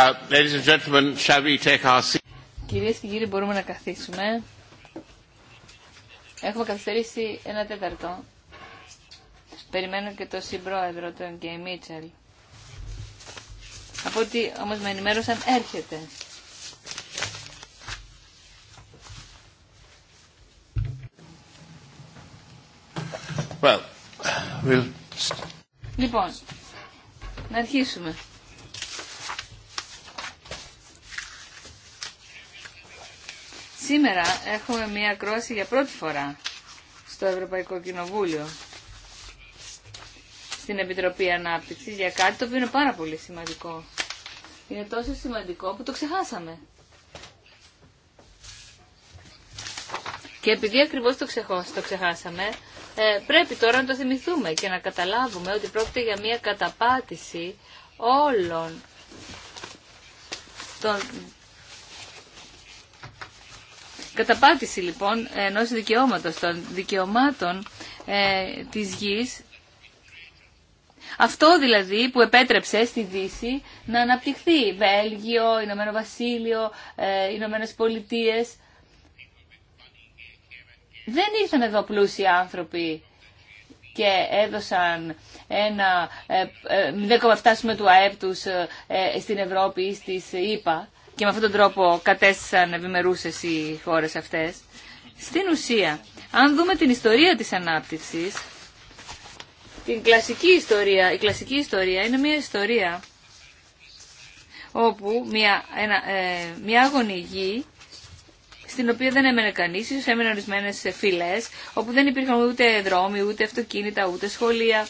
Uh, ladies and Κυρίες και κύριοι, μπορούμε να καθίσουμε. Έχουμε καθυστερήσει ένα τέταρτο. Περιμένω και τον συμπρόεδρο, τον Γκέι Μίτσελ. Από ό,τι όμως με ενημέρωσαν, έρχεται. Λοιπόν, να αρχίσουμε. Σήμερα έχουμε μία κρόση για πρώτη φορά στο Ευρωπαϊκό Κοινοβούλιο στην Επιτροπή Ανάπτυξης για κάτι το οποίο είναι πάρα πολύ σημαντικό. Είναι τόσο σημαντικό που το ξεχάσαμε. Και επειδή ακριβώς το, το ξεχάσαμε, ε, πρέπει τώρα να το θυμηθούμε και να καταλάβουμε ότι πρόκειται για μια καταπάτηση όλων των Καταπάτηση λοιπόν ενός δικαιώματος των δικαιωμάτων ε, της γης αυτό δηλαδή που επέτρεψε στη Δύση να αναπτυχθεί Βέλγιο, Ηνωμένο Βασίλειο, ε, Ηνωμένε Πολιτείε. Δεν ήρθαν εδώ πλούσιοι άνθρωποι και έδωσαν ένα 0,7 ε, ε του ΑΕΠ τους ε, στην Ευρώπη ή στις ΗΠΑ και με αυτόν τον τρόπο κατέστησαν ευημερούσε οι χώρε αυτές. Στην ουσία, αν δούμε την ιστορία της ανάπτυξης, την κλασική ιστορία, η κλασική ιστορία είναι μια ιστορία όπου μια, ένα, ε, μια γη στην οποία δεν έμενε κανεί, ίσω έμεναν ορισμένε φυλέ, όπου δεν υπήρχαν ούτε δρόμοι, ούτε αυτοκίνητα, ούτε σχολεία,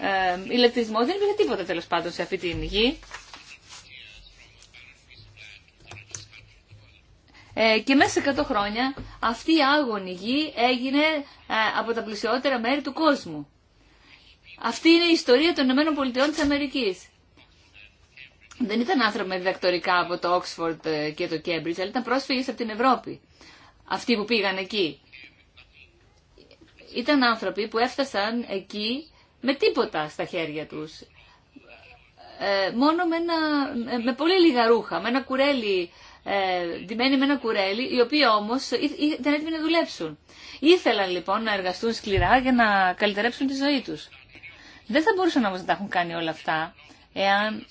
ε, ηλεκτρισμό, δεν υπήρχε τίποτα τέλο πάντων σε αυτή την γη. Ε, και μέσα σε 100 χρόνια αυτή η άγωνη γη έγινε ε, από τα πλουσιότερα μέρη του κόσμου. Αυτή είναι η ιστορία των Πολιτειών της Αμερικής. Δεν ήταν άνθρωποι με διδακτορικά από το Oxford ε, και το Cambridge, αλλά ήταν πρόσφυγες από την Ευρώπη. Αυτοί που πήγαν εκεί. Ήταν άνθρωποι που έφτασαν εκεί με τίποτα στα χέρια τους. μόνο με, με πολύ λίγα ρούχα, με ένα κουρέλι ε, ντυμένοι με ένα κουρέλι, οι οποίοι όμως ήταν έτοιμοι να δουλέψουν. Ήθελαν λοιπόν να εργαστούν σκληρά για να καλυτερέψουν τη ζωή τους. Δεν θα μπορούσαν όμω να τα έχουν κάνει όλα αυτά, εάν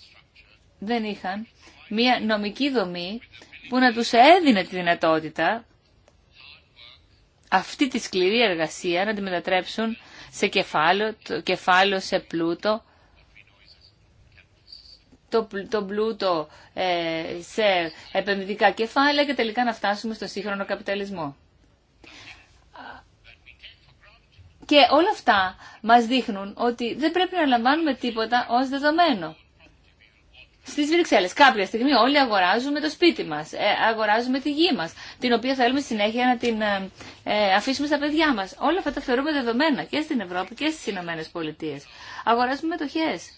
δεν είχαν μια νομική δομή που να τους έδινε τη δυνατότητα αυτή τη σκληρή εργασία να τη μετατρέψουν σε κεφάλαιο, κεφάλαιο σε πλούτο, το, το πλούτο ε, σε επενδυτικά κεφάλαια και τελικά να φτάσουμε στο σύγχρονο καπιταλισμό. Και όλα αυτά μας δείχνουν ότι δεν πρέπει να λαμβάνουμε τίποτα ως δεδομένο. Στις Βρυξέλλες Κάποια στιγμή όλοι αγοράζουμε το σπίτι μας, ε, αγοράζουμε τη γη μας, την οποία θέλουμε συνέχεια να την ε, αφήσουμε στα παιδιά μας. Όλα αυτά τα θεωρούμε δεδομένα και στην Ευρώπη και στις Ηνωμένε Πολιτείε. Αγοράζουμε μετοχές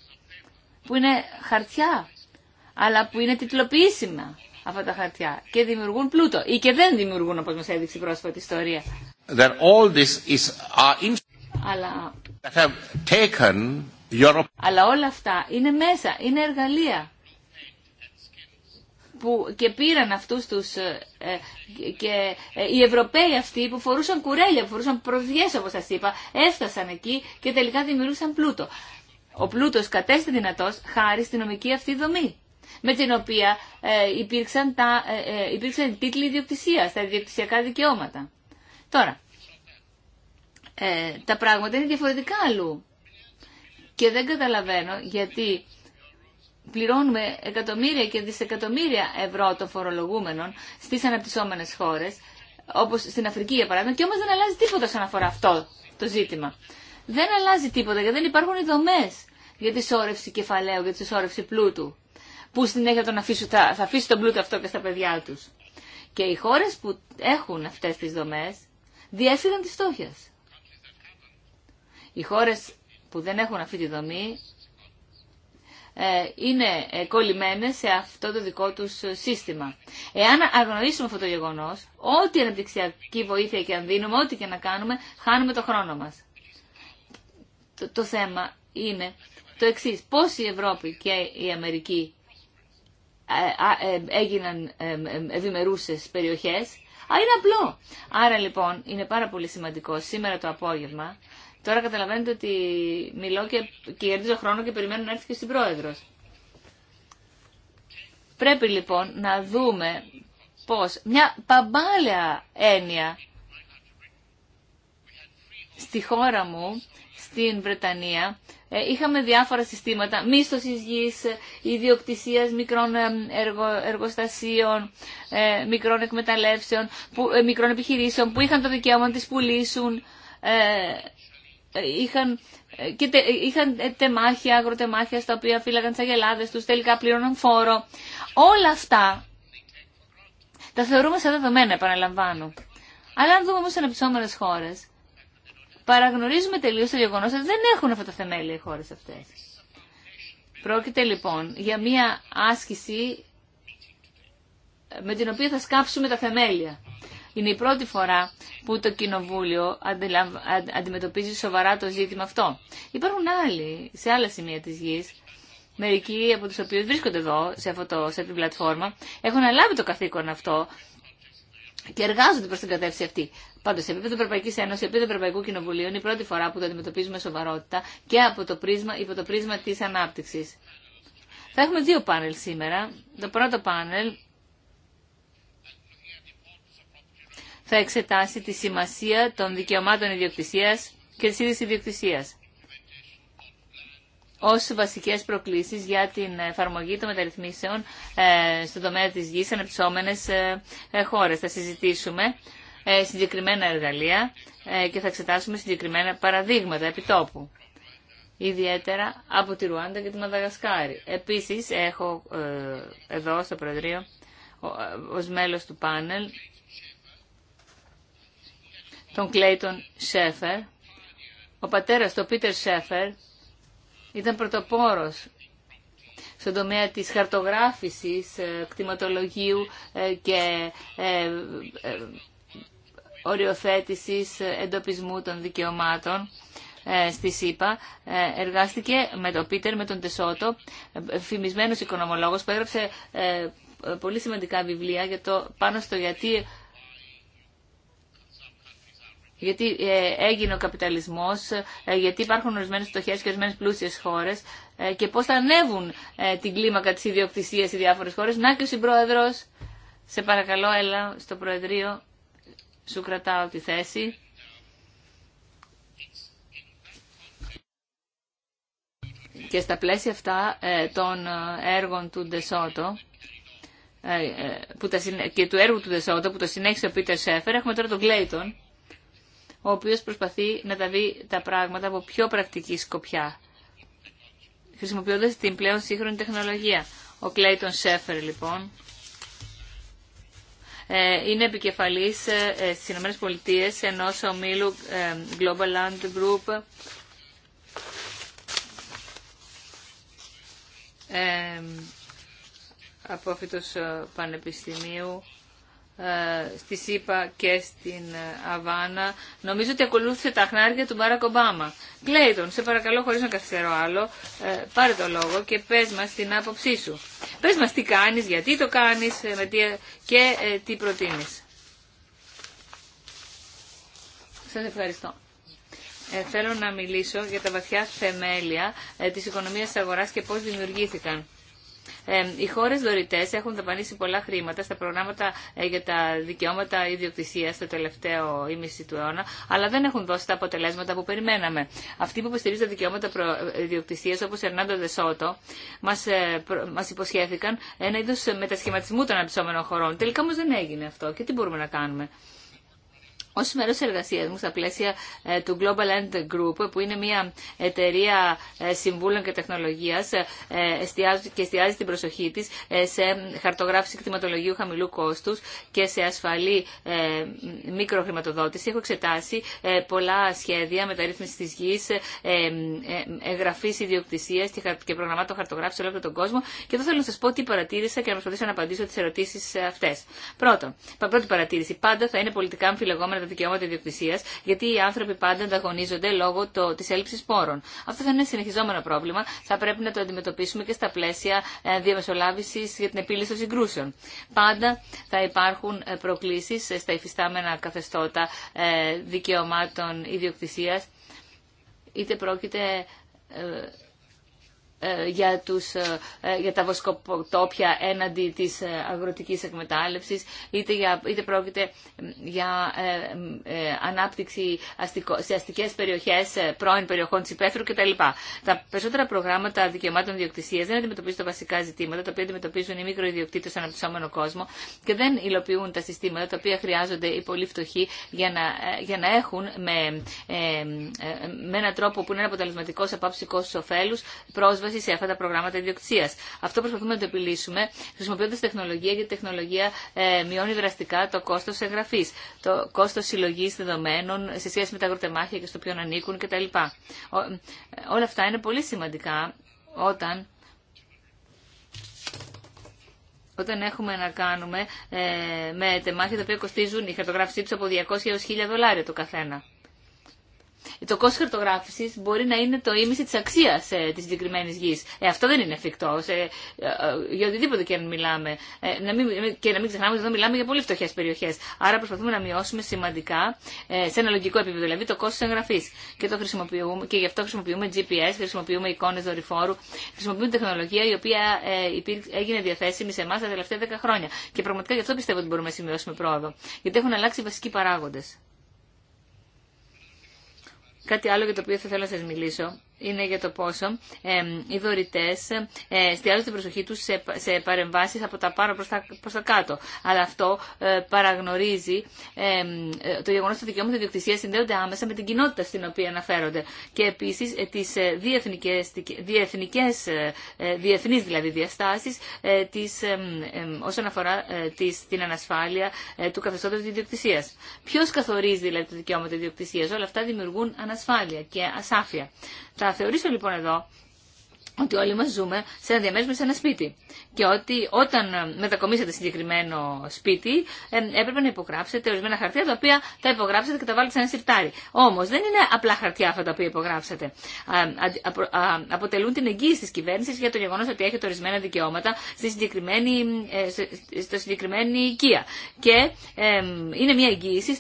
που είναι χαρτιά, αλλά που είναι τιτλοποιήσιμα αυτά τα χαρτιά και δημιουργούν πλούτο ή και δεν δημιουργούν όπως μας έδειξε η πρόσφατη ιστορία. all this is αλλά... taken όλα αυτά είναι μέσα, είναι εργαλεία που και πήραν αυτούς τους ε, ε, και ε, οι Ευρωπαίοι αυτοί που φορούσαν κουρέλια, που φορούσαν προδιές όπως σας είπα, έφτασαν εκεί και τελικά δημιούργησαν πλούτο. Ο πλούτος κατέστη δυνατός χάρη στη νομική αυτή δομή, με την οποία ε, υπήρξαν, τα, ε, ε υπήρξαν τίτλοι ιδιοκτησία, τα ιδιοκτησιακά δικαιώματα. Τώρα, ε, τα πράγματα είναι διαφορετικά αλλού. Και δεν καταλαβαίνω γιατί πληρώνουμε εκατομμύρια και δισεκατομμύρια ευρώ των φορολογούμενων στις αναπτυσσόμενες χώρες, όπως στην Αφρική για παράδειγμα, και όμως δεν αλλάζει τίποτα σαν αφορά αυτό το ζήτημα. Δεν αλλάζει τίποτα γιατί δεν υπάρχουν οι δομές για τη σώρευση κεφαλαίου, για τη σώρευση πλούτου. Που συνέχεια θα, τον θα, θα αφήσει τον πλούτο αυτό και στα παιδιά του. Και οι χώρε που έχουν αυτέ τι δομέ διέφυγαν τις φτώχεια. Οι χώρε που δεν έχουν αυτή τη δομή ε, είναι ε, κολλημένες σε αυτό το δικό τους σύστημα. Εάν αγνοήσουμε αυτό το γεγονός, ό,τι αναπτυξιακή βοήθεια και αν δίνουμε, ό,τι και να κάνουμε, χάνουμε το χρόνο μας. Το, το θέμα είναι το εξή. Πώ η Ευρώπη και η Αμερική ε, ε, έγιναν ε, ευημερούσε περιοχέ. Α, είναι απλό. Άρα λοιπόν είναι πάρα πολύ σημαντικό σήμερα το απόγευμα. Τώρα καταλαβαίνετε ότι μιλώ και, και κερδίζω χρόνο και περιμένω να έρθει και στην πρόεδρο. Πρέπει λοιπόν να δούμε πώς μια παμπάλαια έννοια στη χώρα μου, στην Βρετανία, ε, είχαμε διάφορα συστήματα μίσθωσης γης, ιδιοκτησίας μικρών ε, εργοστασίων, ε, μικρών εκμεταλλεύσεων, που, μικρών επιχειρήσεων που είχαν το δικαίωμα να τις πουλήσουν, είχαν, και τε, είχαν τεμάχια, αγροτεμάχια στα οποία φύλαγαν τις αγελάδες τους, τελικά πλήρωναν φόρο. Όλα αυτά τα θεωρούμε σαν δεδομένα, επαναλαμβάνω. Αλλά αν δούμε όμως αναπτυσσόμενες χώρες, παραγνωρίζουμε τελείω το γεγονό ότι δεν έχουν αυτά τα θεμέλια οι χώρε αυτέ. Πρόκειται λοιπόν για μια άσκηση ε, με την οποία θα σκάψουμε τα θεμέλια. Είναι η πρώτη φορά που το Κοινοβούλιο αντιμετωπίζει σοβαρά το ζήτημα αυτό. Υπάρχουν άλλοι σε άλλα σημεία της γης, μερικοί από τους οποίους βρίσκονται εδώ, σε, αυτή την πλατφόρμα, έχουν αναλάβει το καθήκον αυτό και εργάζονται προ την κατεύθυνση αυτή. Πάντω, σε επίπεδο Ευρωπαϊκή Ένωση, σε επίπεδο Ευρωπαϊκού Κοινοβουλίου, είναι η πρώτη φορά που το αντιμετωπίζουμε σοβαρότητα και από το πρίσμα, υπό το πρίσμα τη ανάπτυξη. Θα έχουμε δύο πάνελ σήμερα. Το πρώτο πάνελ θα εξετάσει τη σημασία των δικαιωμάτων ιδιοκτησία και τη ίδια ιδιοκτησία ω βασικέ προκλήσει για την εφαρμογή των μεταρρυθμίσεων ε, στον τομέα τη γη σε αναπτυσσόμενε ε, ε, χώρε. Θα συζητήσουμε συγκεκριμένα εργαλεία και θα εξετάσουμε συγκεκριμένα παραδείγματα επιτόπου. Ιδιαίτερα από τη Ρουάντα και τη Μαδαγασκάρη. Επίσης, έχω εδώ στο Προεδρείο ως μέλος του πάνελ τον Κλέιτον Σέφερ. Ο πατέρας του, Πίτερ Σέφερ, ήταν πρωτοπόρος στον τομέα της χαρτογράφησης, ε, κτηματολογίου ε, και ε, οριοθέτησης εντοπισμού των δικαιωμάτων στη ΣΥΠΑ. Εργάστηκε με τον Πίτερ, με τον Τεσότο, φημισμένος οικονομολόγος που έγραψε πολύ σημαντικά βιβλία για το, πάνω στο γιατί γιατί ε, έγινε ο καπιταλισμός, ε, γιατί υπάρχουν ορισμένε φτωχέ και ορισμένε πλούσιε χώρε ε, και πώ θα ανέβουν την κλίμακα τη ιδιοκτησία σε διάφορε χώρε. Να και ο συμπρόεδρο, σε παρακαλώ, έλα στο Προεδρείο, σου κρατάω τη θέση. Και στα πλαίσια αυτά των έργων του Ντεσότο, που και του έργου του Ντεσότο, που το συνέχισε ο Πίτερ Σέφερ, έχουμε τώρα τον Κλέιτον, ο οποίος προσπαθεί να τα δει τα πράγματα από πιο πρακτική σκοπιά, χρησιμοποιώντας την πλέον σύγχρονη τεχνολογία. Ο Κλέιτον Σέφερ, λοιπόν, ε, είναι επικεφαλής ε, στις ΗΠΑ Πολιτείες ενός ομίλου ε, Global Land Group Από πανεπιστημίου ε, στη ΣΥΠΑ και στην ε, Αβάνα. Νομίζω ότι ακολούθησε τα χνάρια του Μπάρακ Ομπάμα. Κλέιτον, σε παρακαλώ χωρίς να καθυστερώ άλλο, ε, πάρε το λόγο και πες μας την άποψή σου. Πες μας τι κάνεις, γιατί το κάνεις και τι προτείνεις. Σας ευχαριστώ. θέλω να μιλήσω για τα βαθιά θεμέλια της οικονομίας της αγοράς και πώς δημιουργήθηκαν. Ε, οι χώρε δωρητέ έχουν δαπανίσει πολλά χρήματα στα προγράμματα ε, για τα δικαιώματα ιδιοκτησία στο τελευταίο ήμιση του αιώνα, αλλά δεν έχουν δώσει τα αποτελέσματα που περιμέναμε. Αυτοί που υποστηρίζουν τα δικαιώματα ε, ιδιοκτησία, όπω ο Ερνάντο Δεσότο, μα υποσχέθηκαν ένα είδο μετασχηματισμού των αναπτυσσόμενων χωρών. Τελικά όμω δεν έγινε αυτό και τι μπορούμε να κάνουμε. Ω μέρο τη εργασία μου στα πλαίσια ε, του Global End Group, που είναι μια εταιρεία ε, συμβούλων και τεχνολογία ε, και εστιάζει την προσοχή τη σε χαρτογράφηση κτηματολογίου χαμηλού κόστου και σε ασφαλή μικροχρηματοδότηση, έχω εξετάσει πολλά σχέδια μεταρρύθμιση τη γη, εγγραφή ιδιοκτησία και προγραμμάτων χαρτογράφηση όλο τον κόσμο και εδώ θέλω να σα πω τι παρατήρησα και να προσπαθήσω να απαντήσω τι ερωτήσει αυτέ. Πρώτον, πρώτη παρατήρηση, πάντα θα είναι πολιτικά αμφιλεγόμενα τα δικαιώματα ιδιοκτησία, γιατί οι άνθρωποι πάντα ανταγωνίζονται λόγω τη έλλειψη πόρων. Αυτό θα είναι συνεχιζόμενο πρόβλημα. Θα πρέπει να το αντιμετωπίσουμε και στα πλαίσια ε, διαμεσολάβηση για την επίλυση των συγκρούσεων. Πάντα θα υπάρχουν ε, προκλήσει στα υφιστάμενα καθεστώτα ε, δικαιωμάτων ιδιοκτησία, είτε πρόκειται ε, για, τους, ε, ε, για τα βοσκοτόπια έναντι της αγροτικής εκμετάλλευσης, είτε, για, είτε πρόκειται για ανάπτυξη αστικο, σε αστικές περιοχές, πρώην περιοχών της υπαίθρου κτλ. Τα περισσότερα προγράμματα δικαιωμάτων διοκτησίας δεν αντιμετωπίζουν τα βασικά ζητήματα, τα οποία αντιμετωπίζουν οι μικροϊδιοκτήτες στον αναπτυσσόμενο κόσμο και δεν υλοποιούν τα συστήματα τα οποία χρειάζονται οι πολύ φτωχοί για να, για να έχουν με, ε, με έναν τρόπο που είναι αποτελεσματικό σε πάψη κόστος πρόσβαση σε αυτά τα προγράμματα ιδιοκτησία. Αυτό προσπαθούμε να το επιλύσουμε χρησιμοποιώντα τεχνολογία, γιατί η τεχνολογία ε, μειώνει δραστικά το κόστο εγγραφή, το κόστο συλλογή δεδομένων σε σχέση με τα αγροτεμάχια και στο ποιον ανήκουν κτλ. Ε, όλα αυτά είναι πολύ σημαντικά όταν όταν έχουμε να κάνουμε ε, με τεμάχια τα οποία κοστίζουν η χαρτογράφησή του από 200 έως 1000 δολάρια το καθένα το κόστος χαρτογράφηση μπορεί να είναι το ίμιση τη αξία ε, συγκεκριμένη γη. Ε, αυτό δεν είναι εφικτό ε, ε, για οτιδήποτε και αν μιλάμε. Ε, να μην, ε, και να μην ξεχνάμε ότι εδώ μιλάμε για πολύ φτωχέ περιοχέ. Άρα προσπαθούμε να μειώσουμε σημαντικά σε ένα λογικό επίπεδο, δηλαδή το κόστος εγγραφή. Και, και γι' αυτό χρησιμοποιούμε GPS, χρησιμοποιούμε εικόνε δορυφόρου, χρησιμοποιούμε τεχνολογία η οποία έγινε διαθέσιμη σε εμά τα τελευταία 10 χρόνια. Και πραγματικά γι' αυτό πιστεύω ότι μπορούμε να σημειώσουμε πρόοδο. Γιατί έχουν αλλάξει βασικοί παράγοντε. Κάτι άλλο για το οποίο θα ήθελα να σας μιλήσω είναι για το πόσο ε, οι δωρητέ εστιάζουν την προσοχή του σε, σε παρεμβάσει από τα πάνω προ τα, προς τα κάτω. Αλλά αυτό ε, παραγνωρίζει ε, το γεγονό ότι τα δικαιώματα ιδιοκτησία συνδέονται άμεσα με την κοινότητα στην οποία αναφέρονται. Και επίση ε, τι ε, διεθνικέ, διεθνεί δηλαδή διαστάσει όσον αφορά τις, την ανασφάλεια του καθεστώτο ιδιοκτησία. Ποιο καθορίζει δηλαδή τα δικαιώματα ιδιοκτησία, όλα αυτά δημιουργούν ανασφάλεια και ασάφεια. Θα θεωρήσω λοιπόν εδώ ότι όλοι μας ζούμε σε ένα διαμέρισμα, σε ένα σπίτι. Και ότι όταν ε, μετακομίσατε συγκεκριμένο σπίτι, ε, έπρεπε να υπογράψετε ορισμένα χαρτιά τα οποία τα υπογράψατε και τα βάλετε σε ένα σιρτάρι. Όμως δεν είναι απλά χαρτιά αυτά τα οποία υπογράψατε. αποτελούν την εγγύηση της κυβέρνησης για το γεγονός ότι έχετε ορισμένα δικαιώματα στη συγκεκριμένη, ε, στο συγκεκριμένη οικία. Και είναι μια εγγύηση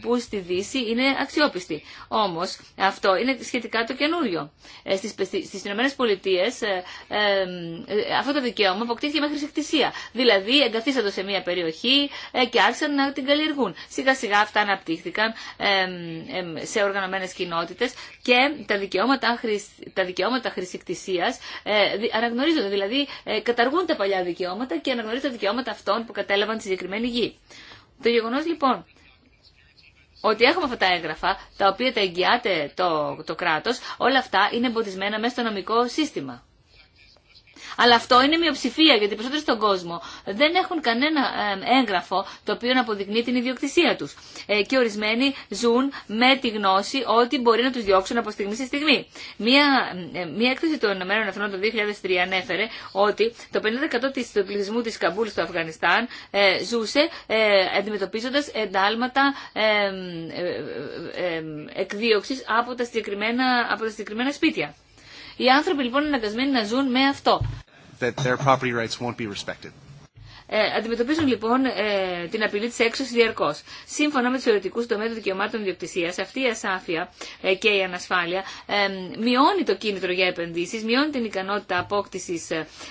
που στη Δύση είναι αξιόπιστη. Όμως αυτό είναι σχετικά το καινούριο. στις, στις ΗΠΑ ε, ε, ε, αυτό το δικαίωμα αποκτήθηκε μέχρι χρησικτησία Δηλαδή εγκαθίσαντο σε μια περιοχή και άρχισαν να την καλλιεργούν. Σιγά σιγά αυτά αναπτύχθηκαν σε οργανωμένες κοινότητες και τα δικαιώματα, τα δικαιώματα αναγνωρίζονται. Δηλαδή καταργούν τα παλιά δικαιώματα και αναγνωρίζονται τα δικαιώματα αυτών που κατέλαβαν τη συγκεκριμένη γη. Το γεγονό λοιπόν ότι έχουμε αυτά τα έγγραφα, τα οποία τα εγγυάται το, το κράτος, όλα αυτά είναι εμποδισμένα μέσα στο νομικό σύστημα. Αλλά αυτό είναι μειοψηφία γιατί οι περισσότεροι στον κόσμο δεν έχουν κανένα έγγραφο το οποίο να αποδεικνύει την ιδιοκτησία του. Ε, και ορισμένοι ζουν με τη γνώση ότι μπορεί να του διώξουν από στιγμή σε στιγμή. Μία, ε, μία έκθεση των ΗΠΑ το 2003 ανέφερε ότι το 50% του πληθυσμού τη Καμπούλ στο Αφγανιστάν ε, ζούσε αντιμετωπίζοντα εντάλματα εκδίωξη από, από τα συγκεκριμένα σπίτια. Οι άνθρωποι λοιπόν είναι αναγκασμένοι να ζουν με αυτό that their property rights won't be respected. Ε, αντιμετωπίζουν λοιπόν ε, την απειλή τη έξωση διαρκώ. Σύμφωνα με του ερωτικού τομέα των δικαιωμάτων ιδιοκτησία, αυτή η ασάφεια ε, και η ανασφάλεια μειώνει το κίνητρο για επενδύσει, μειώνει την ικανότητα απόκτηση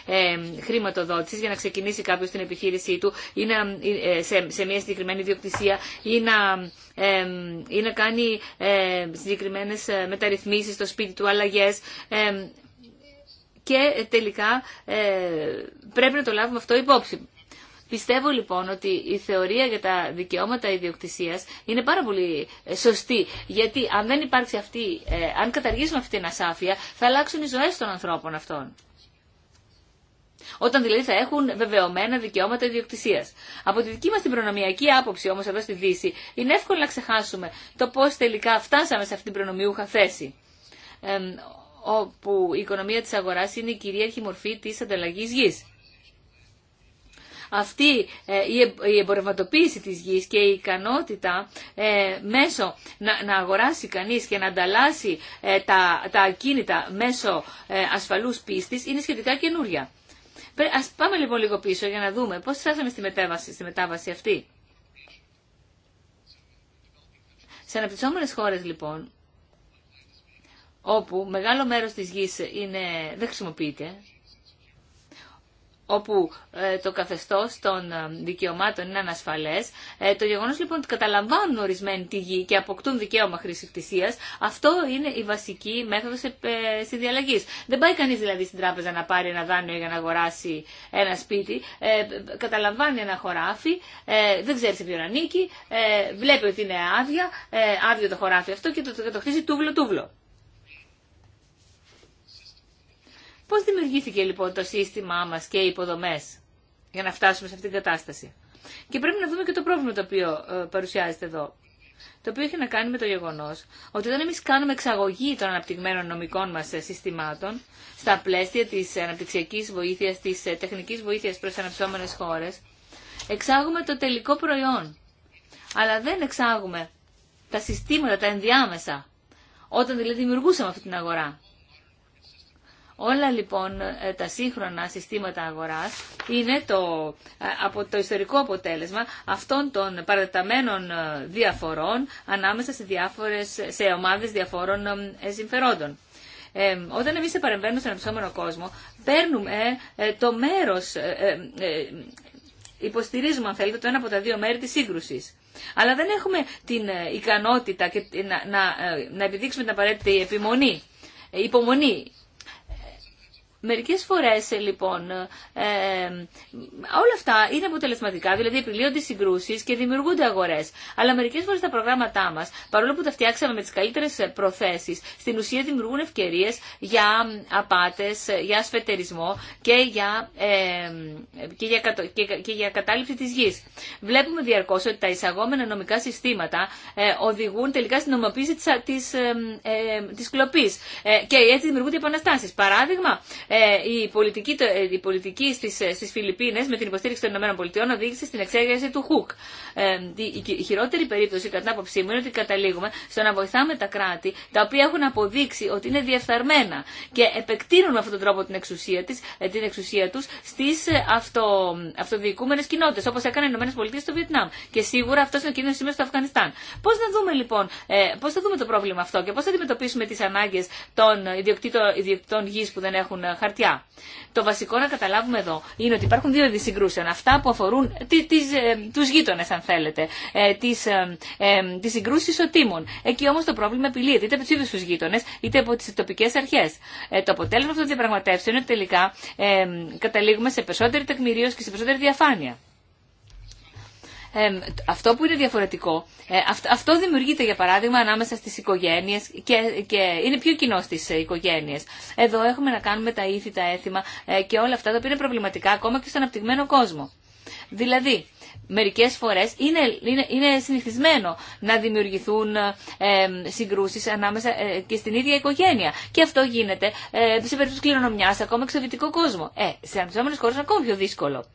ε, χρηματοδότηση για να ξεκινήσει κάποιο την επιχείρησή του ή να, ε, σε, σε μια συγκεκριμένη ιδιοκτησία ή να, ή να κάνει ε, συγκεκριμένε μεταρρυθμίσει στο σπίτι του, αλλαγέ και τελικά ε, πρέπει να το λάβουμε αυτό υπόψη. Πιστεύω λοιπόν ότι η θεωρία για τα δικαιώματα ιδιοκτησία είναι πάρα πολύ ε, σωστή. Γιατί αν δεν υπάρξει αυτή, ε, αν καταργήσουμε αυτή την ασάφεια, θα αλλάξουν οι ζωέ των ανθρώπων αυτών. Όταν δηλαδή θα έχουν βεβαιωμένα δικαιώματα ιδιοκτησία. Από τη δική μα την προνομιακή άποψη όμω εδώ στη Δύση, είναι εύκολο να ξεχάσουμε το πώ τελικά φτάσαμε σε αυτή την προνομιούχα θέση όπου η οικονομία της αγοράς είναι η κυρίαρχη μορφή της ανταλλαγής γης. Αυτή ε, ε, η εμπορευματοποίηση της γης και η ικανότητα ε, μέσω να, αγοράσει κανείς και να ανταλλάσσει τα, ακίνητα μέσω ε, ασφαλούς πίστης είναι σχετικά καινούρια. Ας πάμε λοιπόν λίγο πίσω για να δούμε πώς φτάσαμε στη μετάβαση, στη μετάβαση αυτή. Σε αναπτυσσόμενες χώρες λοιπόν όπου μεγάλο μέρος της γης είναι, δεν χρησιμοποιείται, όπου ε, το καθεστώς των ε, δικαιωμάτων είναι ανασφαλές. Ε, το γεγονός λοιπόν ότι καταλαμβάνουν ορισμένοι τη γη και αποκτούν δικαίωμα χρησικτησίας, αυτό είναι η βασική μέθοδος συνδιαλλαγής. Δεν πάει κανείς δηλαδή στην τράπεζα να πάρει ένα δάνειο για να αγοράσει ένα σπίτι. καταλαμβάνει ένα χωράφι, δεν ξέρει σε ποιον ανήκει, βλέπει ότι είναι άδεια, άδειο το χωράφι αυτό και το, το, το, το χτίζει τούβλο-τούβλο. Πώς δημιουργήθηκε λοιπόν το σύστημά μας και οι υποδομές για να φτάσουμε σε αυτήν την κατάσταση. Και πρέπει να δούμε και το πρόβλημα το οποίο ε, παρουσιάζεται εδώ. Το οποίο έχει να κάνει με το γεγονό ότι όταν εμεί κάνουμε εξαγωγή των αναπτυγμένων νομικών μα ε, συστημάτων στα πλαίσια τη αναπτυξιακή βοήθεια, τη ε, τεχνική βοήθεια προ αναπτυσσόμενε χώρε, εξάγουμε το τελικό προϊόν. Αλλά δεν εξάγουμε τα συστήματα, τα ενδιάμεσα. Όταν δηλαδή δημιουργούσαμε αυτή την αγορά. Όλα λοιπόν ε, τα σύγχρονα συστήματα αγοράς είναι το, ε, από το ιστορικό αποτέλεσμα αυτών των παραταμένων ε, διαφορών ανάμεσα σε, διάφορες, σε ομάδες διαφόρων συμφερόντων. Ε, όταν εμείς παρεμβαίνουμε στον αναπτυσσόμενο κόσμο, παίρνουμε το μέρος, ε, υποστηρίζουμε αν θέλετε το ένα από τα δύο μέρη της σύγκρουσης. Αλλά δεν έχουμε την ικανότητα να, να επιδείξουμε την απαραίτητη επιμονή, υπομονή Μερικές φορές ε, λοιπόν ε, ε, όλα αυτά είναι αποτελεσματικά, δηλαδή επιλύονται συγκρούσεις και δημιουργούνται αγορές. Αλλά μερικές φορές τα προγράμματά μας, παρόλο που τα φτιάξαμε με τις καλύτερες ε, προθέσεις, στην ουσία δημιουργούν ευκαιρίες για απάτες, για σφετερισμό και για, ε, και για, κατάληψη της γης. Βλέπουμε διαρκώς ότι τα εισαγόμενα νομικά συστήματα οδηγούν τελικά στην ομοποίηση της, της, της κλοπής και έτσι δημιουργούνται επαναστάσεις. Παράδειγμα, ε, η πολιτική, ε, η πολιτική στις, ε, στις Φιλιππίνες με την υποστήριξη των ΗΠΑ οδήγησε στην εξέγερση του Χουκ. η, χειρότερη περίπτωση κατά την άποψή μου είναι ότι καταλήγουμε στο να βοηθάμε τα κράτη τα οποία έχουν αποδείξει ότι είναι διεφθαρμένα και επεκτείνουν με αυτόν τον τρόπο την εξουσία, της, την εξουσία τους στις αυτο, αυτοδιοικούμενες κοινότητες όπως έκανε οι ΗΠΑ στο Βιετνάμ. Και σίγουρα αυτός είναι ο κίνδυνος σήμερα στο Αφγανιστάν. Πώς να δούμε λοιπόν, πώς θα δούμε το πρόβλημα αυτό και πώς θα αντιμετωπίσουμε τις ανάγκες των ιδιοκτήτων, ιδιοκτήτων γης που δεν έχουν το βασικό να καταλάβουμε εδώ είναι ότι υπάρχουν δύο είδη συγκρούσεων. Αυτά που αφορούν ε, του γείτονε, αν θέλετε, ε, τι ε, συγκρούσει οτίμων. Εκεί όμω το πρόβλημα επιλύεται είτε από του ίδιου του γείτονε, είτε από τι τοπικέ αρχέ. Το αποτέλεσμα αυτών των διαπραγματεύσεων είναι ότι τελικά καταλήγουμε σε περισσότερη τεκμηρίωση και σε περισσότερη διαφάνεια αυτό που είναι διαφορετικό, ε, αυτό δημιουργείται για παράδειγμα ανάμεσα στις οικογένειες και, και είναι πιο κοινό στις οικογένειες. Εδώ έχουμε να κάνουμε τα ήθη, τα έθιμα ε, και όλα αυτά τα οποία είναι προβληματικά ακόμα και στον αναπτυγμένο κόσμο. Δηλαδή, μερικές φορές είναι, είναι, είναι συνηθισμένο να δημιουργηθούν ε, συγκρούσεις ανάμεσα ε, και στην ίδια οικογένεια. Και αυτό γίνεται ε, σε περίπτωση κληρονομιάς, ακόμα και σε βυτικό κόσμο. Ε, σε αναπτυσσόμενες χώρες είναι ακόμα πιο δύσκολο.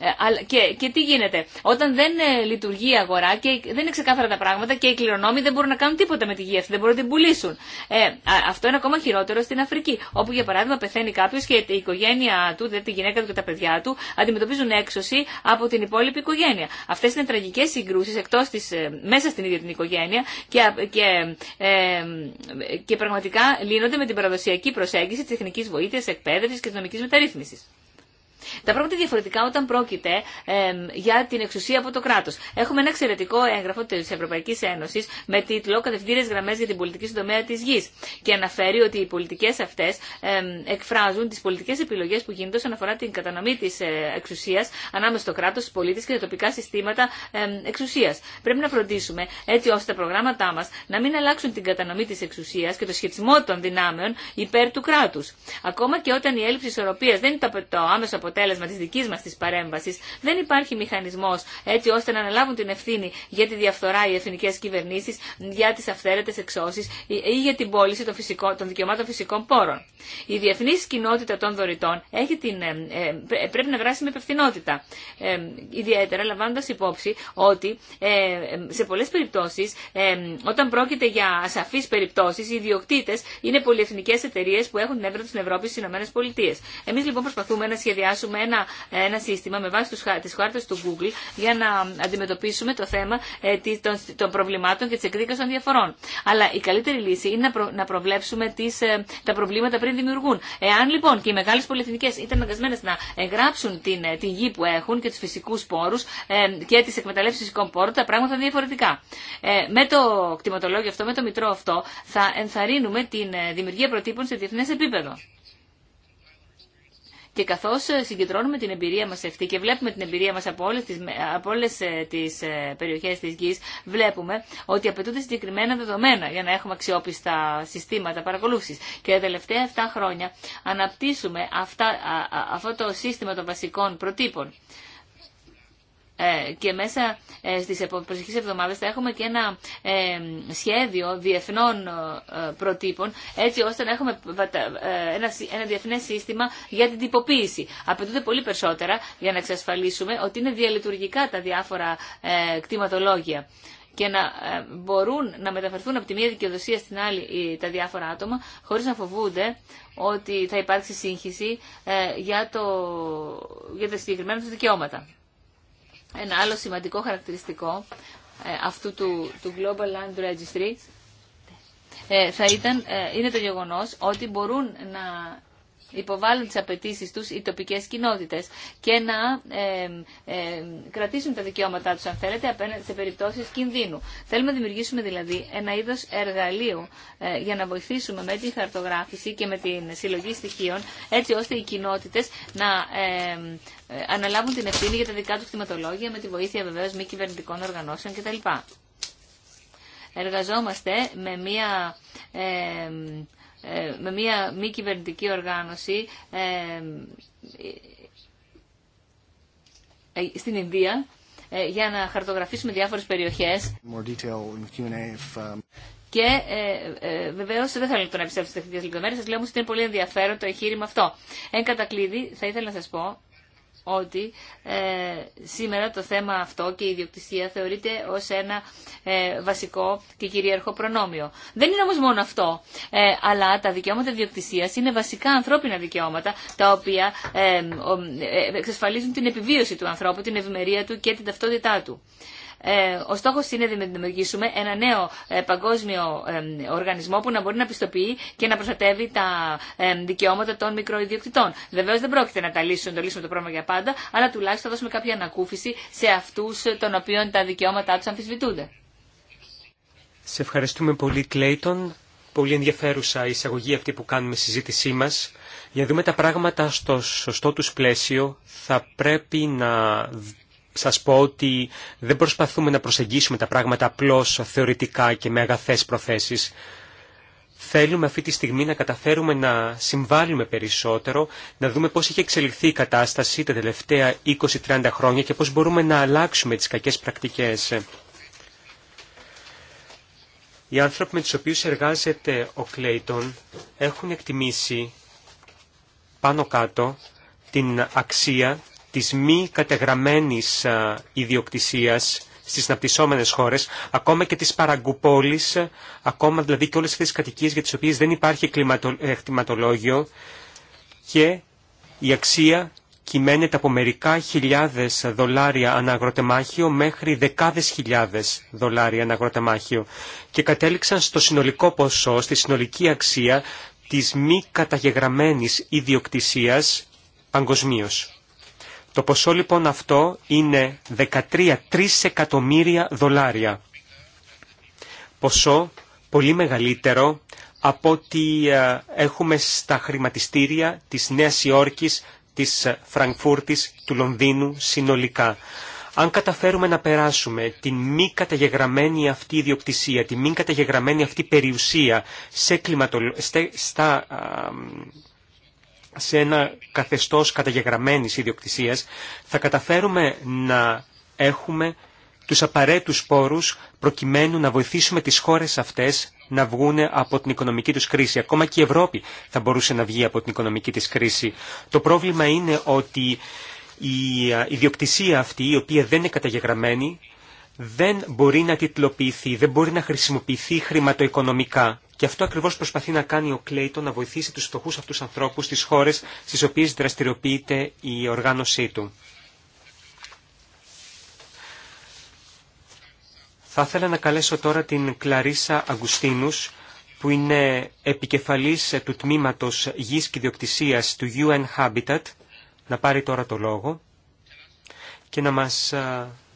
Ε, και, και τι γίνεται. Όταν δεν ε, λειτουργεί η αγορά και δεν είναι ξεκάθαρα τα πράγματα και οι κληρονόμοι δεν μπορούν να κάνουν τίποτα με τη γη αυτή, δεν μπορούν να την πουλήσουν. Ε, αυτό είναι ακόμα χειρότερο στην Αφρική, όπου για παράδειγμα πεθαίνει κάποιο και η οικογένεια του, δηλαδή τη γυναίκα του και τα παιδιά του, αντιμετωπίζουν έξωση από την υπόλοιπη οικογένεια. Αυτέ είναι τραγικέ συγκρούσει ε, μέσα στην ίδια την οικογένεια και, και, ε, και πραγματικά λύνονται με την παραδοσιακή προσέγγιση τη τεχνική βοήθεια, εκπαίδευση και τη νομική μεταρρύθμιση. Τα πράγματα διαφορετικά όταν πρόκειται για την εξουσία από το κράτο. Έχουμε ένα εξαιρετικό έγγραφο τη Ευρωπαϊκή Ένωση με τίτλο Κατευθύνε γραμμέ για την πολιτική στον τομέα τη γη. Και αναφέρει ότι οι πολιτικέ αυτέ εκφράζουν τι πολιτικέ επιλογέ που γίνονται όσον αφορά την κατανομή τη ε, εξουσία ανάμεσα στο κράτο, στου πολίτε και τα τοπικά συστήματα ε, εξουσία. Πρέπει να φροντίσουμε έτσι ώστε τα προγράμματά μα να μην αλλάξουν την κατανομή τη εξουσία και το σχετισμό των δυνάμεων υπέρ του κράτου. Ακόμα και όταν η έλλειψη ισορροπία δεν είναι το άμεσο αποτέλεσμα αποτέλεσμα τη δική μα τη παρέμβαση, δεν υπάρχει μηχανισμό έτσι ώστε να αναλάβουν την ευθύνη για τη διαφθορά οι εθνικέ κυβερνήσει, για τι αυθαίρετε εξώσει ή για την πώληση των, φυσικών, των δικαιωμάτων φυσικών πόρων. Η διεθνή κοινότητα των δωρητών έχει την, ε, ε, πρέπει να δράσει με υπευθυνότητα. Ε, ιδιαίτερα λαμβάνοντα υπόψη ότι ε, σε πολλέ περιπτώσει, όταν πρόκειται για ασαφεί περιπτώσει, οι ιδιοκτήτε είναι πολυεθνικέ εταιρείε που έχουν την έδρα του στην Ευρώπη στι ΗΠΑ. Εμεί λοιπόν προσπαθούμε να σχεδιάσουμε φτιάσουμε ένα, ένα σύστημα με βάση τι χάρτε του Google για να αντιμετωπίσουμε το θέμα ε, των, προβλημάτων και τη εκδίκαση των διαφορών. Αλλά η καλύτερη λύση είναι να, προβλέψουμε τις, ε, τα προβλήματα πριν δημιουργούν. Εάν λοιπόν και οι μεγάλε πολυεθνικέ ήταν αναγκασμένε να εγγράψουν την, ε, γη που έχουν και τους φυσικούς πόρους και τι εκμεταλλεύσει φυσικών πόρων, τα πράγματα είναι διαφορετικά. με το κτηματολόγιο αυτό, με το μητρό αυτό, θα ενθαρρύνουμε την δημιουργία προτύπων σε διεθνέ επίπεδο. Και καθώ ε, συγκεντρώνουμε την εμπειρία μας αυτή και βλέπουμε την εμπειρία μας από όλες τις, από ε, τις ε, περιοχές βλέπουμε ότι απαιτούνται συγκεκριμένα δεδομένα για να έχουμε αξιόπιστα συστήματα παρακολούθησης. Και τα τελευταία 7 χρόνια αναπτύσσουμε αυτά, αυτό το σύστημα των βασικών προτύπων. Ε, και μέσα ε, στις προσεχείς εβδομάδες θα έχουμε και ένα ε, σχέδιο διεθνών προτύπων έτσι ώστε να έχουμε ένα διεθνές σύστημα για την τυποποίηση. Απαιτούνται πολύ περισσότερα για να εξασφαλίσουμε ότι είναι διαλειτουργικά τα διάφορα κτηματολόγια και να μπορούν να μεταφερθούν από τη μία δικαιοδοσία στην άλλη τα διάφορα άτομα χωρίς να φοβούνται ότι θα υπάρξει σύγχυση για, το, για τα συγκεκριμένα τους δικαιώματα. Ένα άλλο σημαντικό χαρακτηριστικό ε, αυτού του, του Global Land Registry ε, θα ήταν, ε, είναι το γεγονός ότι μπορούν να υποβάλλουν τις απαιτήσει τους οι τοπικές κοινότητες και να ε, ε, κρατήσουν τα δικαιώματά τους, αν θέλετε, απέναντι σε περιπτώσεις κινδύνου. Θέλουμε να δημιουργήσουμε δηλαδή ένα είδο εργαλείου ε, για να βοηθήσουμε με τη χαρτογράφηση και με την συλλογή στοιχείων, έτσι ώστε οι κοινότητες να αναλάβουν την ευθύνη για τα δικά του κτηματολόγια με τη βοήθεια βεβαίω μη κυβερνητικών οργανώσεων κτλ. Εργαζόμαστε με μία ε, με μια μη κυβερνητική οργάνωση ε, ε, στην Ινδία για να χαρτογραφήσουμε διάφορες περιοχές. Um, Και ε, ε, βεβαίω δεν θέλω να επιστρέψω στι τεχνικέ λεπτομέρειε, σα λέω όμω ότι είναι πολύ ενδιαφέρον το εγχείρημα αυτό. Εν κατακλείδη, θα ήθελα να σα πω ότι ε, σήμερα το θέμα αυτό και η ιδιοκτησία θεωρείται ως ένα ε, βασικό και κυρίαρχο προνόμιο. Δεν είναι όμως μόνο αυτό, ε, αλλά τα δικαιώματα ιδιοκτησίας είναι βασικά ανθρώπινα δικαιώματα, τα οποία εξασφαλίζουν την επιβίωση του ανθρώπου, την ευημερία του και την ταυτότητά του. Ε, ο στόχο είναι να δημιουργήσουμε ένα νέο ε, παγκόσμιο ε, οργανισμό που να μπορεί να πιστοποιεί και να προστατεύει τα δικαιώματα των μικροϊδιοκτητών. Βεβαίω δεν πρόκειται να τα λύσουν, το λύσουμε το πρόβλημα για πάντα, αλλά τουλάχιστον θα δώσουμε κάποια ανακούφιση σε αυτού των οποίων τα δικαιώματά του αμφισβητούνται. Σε ευχαριστούμε πολύ, Κλέιτον. Πολύ ενδιαφέρουσα η εισαγωγή αυτή που κάνουμε στη συζήτησή μα. Για να δούμε τα πράγματα στο σωστό του πλαίσιο, θα πρέπει να σας πω ότι δεν προσπαθούμε να προσεγγίσουμε τα πράγματα απλώς θεωρητικά και με αγαθές προθέσεις. Θέλουμε αυτή τη στιγμή να καταφέρουμε να συμβάλλουμε περισσότερο, να δούμε πώς έχει εξελιχθεί η κατάσταση τα τελευταία 20-30 χρόνια και πώς μπορούμε να αλλάξουμε τις κακές πρακτικές. Οι άνθρωποι με τους οποίους εργάζεται ο Κλέιτον έχουν εκτιμήσει πάνω κάτω την αξία της μη κατεγραμμένης ιδιοκτησίας στις αναπτυσσόμενες χώρες, ακόμα και της παραγκουπόλεις, ακόμα δηλαδή και όλες αυτές τις κατοικίες για τις οποίες δεν υπάρχει κλιματολογιο ε, και η αξία κυμαίνεται από μερικά χιλιάδες δολάρια αναγροτεμάχιο μέχρι δεκάδες χιλιάδες δολάρια αναγροτεμάχιο και κατέληξαν στο συνολικό ποσό, στη συνολική αξία της μη καταγεγραμμένης ιδιοκτησίας παγκοσμίως. Το ποσό λοιπόν αυτό είναι 13 εκατομμύρια δολάρια. Ποσό πολύ μεγαλύτερο από ό,τι ε, έχουμε στα χρηματιστήρια της Νέας Υόρκης, της Φραγκφούρτης, του Λονδίνου συνολικά. Αν καταφέρουμε να περάσουμε την μη καταγεγραμμένη αυτή ιδιοκτησία, τη μη καταγεγραμμένη αυτή περιουσία σε κλιματολο σε ένα καθεστώς καταγεγραμμένης ιδιοκτησίας, θα καταφέρουμε να έχουμε τους απαραίτητους πόρους προκειμένου να βοηθήσουμε τις χώρες αυτές να βγούνε από την οικονομική τους κρίση. Ακόμα και η Ευρώπη θα μπορούσε να βγει από την οικονομική της κρίση. Το πρόβλημα είναι ότι η ιδιοκτησία αυτή, η οποία δεν είναι καταγεγραμμένη, δεν μπορεί να τιτλοποιηθεί, δεν μπορεί να χρησιμοποιηθεί χρηματοοικονομικά. Και αυτό ακριβώς προσπαθεί να κάνει ο Κλέιτον να βοηθήσει τους φτωχούς αυτούς ανθρώπους στις χώρες στις οποίες δραστηριοποιείται η οργάνωσή του. Θα ήθελα να καλέσω τώρα την Κλαρίσα Αγκουστίνους, που είναι επικεφαλής του τμήματος γης και διοκτησίας του UN Habitat, να πάρει τώρα το λόγο και να μας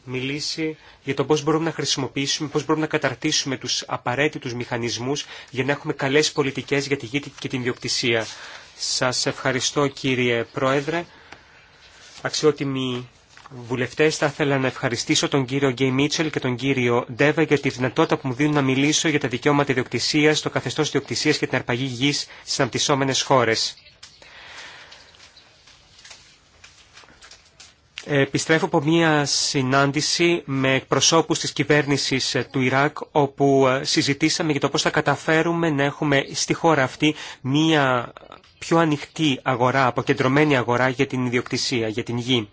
μιλήσει για το πώς μπορούμε να χρησιμοποιήσουμε, πώς μπορούμε να καταρτήσουμε τους απαραίτητους μηχανισμούς για να έχουμε καλές πολιτικές για τη γη και την διοκτησία. Σας ευχαριστώ κύριε Πρόεδρε. Αξιότιμοι βουλευτές, θα ήθελα να ευχαριστήσω τον κύριο Γκέι Μίτσελ και τον κύριο Ντέβα για τη δυνατότητα που μου δίνουν να μιλήσω για τα δικαιώματα διοκτησίας, το καθεστώς διοκτησίας και την αρπαγή γης στις αμπτυσσόμενες χώρες. Επιστρέφω από μία συνάντηση με προσώπους της κυβέρνησης ε, του Ιράκ όπου ε, συζητήσαμε για το πώς θα καταφέρουμε να έχουμε στη χώρα αυτή μία πιο ανοιχτή αγορά, αποκεντρωμένη αγορά για την ιδιοκτησία, για την γη.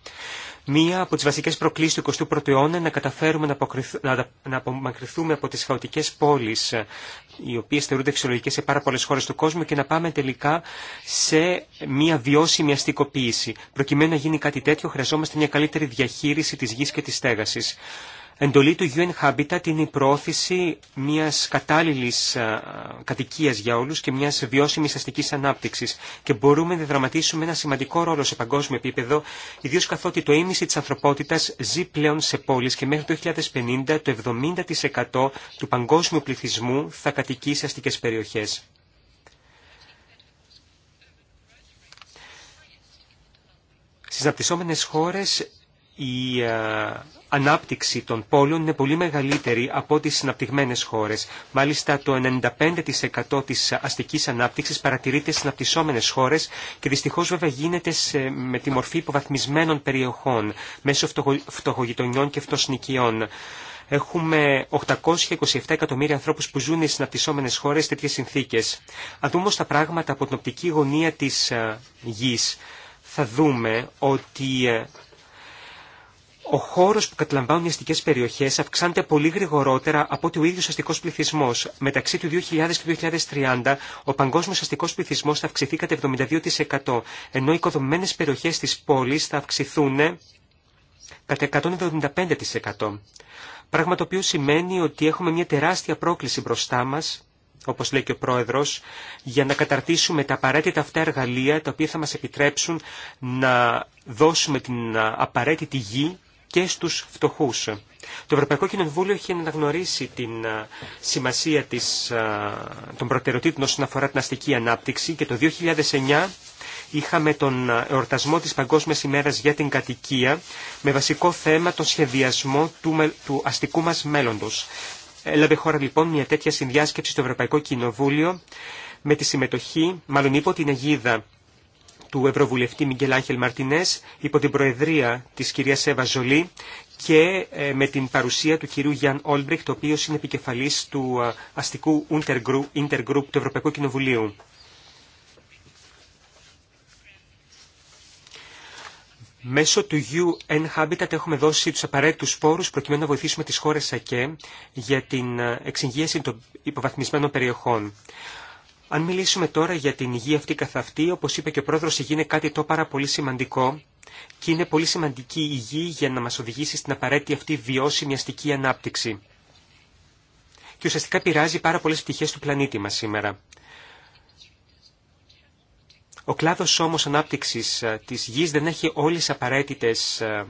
Μία από τι βασικές προκλήσεις του 21ου αιώνα είναι να καταφέρουμε να απομακρυνθούμε από τις χαοτικέ πόλεις, οι οποίες θεωρούνται φυσιολογικές σε πάρα πολλέ χώρες του κόσμου και να πάμε τελικά σε μία βιώσιμη αστικοποίηση. Προκειμένου να γίνει κάτι τέτοιο χρειαζόμαστε μια καλύτερη διαχείριση της γη και της στέγασης. Εντολή του UN Habitat είναι η πρόθεση μιας κατάλληλης κατοικίας για όλους και μιας βιώσιμης αστικής ανάπτυξης και μπορούμε να δραματίσουμε ένα σημαντικό ρόλο σε παγκόσμιο επίπεδο, ιδίως καθότι το ίμιση της ανθρωπότητας ζει πλέον σε πόλεις και μέχρι το 2050 το 70% του παγκόσμιου πληθυσμού θα κατοικεί σε αστικές περιοχές. Στις αναπτυσσόμενες χώρες η ανάπτυξη των πόλεων είναι πολύ μεγαλύτερη από τις συναπτυγμένες χώρες. Μάλιστα το 95% της αστικής ανάπτυξης παρατηρείται στις αναπτυσσόμενες χώρες και δυστυχώς βέβαια γίνεται με τη μορφή υποβαθμισμένων περιοχών μέσω φτωχογειτονιών και φτωσνικιών. Έχουμε 827 εκατομμύρια ανθρώπους που ζουν στις συναπτυσσόμενες χώρες τέτοιες συνθήκες. Αν δούμε όμως τα πράγματα από την οπτική γωνία της ε, γης, θα δούμε ότι ε, ο χώρος που καταλαμβάνουν οι αστικές περιοχές αυξάνεται πολύ γρηγορότερα από ότι ο ίδιος αστικός πληθυσμός. Μεταξύ του 2000 και 2030 ο παγκόσμιος αστικός πληθυσμός θα αυξηθεί κατά 72%, ενώ οι οικοδομημένες περιοχές της πόλης θα αυξηθούν κατά 175%. Πράγμα το οποίο σημαίνει ότι έχουμε μια τεράστια πρόκληση μπροστά μας όπως λέει και ο Πρόεδρος, για να καταρτήσουμε τα απαραίτητα αυτά εργαλεία τα οποία θα μας επιτρέψουν να δώσουμε την απαραίτητη γη και στους φτωχούς. Το Ευρωπαϊκό Κοινοβούλιο έχει αναγνωρίσει την σημασία της, των προτεραιοτήτων όσον αφορά την αστική ανάπτυξη και το 2009 είχαμε τον εορτασμό της Παγκόσμιας ημέρας για την κατοικία με βασικό θέμα τον σχεδιασμό του, αστικού μας μέλλοντος. Έλαβε χώρα λοιπόν μια τέτοια συνδιάσκεψη στο Ευρωπαϊκό Κοινοβούλιο με τη συμμετοχή, μάλλον υπό την αιγίδα του Ευρωβουλευτή Μιγγελ Άγχελ Μαρτινές υπό την Προεδρία της κυρίας Εύα Ζολή και ε, με την παρουσία του κυρίου Γιάνν Όλμπριχτ, ο οποίος είναι επικεφαλής του ε, αστικού Intergroup του Ευρωπαϊκού Κοινοβουλίου. Μέσω του UN Habitat έχουμε δώσει τους απαραίτητους πόρους προκειμένου να βοηθήσουμε τις χώρες ΑΚΕ για την ε, εξυγίαση των υποβαθμισμένων περιοχών. Αν μιλήσουμε τώρα για την υγεία αυτή καθ' αυτή, όπως είπε και ο πρόεδρος, η κάτι το πάρα πολύ σημαντικό και είναι πολύ σημαντική η υγεία για να μας οδηγήσει στην απαραίτητη αυτή βιώσιμη αστική ανάπτυξη. Και ουσιαστικά πειράζει πάρα πολλές πτυχές του πλανήτη μας σήμερα. Ο κλάδος όμως ανάπτυξης ε, της γης δεν έχει όλες τις απαραίτητες ε,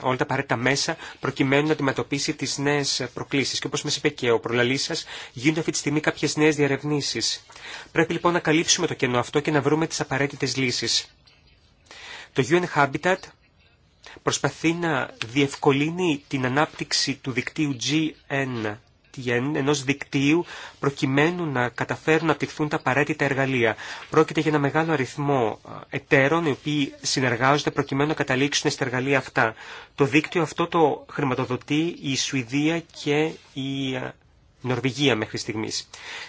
όλα τα απαραίτητα μέσα προκειμένου να αντιμετωπίσει τι νέε προκλήσει. Και όπω μα είπε και ο προλαλή σα, γίνονται αυτή τη στιγμή κάποιε νέε διαρευνήσει. Πρέπει λοιπόν να καλύψουμε το κενό αυτό και να βρούμε τι απαραίτητε λύσει. Το UN Habitat προσπαθεί να διευκολύνει την ανάπτυξη του δικτύου GN Ενό δικτύου προκειμένου να καταφέρουν να απτυχθούν τα απαραίτητα εργαλεία. Πρόκειται για ένα μεγάλο αριθμό εταίρων οι οποίοι συνεργάζονται προκειμένου να καταλήξουν στα εργαλεία αυτά. Το δίκτυο αυτό το χρηματοδοτεί η Σουηδία και η Νορβηγία μέχρι στιγμή.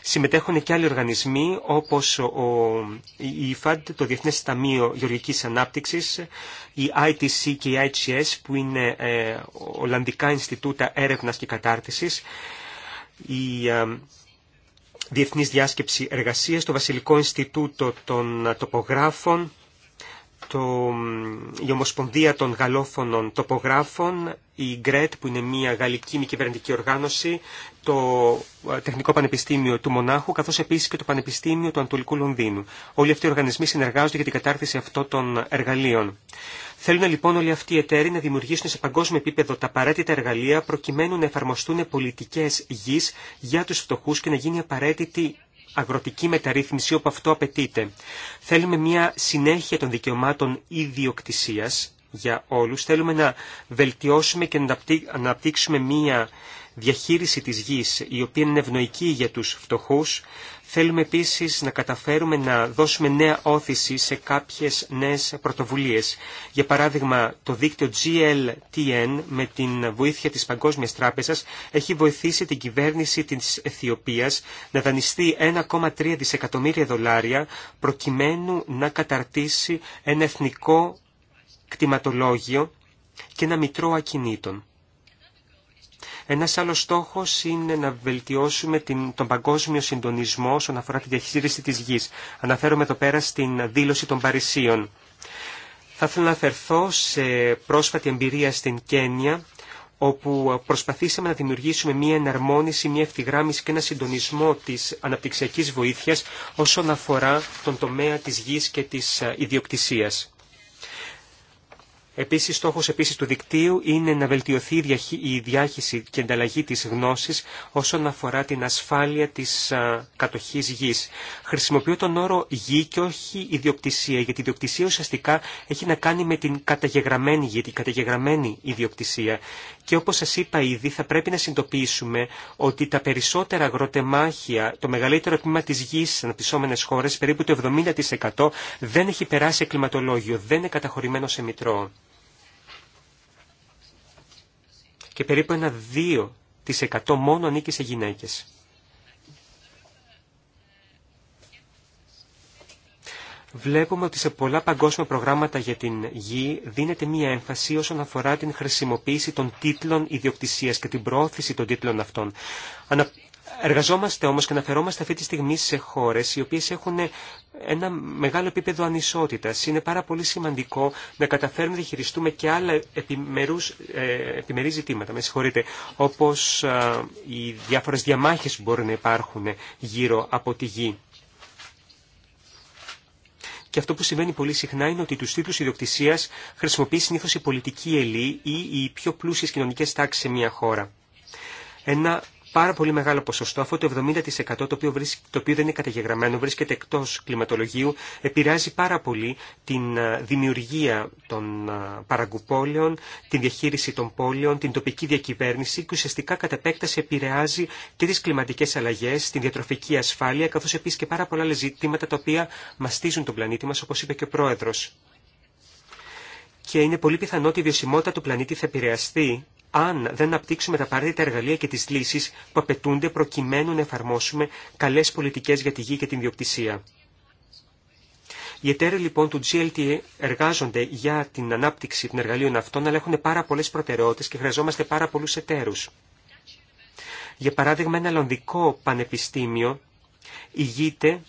Συμμετέχουν και άλλοι οργανισμοί όπω η IFAD, το Διεθνέ Ταμείο Γεωργική Ανάπτυξη, η ITC και η IHS που είναι ε, Ολλανδικά Ινστιτούτα Έρευνα και Κατάρτιση η ε, Διεθνής Διάσκεψη Εργασίας, το Βασιλικό Ινστιτούτο των Τοπογράφων, το, η Ομοσπονδία των Γαλλόφωνων Τοπογράφων, η ΓΡΕΤ που είναι μια γαλλική μη κυβερνητική οργάνωση, το ε, Τεχνικό Πανεπιστήμιο του Μονάχου, καθώ επίση και το Πανεπιστήμιο του Ανατολικού Λονδίνου. Όλοι αυτοί οι οργανισμοί συνεργάζονται για την κατάρτιση αυτών των εργαλείων. Θέλουν λοιπόν όλοι αυτοί οι εταίροι να δημιουργήσουν σε παγκόσμιο επίπεδο τα απαραίτητα εργαλεία προκειμένου να εφαρμοστούν πολιτικέ γη για του φτωχού και να γίνει απαραίτητη αγροτική μεταρρύθμιση όπου αυτό απαιτείται. Θέλουμε μια συνέχεια των δικαιωμάτων ιδιοκτησίας για όλους. Θέλουμε να βελτιώσουμε και να αναπτύξουμε μια διαχείριση της γης η οποία είναι ευνοϊκή για τους φτωχούς. Θέλουμε επίσης να καταφέρουμε να δώσουμε νέα όθηση σε κάποιες νέες πρωτοβουλίες. Για παράδειγμα, το δίκτυο GLTN με την βοήθεια της Παγκόσμιας Τράπεζας έχει βοηθήσει την κυβέρνηση της Αιθιοπίας να δανειστεί 1,3 δισεκατομμύρια δολάρια προκειμένου να καταρτήσει ένα εθνικό κτηματολόγιο και ένα μητρό ακινήτων. Ένας άλλος στόχος είναι να βελτιώσουμε την, τον παγκόσμιο συντονισμό όσον αφορά τη διαχείριση της γης. Αναφέρομαι εδώ πέρα στην δήλωση των Παρισίων. Θα ήθελα να αφαιρθώ σε πρόσφατη εμπειρία στην Κένια, όπου προσπαθήσαμε να δημιουργήσουμε μία εναρμόνιση, μία ευθυγράμμιση και ένα συντονισμό της αναπτυξιακής βοήθειας όσον αφορά τον τομέα της γης και της ε, ιδιοκτησίας. Επίσης, στόχος επίσης του δικτύου είναι να βελτιωθεί η διάχυση και ανταλλαγή της γνώσης όσον αφορά την ασφάλεια της κατοχής γης. Χρησιμοποιώ τον όρο γη και όχι ιδιοκτησία, γιατί η ιδιοκτησία ουσιαστικά έχει να κάνει με την καταγεγραμμένη γη, την καταγεγραμμένη ιδιοκτησία. Και όπως σας είπα ήδη, θα πρέπει να συνειδητοποιήσουμε ότι τα περισσότερα αγροτεμάχια, το μεγαλύτερο τμήμα της γης στις αναπτυσσόμενες χώρες, περίπου το 70% δεν έχει περάσει κλιματολόγιο, δεν είναι καταχωρημένο σε μητρό. και περίπου ένα 2% μόνο ανήκει σε γυναίκες. Βλέπουμε ότι σε πολλά παγκόσμια προγράμματα για την γη δίνεται μία έμφαση όσον αφορά την χρησιμοποίηση των τίτλων ιδιοκτησίας και την προώθηση των τίτλων αυτών. Εργαζόμαστε όμως και αναφερόμαστε αυτή τη στιγμή σε χώρες οι οποίες έχουν ένα μεγάλο επίπεδο ανισότητας. Είναι πάρα πολύ σημαντικό να καταφέρουμε να διαχειριστούμε και άλλα επιμερούς, ε, επιμερή ζητήματα, με συγχωρείτε, όπως ε, οι διάφορες διαμάχες που μπορούν να υπάρχουν γύρω από τη γη. Και αυτό που συμβαίνει πολύ συχνά είναι ότι του τίτλου ιδιοκτησία χρησιμοποιεί συνήθω η πολιτική ελή ή οι πιο πλούσιε κοινωνικέ τάξει σε μια χώρα. Ένα πάρα πολύ μεγάλο ποσοστό, αυτό το 70% το οποίο, το οποίο δεν είναι καταγεγραμμένο, βρίσκεται εκτός κλιματολογίου, επηρεάζει πάρα πολύ την ε, δημιουργία των ε, παραγκουπόλεων, την διαχείριση των πόλεων, την τοπική διακυβέρνηση και ουσιαστικά κατά επέκταση επηρεάζει και τις κλιματικές αλλαγές, την διατροφική ασφάλεια, καθώς επίσης και πάρα πολλά άλλα ζητήματα τα οποία μαστίζουν τον πλανήτη μας, όπως είπε και ο Πρόεδρος. Και είναι πολύ πιθανό ότι η βιωσιμότητα του πλανήτη θα επηρεαστεί αν δεν αναπτύξουμε τα απαραίτητα εργαλεία και τις λύσεις που απαιτούνται προκειμένου να εφαρμόσουμε καλές πολιτικές για τη γη και την βιοκτησία. Οι εταίροι λοιπόν του GLTA εργάζονται για την ανάπτυξη των εργαλείων αυτών, αλλά έχουν πάρα πολλέ προτεραιότητε και χρειαζόμαστε πάρα πολλού εταίρου. Για παράδειγμα, ένα λονδικό πανεπιστήμιο ηγείται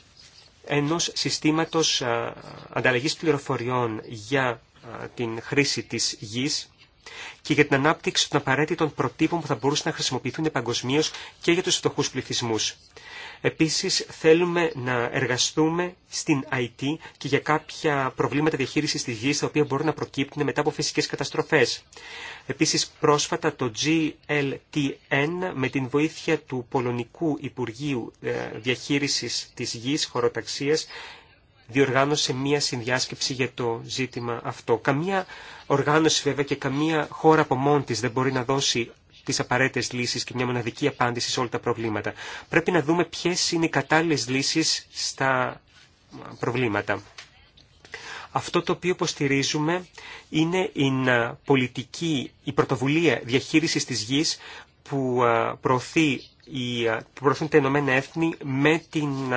ενός συστήματος ανταλλαγής πληροφοριών για την χρήση της γης και για την ανάπτυξη των απαραίτητων προτύπων που θα μπορούσαν να χρησιμοποιηθούν παγκοσμίω και για τους φτωχού πληθυσμού. Επίσης θέλουμε να εργαστούμε στην IT και για κάποια προβλήματα διαχείρισης τη γη, τα οποία μπορούν να προκύπτουν μετά από φυσικές καταστροφές. Επίσης πρόσφατα το GLTN με την βοήθεια του Πολωνικού Υπουργείου ε, διαχείριση τη γη Χωροταξία, διοργάνωσε μία συνδιάσκεψη για το ζήτημα αυτό. Καμία οργάνωση βέβαια και καμία χώρα από μόνη της δεν μπορεί να δώσει τι απαραίτητε λύσει και μια μοναδική απάντηση σε όλα τα προβλήματα. Πρέπει να δούμε ποιε είναι οι κατάλληλε λύσει στα προβλήματα. Αυτό το οποίο υποστηρίζουμε είναι η πολιτική, η πρωτοβουλία διαχείρισης της γης που προωθεί, προωθούν τα Ηνωμένα Έθνη με την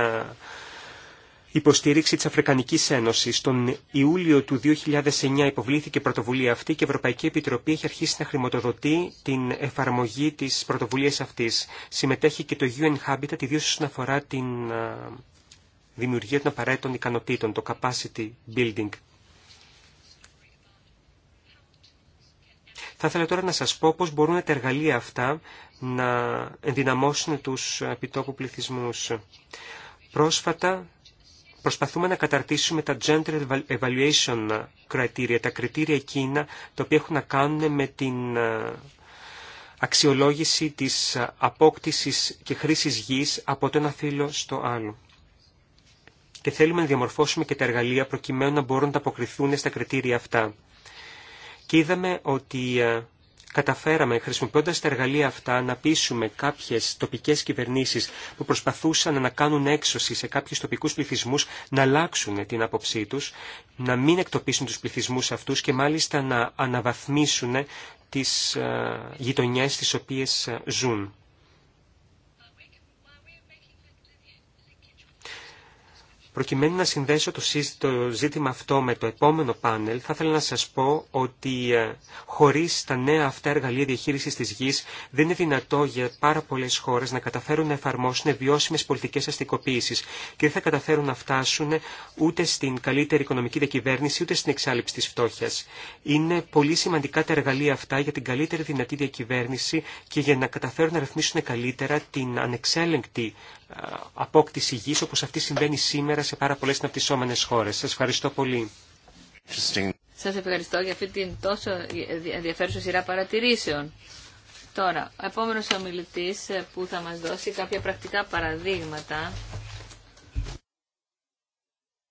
υποστήριξη της Αφρικανικής Ένωσης. Τον Ιούλιο του 2009 υποβλήθηκε η πρωτοβουλία αυτή και η Ευρωπαϊκή Επιτροπή έχει αρχίσει να χρηματοδοτεί την εφαρμογή της πρωτοβουλίας αυτής. Συμμετέχει και το UN Habitat, ιδίως όσον αφορά την δημιουργία των απαραίτητων ικανοτήτων, το capacity building. Θα ήθελα τώρα να σας πω πώς μπορούν τα εργαλεία αυτά να ενδυναμώσουν τους επιτόπου πληθυσμούς. Πρόσφατα προσπαθούμε να καταρτήσουμε τα gender evaluation κριτήρια, τα κριτήρια εκείνα τα οποία έχουν να κάνουν με την ε, αξιολόγηση της απόκτησης και χρήσης γης από το ένα φύλλο στο άλλο. Και θέλουμε να διαμορφώσουμε και τα εργαλεία προκειμένου να μπορούν να αποκριθούν στα κριτήρια αυτά. Και είδαμε ότι ε, καταφέραμε χρησιμοποιώντας τα εργαλεία αυτά να πείσουμε κάποιες τοπικές κυβερνήσεις που προσπαθούσαν να κάνουν έξωση σε κάποιους τοπικούς πληθυσμούς να αλλάξουν την άποψή τους, να μην εκτοπίσουν τους πληθυσμούς αυτούς και μάλιστα να αναβαθμίσουν τις ε, γειτονιές στις οποίες ε, ζουν. Προκειμένου να συνδέσω το ζήτημα αυτό με το επόμενο πάνελ, θα ήθελα να σας πω ότι ε, χωρίς τα νέα αυτά εργαλεία διαχείρισης της γης δεν είναι δυνατό για πάρα πολλές χώρες να καταφέρουν να εφαρμόσουν βιώσιμες πολιτικές αστικοποίησης και δεν θα καταφέρουν να φτάσουν ούτε στην καλύτερη οικονομική διακυβέρνηση ούτε στην εξάλληψη της φτώχειας. Είναι πολύ σημαντικά τα εργαλεία αυτά για την καλύτερη δυνατή διακυβέρνηση και για να καταφέρουν να ρυθμίσουν καλύτερα την ανεξέλεγκτη απόκτηση γης όπως αυτή συμβαίνει σήμερα σε πάρα πολλές συναπτυσσόμενες χώρες. Σας ευχαριστώ πολύ. Σας ευχαριστώ για αυτή την τόσο ενδιαφέρουσα σειρά παρατηρήσεων. Τώρα, ο επόμενος ομιλητής ε, που θα μας δώσει κάποια πρακτικά παραδείγματα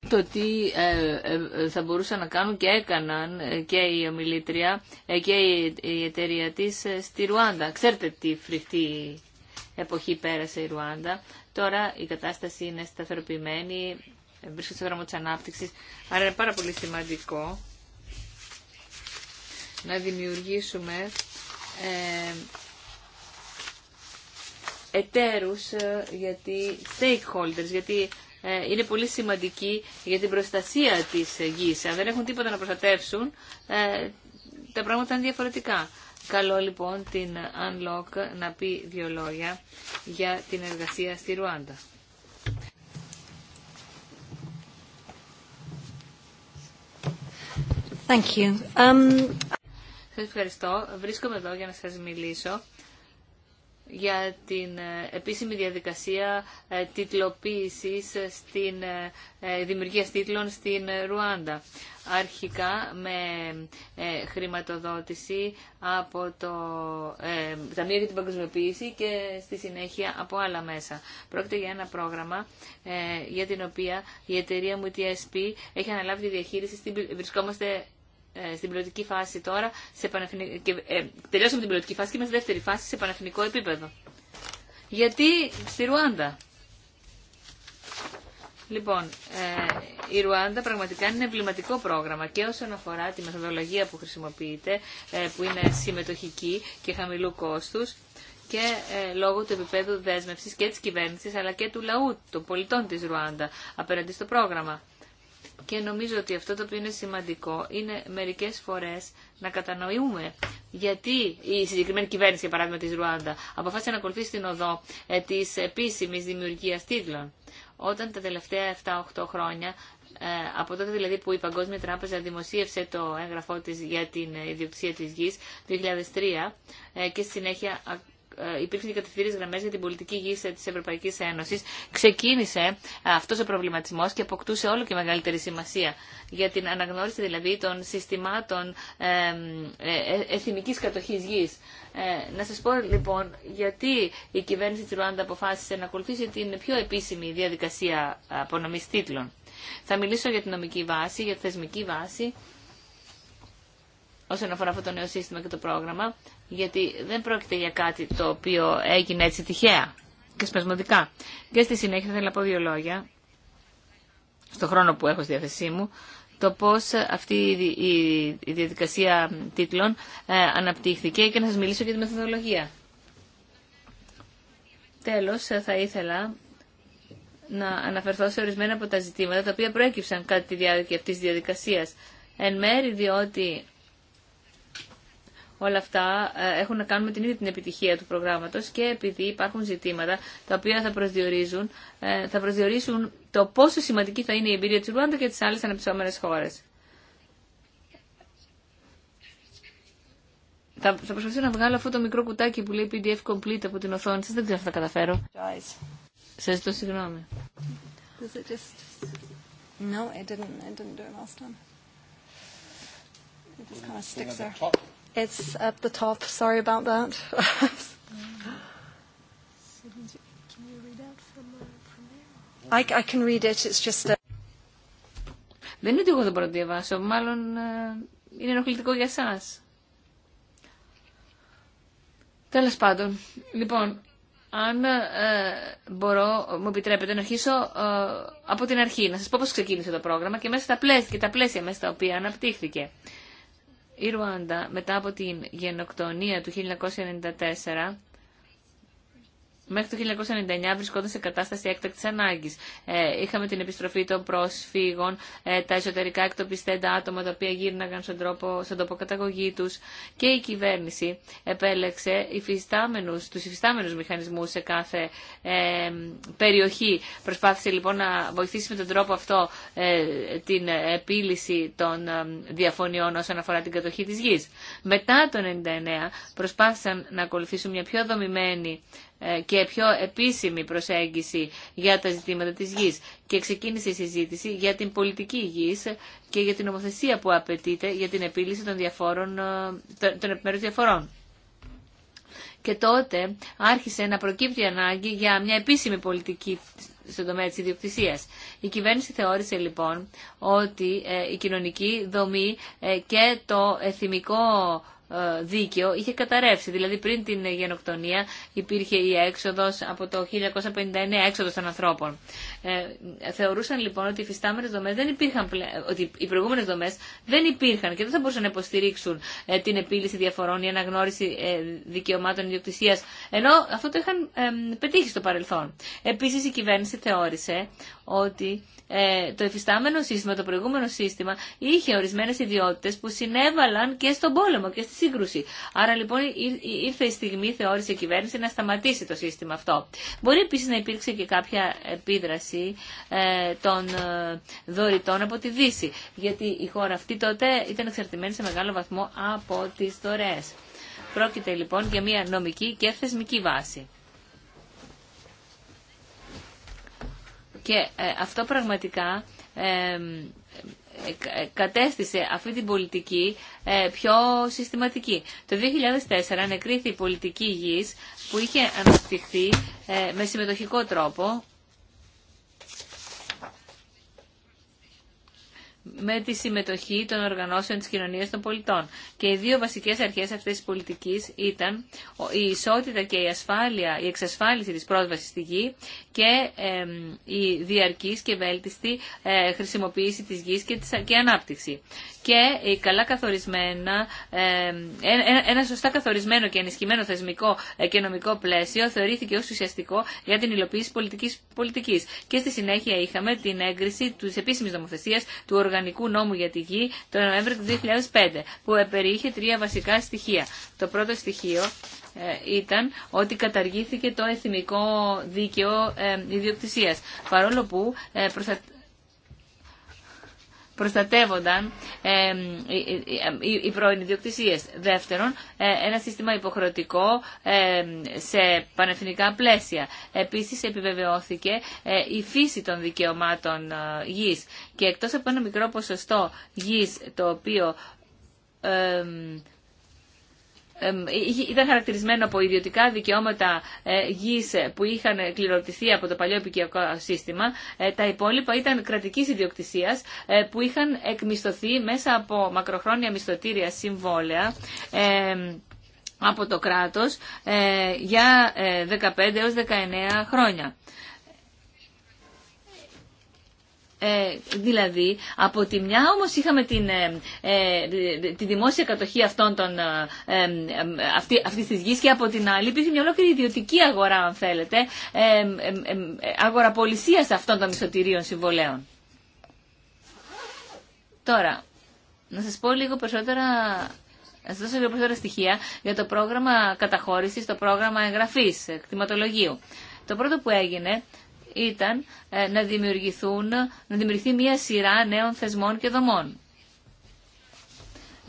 το τι ε, ε, θα μπορούσαν να κάνουν και έκαναν και η ομιλήτρια και η εταιρεία της στη Ρουάντα. Ξέρετε τι φρικτή εποχή πέρασε η Ρουάντα. Τώρα η κατάσταση είναι σταθεροποιημένη, βρίσκεται στο δρόμο τη ανάπτυξη; άρα είναι πάρα πολύ σημαντικό να δημιουργήσουμε ε, εταίρους, ε, γιατί stakeholders, γιατί ε, είναι πολύ σημαντική για την προστασία της γης. Αν δεν έχουν τίποτα να προστατεύσουν, ε, τα πράγματα είναι διαφορετικά. Καλό λοιπόν την Unlock να πει δύο λόγια για την εργασία στη Ρουάντα. Thank you. Um... Σας ευχαριστώ. Βρίσκομαι εδώ για να σας μιλήσω για την ε, επίσημη διαδικασία ε, τίτλοποίησης ε, στην δημιουργία τίτλων στην Ρουάντα. Αρχικά με χρηματοδότηση από το Ταμείο για την Παγκοσμιοποίηση και στη συνέχεια από άλλα μέσα. Πρόκειται για ένα πρόγραμμα για την οποία η εταιρεία μου, η TSP, έχει αναλάβει τη διαχείριση. Βρισκόμαστε ε, στην πιλωτική φάση τώρα, σε και, ε, τελειώσαμε την πιλωτική φάση και είμαστε δεύτερη φάση σε πανεθνικό επίπεδο. Γιατί στη Ρουάντα. Λοιπόν, ε, η Ρουάντα πραγματικά είναι εμβληματικό πρόγραμμα και όσον αφορά τη μεθοδολογία που χρησιμοποιείται, ε, που είναι συμμετοχική και χαμηλού κόστους, και λόγω του επίπεδου δέσμευσης και της κυβέρνησης αλλά και του λαού, των πολιτών της Ρουάντα απέναντι στο πρόγραμμα. Και νομίζω ότι αυτό το οποίο είναι σημαντικό είναι μερικέ φορέ να κατανοούμε γιατί η συγκεκριμένη κυβέρνηση, για παράδειγμα τη Ρουάντα, αποφάσισε να ακολουθήσει την οδό ε, της επίσημης δημιουργίας τίτλων. Όταν τα τελευταία 7-8 χρόνια ε, από τότε δηλαδή που η Παγκόσμια Τράπεζα δημοσίευσε το έγγραφό της για την ιδιοκτησία της γης, 2003, ε, και στη συνέχεια ε, υπήρξαν οι κατευθυντήριε γραμμέ για την πολιτική γη τη Ευρωπαϊκή Ένωση, ξεκίνησε ε, αυτό ο προβληματισμό και αποκτούσε όλο και μεγαλύτερη σημασία για την αναγνώριση δηλαδή των συστημάτων ε, εθνική κατοχή γη. Να σα πω λοιπόν γιατί η κυβέρνηση τη Ρουάντα αποφάσισε να ακολουθήσει την πιο επίσημη διαδικασία απονομή τίτλων. Θα μιλήσω για την νομική βάση, για τη θεσμική βάση όσον αφορά αυτό το νέο σύστημα και το πρόγραμμα, γιατί δεν πρόκειται για κάτι το οποίο έγινε έτσι τυχαία και σπασμωδικά. Και στη συνέχεια θέλω ήθελα να πω δύο λόγια, στον χρόνο που έχω στη διάθεσή μου, το πώς αυτή η διαδικασία τίτλων ε, αναπτύχθηκε και να σας μιλήσω για τη μεθοδολογία. Τέλος, θα ήθελα να αναφερθώ σε ορισμένα από τα ζητήματα τα οποία προέκυψαν κατά τη διάρκεια αυτής της διαδικασίας. Εν μέρη διότι όλα αυτά ε, έχουν να κάνουν με την ίδια την επιτυχία του προγράμματος και επειδή υπάρχουν ζητήματα τα οποία θα προσδιορίζουν, ε, θα προσδιορίσουν το πόσο σημαντική θα είναι η εμπειρία της Ρουάντα και της άλλες αναπτυσσόμενες χώρες. Θα, προσπαθήσω να βγάλω αυτό το μικρό κουτάκι που λέει PDF complete από την οθόνη σας. Δεν ξέρω αν θα καταφέρω. Σας ζητώ συγγνώμη. It's at the top. Sorry about that. I, can read it. It's just a... Δεν είναι ότι εγώ δεν μπορώ να διαβάσω. Μάλλον ε, είναι ενοχλητικό για εσά. Τέλο πάντων. Λοιπόν, αν ε, μπορώ, μου επιτρέπετε να αρχίσω ε, από την αρχή, να σα πω πώ ξεκίνησε το πρόγραμμα και μέσα στα πλαίσια, και τα πλαίσια μέσα στα οποία αναπτύχθηκε. Η Ρουάντα μετά από την γενοκτονία του 1994 Μέχρι το 1999 βρισκόταν σε κατάσταση έκτακτη ανάγκη. Ε, είχαμε την επιστροφή των πρόσφυγων, ε, τα εσωτερικά εκτοπιστέντα άτομα τα οποία γύρναγαν στον, τρόπο, στον τόπο καταγωγή του. και η κυβέρνηση επέλεξε του τους μηχανισμού σε κάθε ε, περιοχή. Προσπάθησε λοιπόν να βοηθήσει με τον τρόπο αυτό την επίλυση των διαφωνιών όσον αφορά την κατοχή τη γη. Μετά το 1999 προσπάθησαν να ακολουθήσουν μια πιο δομημένη ε, και πιο επίσημη προσέγγιση για τα ζητήματα της γης και ξεκίνησε η συζήτηση για την πολιτική γης και για την νομοθεσία που απαιτείται για την επίλυση των, διαφόρων, ε, των επιμέρους διαφορών. Και τότε άρχισε να προκύπτει η ανάγκη για μια επίσημη πολιτική στον τομέα της ιδιοκτησίας. Η κυβέρνηση θεώρησε λοιπόν ότι ε, η κοινωνική δομή και το εθιμικό δίκαιο είχε καταρρεύσει. Δηλαδή πριν την γενοκτονία υπήρχε η έξοδος από το 1959, έξοδος των ανθρώπων. Ε, θεωρούσαν λοιπόν ότι οι φυστάμενε δομέ δεν υπήρχαν ότι οι προηγούμενε δομέ δεν υπήρχαν και δεν θα μπορούσαν να υποστηρίξουν ε, την επίλυση διαφορών ή αναγνώριση ε, δικαιωμάτων ιδιοκτησία, ενώ αυτό το είχαν πετύχει στο παρελθόν. Επίση η αναγνωριση θεώρησε ότι ε, το εφιστάμενο σύστημα, το προηγούμενο σύστημα, είχε ορισμένε ιδιότητε που συνέβαλαν και στον πόλεμο και στη σύγκρουση. Άρα λοιπόν ήρθε η στιγμή, θεώρησε η κυβέρνηση, να σταματήσει το σύστημα αυτό. Μπορεί επίση να υπήρξε και κάποια επίδραση ε, των ε, δωρητών από τη Δύση. Γιατί η χώρα αυτή τότε ήταν εξαρτημένη σε μεγάλο βαθμό από τις δωρεές. Πρόκειται λοιπόν για μια νομική και θεσμική βάση. Και ε, αυτό πραγματικά κατέστησε αυτή την πολιτική πιο συστηματική. Το 2004 ανεκρίθη η πολιτική γης που είχε αναπτυχθεί με συμμετοχικό τρόπο με τη συμμετοχή των οργανώσεων της κοινωνίας των πολιτών. Και οι δύο βασικές αρχές αυτής της πολιτικής ήταν η ισότητα και η ασφάλεια, η εξασφάλιση της πρόσβασης στη γη και η διαρκής και βέλτιστη ε, χρησιμοποίηση της γης και, της, και ανάπτυξη και η καλά καθορισμένα, ε, ε, ε, ένα σωστά καθορισμένο και ενισχυμένο θεσμικό και νομικό πλαίσιο θεωρήθηκε ως ουσιαστικό για την υλοποίηση πολιτικής πολιτικής. Και στη συνέχεια είχαμε την έγκριση της επίσημης νομοθεσίας του Οργανικού Νόμου για τη Γη το Νοέμβριο του 2005, που περιείχε τρία βασικά στοιχεία. Το πρώτο στοιχείο ήταν ότι καταργήθηκε το εθνικό δίκαιο ιδιοκτησίας, παρόλο που προστατεύονταν οι πρώην ιδιοκτησίε. Δεύτερον, ε, ένα σύστημα υποχρεωτικό σε πανεθνικά πλαίσια. Επίση, επιβεβαιώθηκε ε, η φύση των δικαιωμάτων ε, γη και εκτό από ένα μικρό ποσοστό γη το οποίο ήταν χαρακτηρισμένο από ιδιωτικά δικαιώματα ε, γης ε, που είχαν κληροτηθεί από το παλιό επικοινωνικό σύστημα. Ε, τα υπόλοιπα ήταν κρατικής ιδιοκτησίας που είχαν εκμισθωθεί μέσα από μακροχρόνια μισθωτήρια συμβόλαια από το κράτος για 15 έως 19 χρόνια. Ε, δηλαδή, από τη μια όμως είχαμε την, ε, ε, τη δημόσια κατοχή αυτών των, αυτή, αυτής της γης και από την άλλη υπήρχε μια ολόκληρη ιδιωτική αγορά, αν θέλετε, αγοραπολισίας αυτών των μισοτηρίων συμβολέων. Τώρα, να σας πω λίγο περισσότερα... Να σα δώσω λίγο περισσότερα στοιχεία για το πρόγραμμα καταχώρηση, το πρόγραμμα εγγραφή κτηματολογίου. Το πρώτο που έγινε ήταν ε, να, δημιουργηθούν, να δημιουργηθεί μια σειρά νέων θεσμών και δομών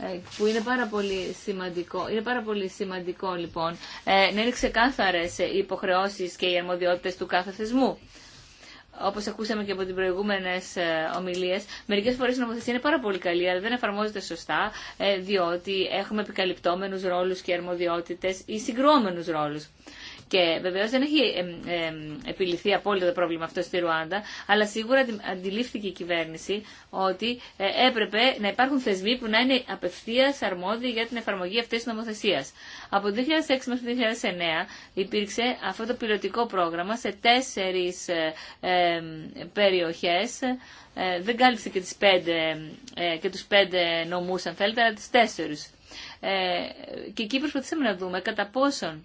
ε, που είναι πάρα πολύ σημαντικό. Είναι πάρα πολύ σημαντικό λοιπόν ε, να είναι ξεκάθαρε οι υποχρεώσει και οι αρμοδιότητε του κάθε θεσμού. Όπω ακούσαμε και από τι προηγούμενε ομιλίε, μερικέ φορέ η νομοθεσία είναι πάρα πολύ καλή, αλλά δεν εφαρμόζεται σωστά, διότι έχουμε επικαλυπτόμενου ρόλου και αρμοδιότητε ή συγκρόμενου ρόλου. Και βεβαίω δεν έχει επιληθεί απόλυτα το πρόβλημα αυτό στη Ρουάντα, αλλά σίγουρα αντιλήφθηκε η κυβέρνηση ότι ε, έπρεπε να υπάρχουν θεσμοί που να είναι απευθεία αρμόδιοι για την εφαρμογή αυτή τη νομοθεσία. Από το 2006 μέχρι το 2009 υπήρξε αυτό το πιλωτικό πρόγραμμα σε τέσσερι ε, περιοχέ. Ε, δεν κάλυψε και, τις πέντε, και τους πέντε νομούς αν θέλετε, αλλά τις τέσσερις. Και εκεί προσπαθήσαμε να δούμε κατά πόσον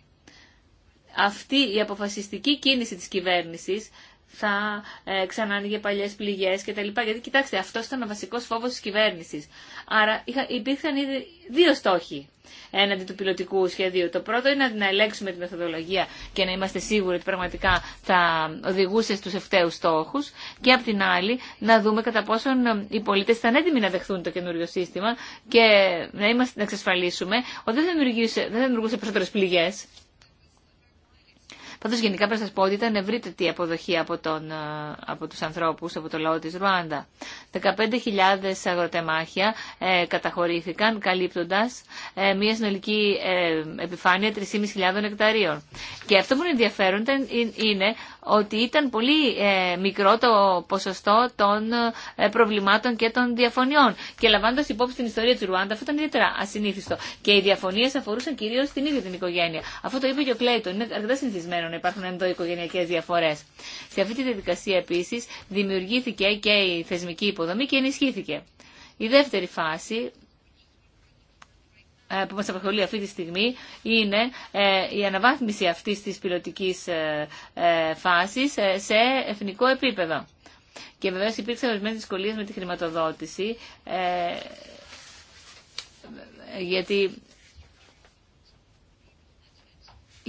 αυτή η αποφασιστική κίνηση της κυβέρνησης θα ε, ξανάνοιγε παλιέ πληγέ κτλ. Γιατί κοιτάξτε, αυτό ήταν ο βασικό φόβο τη κυβέρνηση. Άρα είχα, υπήρχαν ήδη δύο στόχοι έναντι του πιλωτικού σχεδίου. Το πρώτο είναι να ελέγξουμε τη μεθοδολογία και να είμαστε σίγουροι ότι πραγματικά θα οδηγούσε στου ευθέου στόχου. και απ' την άλλη να δούμε κατά πόσον ε, οι πολίτε ήταν έτοιμοι να δεχθούν το καινούριο σύστημα και να, είμαστε, να εξασφαλίσουμε ότι δεν θα δημιουργούσε, δημιουργούσε Πάντω γενικά πρέπει να σας πω ότι ήταν ευρύτερη αποδοχή από, τον, ε, από τους ανθρώπους, από το λαό της Ρουάντα. 15.000 αγροτεμάχια ε, καταχωρήθηκαν καλύπτοντας ε, μια συνολική ε, επιφάνεια 3.500 εκταρίων. Και αυτό που ε, είναι ενδιαφέρον είναι ότι ήταν πολύ ε, μικρό το ποσοστό των ε, προβλημάτων και των διαφωνιών. Και λαμβάνοντα υπόψη την ιστορία τη Ρουάντα, αυτό ήταν ιδιαίτερα ασυνήθιστο. Και οι διαφωνίε αφορούσαν κυρίω την ίδια την οικογένεια. Αυτό το είπε και ο Κλέιτον. Είναι αρκετά συνηθισμένο να υπάρχουν ενδοοικογενειακέ διαφορέ. Σε αυτή τη διαδικασία επίση δημιουργήθηκε και η θεσμική υποδομή και ενισχύθηκε. Η δεύτερη φάση ε, που μας απασχολεί αυτή τη στιγμή είναι ε, η αναβάθμιση αυτής της πιλωτικής ε, φάσης σε εθνικό επίπεδο. Και βεβαίως υπήρξαν ορισμένε δυσκολίε με τη χρηματοδότηση, γιατί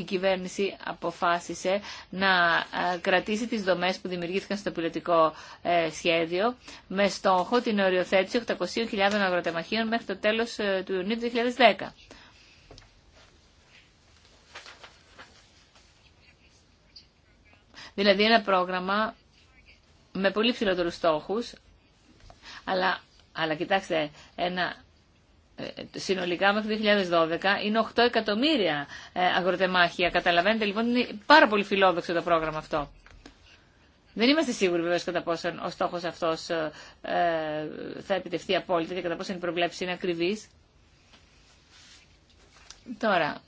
η κυβέρνηση αποφάσισε να ε, κρατήσει τις δομές που δημιουργήθηκαν στο πιλωτικό ε, σχέδιο με στόχο την οριοθέτηση 800.000 αγροτεμαχίων μέχρι το τέλος ε, του Ιουνίου 2010. Δηλαδή ένα πρόγραμμα με πολύ ψηλότερους στόχους, αλλά, αλλά κοιτάξτε, ένα ε, συνολικά μέχρι το 2012 είναι 8 εκατομμύρια ε, αγροτεμάχια. Καταλαβαίνετε λοιπόν είναι πάρα πολύ φιλόδοξο το πρόγραμμα αυτό. Δεν είμαστε σίγουροι βεβαίω κατά πόσον ο στόχο αυτό ε, θα επιτευχθεί απόλυτα και κατά πόσον η προβλέψει είναι ακριβεί. Τώρα,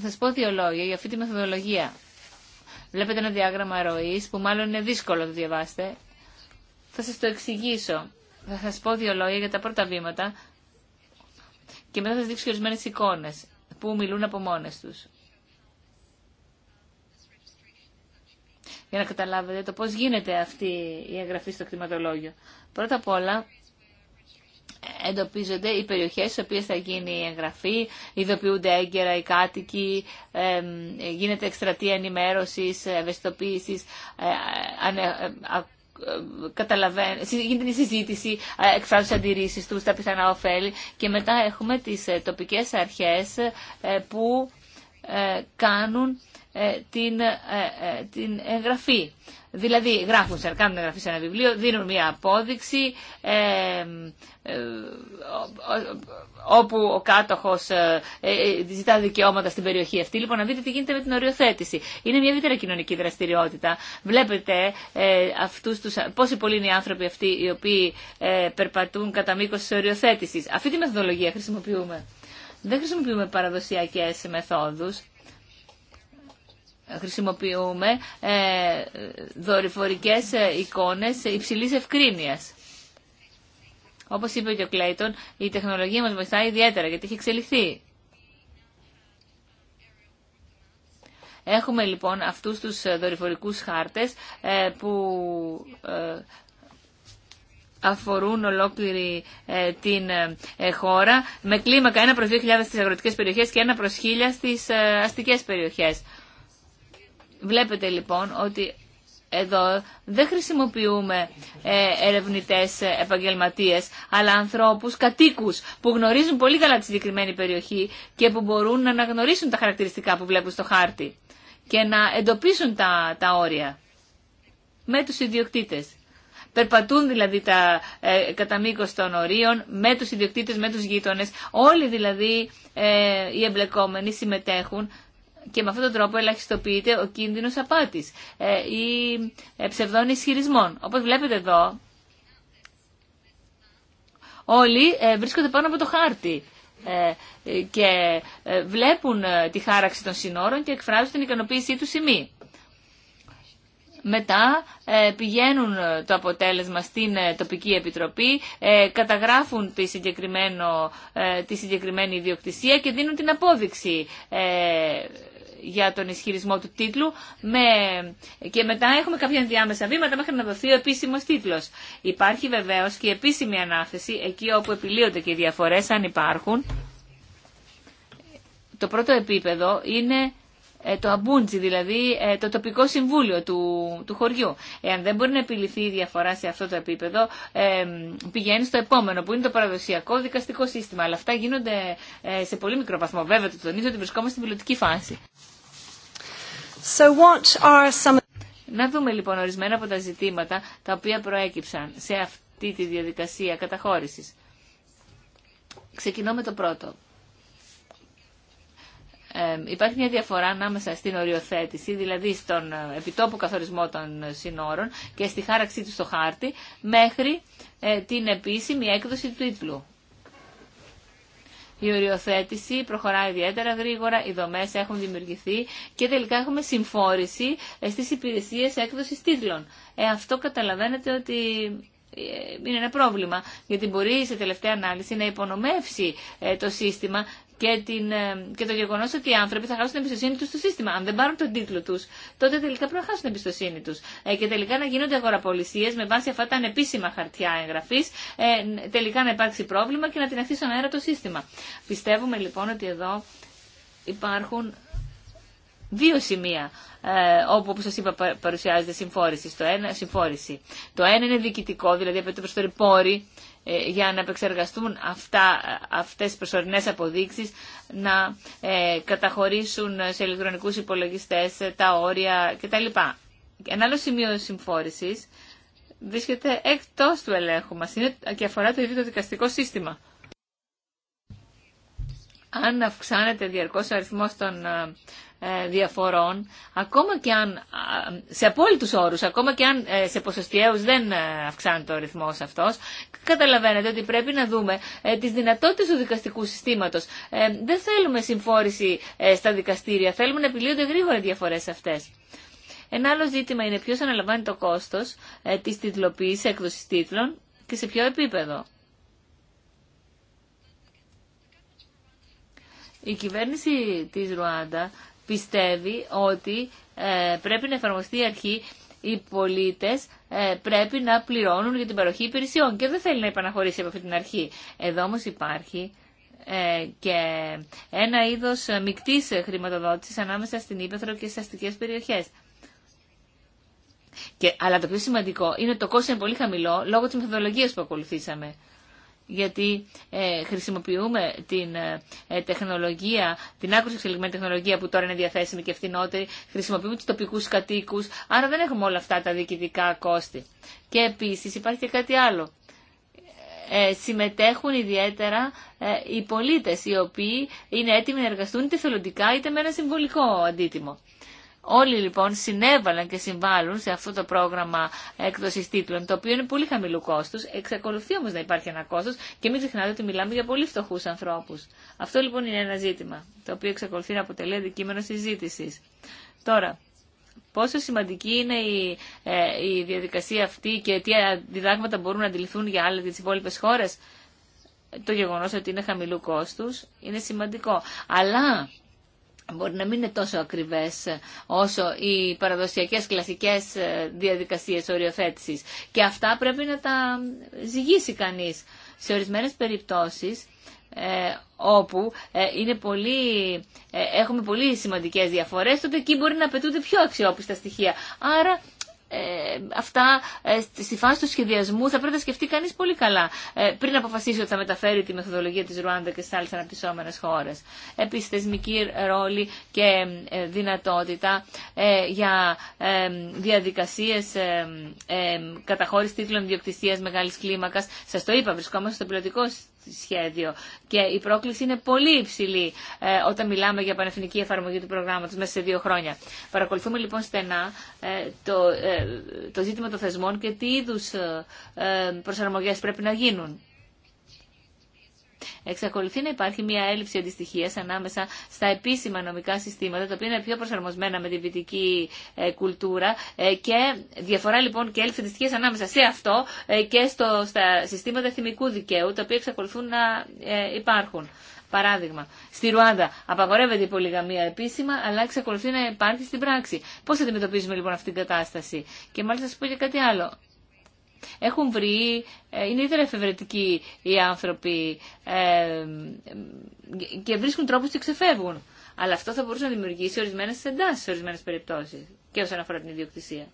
θα σα πω δύο λόγια για αυτή τη μεθοδολογία. Βλέπετε ένα διάγραμμα ροή που μάλλον είναι δύσκολο να το διαβάσετε. Θα σα το εξηγήσω. Θα σα πω δύο λόγια για τα πρώτα βήματα και μετά θα σα δείξω ορισμένε εικόνε που μιλούν από μόνε του. Για να καταλάβετε το πώς γίνεται αυτή η εγγραφή στο κτηματολόγιο. Πρώτα απ' όλα, εντοπίζονται οι περιοχέ στι οποίε θα γίνει η εγγραφή, ειδοποιούνται έγκαιρα οι κάτοικοι, γίνεται εκστρατεία ενημέρωση, ευαισθητοποίησης, ε, ε, ε, γίνεται η συζήτηση, εκφράζουν αντιρρήσει του, τα πιθανά ωφέλη και μετά έχουμε τις ε, τοπικές αρχές ε, που ε, κάνουν την, την εγγραφή. Δηλαδή γράφουν σε κάνουν εγγραφή σε ένα βιβλίο, δίνουν μια απόδειξη ε, ε, όπου ο κάτοχος ε, ε, ζητά δικαιώματα στην περιοχή αυτή. Λοιπόν, να δείτε τι γίνεται με την οριοθέτηση. Είναι μια ιδιαίτερα κοινωνική δραστηριότητα. Βλέπετε αυτούς τους, πόσοι πολλοί είναι οι άνθρωποι αυτοί οι οποίοι περπατούν κατά μήκο τη οριοθέτηση. Αυτή τη μεθοδολογία χρησιμοποιούμε. Δεν χρησιμοποιούμε παραδοσιακές μεθόδους χρησιμοποιούμε ε, δορυφορικές ε, εικόνες υψηλής ευκρίνειας. Όπως είπε και ο Κλέιτον, η τεχνολογία μας βοηθάει ιδιαίτερα γιατί έχει εξελιχθεί. Έχουμε λοιπόν αυτούς τους ε, δορυφορικούς χάρτες ε, που αφορούν ολόκληρη την χώρα με κλίμακα ένα προς 2.000 στις αγροτικές περιοχές και ένα προς 1.000 στις ε, αστικές περιοχές. Βλέπετε λοιπόν ότι εδώ δεν χρησιμοποιούμε ε, ερευνητές ε, επαγγελματίες, αλλά ανθρώπους, κατοίκους που γνωρίζουν πολύ καλά τη συγκεκριμένη περιοχή και που μπορούν να αναγνωρίσουν τα χαρακτηριστικά που βλέπουν στο χάρτη και να εντοπίσουν τα, τα όρια με τους ιδιοκτήτες. Περπατούν δηλαδή τα, ε, κατά μήκο των ορίων με τους ιδιοκτήτες, με τους γείτονες. Όλοι δηλαδή ε, οι εμπλεκόμενοι συμμετέχουν και με αυτόν τον τρόπο ελαχιστοποιείται ο κίνδυνος απάτης ε, ή ε, ψευδών ισχυρισμών. Όπως βλέπετε εδώ, όλοι ε, βρίσκονται πάνω από το χάρτη και βλέπουν τη χάραξη των συνόρων και εκφράζουν την ικανοποίησή του σημεί. Μετά πηγαίνουν το αποτέλεσμα στην τοπική επιτροπή, καταγράφουν τη, συγκεκριμένο, τη συγκεκριμένη ιδιοκτησία και δίνουν την απόδειξη για τον ισχυρισμό του τίτλου με... και μετά έχουμε κάποια ενδιάμεσα βήματα μέχρι να δοθεί ο επίσημος τίτλος. Υπάρχει βεβαίως και η επίσημη ανάθεση εκεί όπου επιλύονται και οι διαφορές αν υπάρχουν. Το πρώτο επίπεδο είναι ε, το αμπούντζι, δηλαδή ε, το τοπικό συμβούλιο του, του χωριού. Εάν δεν μπορεί να επιληθεί η διαφορά σε αυτό το επίπεδο, ε, πηγαίνει στο επόμενο, που είναι το παραδοσιακό δικαστικό σύστημα. Αλλά αυτά γίνονται σε πολύ μικρό βαθμό. Βέβαια, το τονίζω ότι βρισκόμαστε στην πιλωτική φάση. So what are some... Να δούμε λοιπόν ορισμένα από τα ζητήματα τα οποία προέκυψαν σε αυτή τη διαδικασία καταχώρησης. Ξεκινώ με το πρώτο υπάρχει μια διαφορά ανάμεσα στην οριοθέτηση, δηλαδή στον ε, επιτόπου καθορισμό των συνόρων και στη χάραξή του στο χάρτη, μέχρι ε, την επίσημη έκδοση του τίτλου. Η οριοθέτηση προχωράει ιδιαίτερα γρήγορα, οι δομέ έχουν δημιουργηθεί και τελικά έχουμε συμφόρηση ε, στι υπηρεσίε έκδοση τίτλων. αυτό καταλαβαίνετε ότι ε, είναι ένα πρόβλημα, γιατί μπορεί σε τελευταία ανάλυση να υπονομεύσει ε, το σύστημα και, την, ε, και το γεγονό ότι οι άνθρωποι θα χάσουν την εμπιστοσύνη του στο σύστημα. Αν δεν πάρουν τον τίτλο του, τότε τελικά πρέπει να χάσουν την εμπιστοσύνη του. Ε, και τελικά να γίνονται αγοραπολισίε με βάση αυτά τα ανεπίσημα χαρτιά εγγραφή, ε, τελικά να υπάρξει πρόβλημα και να την αφήσει στον αέρα το σύστημα. Πιστεύουμε λοιπόν ότι εδώ υπάρχουν δύο σημεία ε, όπου, όπως σας είπα, παρουσιάζεται συμφόρηση. Το ένα, συμφόρηση. Το ένα είναι διοικητικό, δηλαδή απαιτούν προσφέρει ε, για να επεξεργαστούν αυτά, αυτές τις προσωρινές αποδείξεις, να ε, καταχωρήσουν σε ηλεκτρονικούς υπολογιστές τα όρια κτλ. Ένα άλλο σημείο συμφόρησης βρίσκεται εκτός του ελέγχου μας είναι, και αφορά το ίδιο το δικαστικό σύστημα. Αν αυξάνεται διαρκώς ο αριθμός των ε, διαφορών, ακόμα και αν σε απόλυτους όρους, ακόμα και αν ε, σε ποσοστιαίους δεν ε, αυξάνεται ο ρυθμός αυτός, καταλαβαίνετε ότι πρέπει να δούμε τις δυνατότητες του δικαστικού συστήματος. Δεν θέλουμε συμφόρηση στα δικαστήρια, θέλουμε να επιλύονται γρήγορα διαφορές αυτές. Ένα άλλο ζήτημα είναι ποιος αναλαμβάνει το κόστος της τιτλοποίησης έκδοσης τίτλων και σε ποιο επίπεδο. Η κυβέρνηση της Ρουάντα πιστεύει ότι ε, πρέπει να εφαρμοστεί η αρχή οι πολίτε ε, πρέπει να πληρώνουν για την παροχή υπηρεσιών και δεν θέλει να επαναχωρήσει από αυτή την αρχή. Εδώ όμω υπάρχει ε, και ένα είδος μικτής χρηματοδότησης ανάμεσα στην Ήπεθρο και στις αστικές περιοχές. αλλά το πιο σημαντικό είναι ότι το κόστος είναι πολύ χαμηλό λόγω της μεθοδολογίας που ακολουθήσαμε γιατί ε, χρησιμοποιούμε την ε, ε, τεχνολογία, την άκρως εξελιγμένη τεχνολογία που τώρα είναι διαθέσιμη και φθηνότερη, χρησιμοποιούμε τους τοπικούς κατοίκους, άρα δεν έχουμε όλα αυτά τα διοικητικά κόστη. Και επίσης υπάρχει και κάτι άλλο. Ε, συμμετέχουν ιδιαίτερα οι πολίτες, οι οποίοι είναι έτοιμοι να εργαστούν είτε θελοντικά είτε με ένα συμβολικό αντίτιμο. Όλοι λοιπόν συνέβαλαν και συμβάλλουν σε αυτό το πρόγραμμα έκδοση τίτλων, το οποίο είναι πολύ χαμηλού κόστου. Εξακολουθεί όμω να υπάρχει ένα κόστο και μην ξεχνάτε ότι μιλάμε για πολύ φτωχού ανθρώπου. Αυτό λοιπόν είναι ένα ζήτημα, το οποίο εξακολουθεί να αποτελεί αντικείμενο συζήτηση. Τώρα, πόσο σημαντική είναι η, ε, η διαδικασία αυτή και τι διδάγματα μπορούν να αντιληφθούν για άλλε και τι υπόλοιπε χώρε. Το γεγονό ότι είναι χαμηλού κόστου είναι σημαντικό. Αλλά μπορεί να μην είναι τόσο ακριβές ε, όσο οι παραδοσιακές κλασικές ε, διαδικασίες οριοθέτησης. Και αυτά πρέπει να τα ζυγίσει κανείς. Σε ορισμένες περιπτώσεις ε, όπου είναι πολύ, έχουμε πολύ σημαντικές διαφορές, τότε εκεί μπορεί να απαιτούνται πιο αξιόπιστα στοιχεία. Άρα ε, αυτά ε, στη φάση του σχεδιασμού θα πρέπει να σκεφτεί κανείς πολύ καλά ε, πριν αποφασίσει ότι θα μεταφέρει τη μεθοδολογία της Ρουάντα και στις άλλες αναπτυσσόμενες χώρες. Επίσης θεσμική ρόλη και δυνατότητα για διαδικασίες καταχώρηση τίτλων ιδιοκτησίας μεγάλης κλίμακας. Σας το είπα, βρισκόμαστε στο πιλωτικό σχέδιο και η πρόκληση είναι πολύ υψηλή ε, όταν μιλάμε για πανεθνική εφαρμογή του προγράμματος μέσα σε δύο χρόνια. Παρακολουθούμε λοιπόν στενά ε, το, ε, το ζήτημα των θεσμών και τι είδους προσαρμογές πρέπει να γίνουν. Εξακολουθεί να υπάρχει μια έλλειψη αντιστοιχία ανάμεσα στα επίσημα νομικά συστήματα, τα οποία είναι πιο προσαρμοσμένα με τη βυτική ε, κουλτούρα ε, και διαφορά λοιπόν και έλλειψη αντιστοιχία ανάμεσα σε αυτό ε, και στο, στα συστήματα θυμικού δικαίου, τα οποία εξακολουθούν να υπάρχουν. Παράδειγμα, στη Ρουάντα απαγορεύεται η πολυγαμία επίσημα, αλλά εξακολουθεί να υπάρχει στην πράξη. Πώ αντιμετωπίζουμε λοιπόν αυτή την κατάσταση. Και μάλιστα σα πω και κάτι άλλο. Έχουν βρει, ε, είναι ιδιαίτερα εφευρετικοί οι άνθρωποι ε, και βρίσκουν τρόπους και ξεφεύγουν. Αλλά αυτό θα μπορούσε να δημιουργήσει ορισμένες εντάσεις σε ορισμένε περιπτώσει και όσον αφορά την ιδιοκτησία.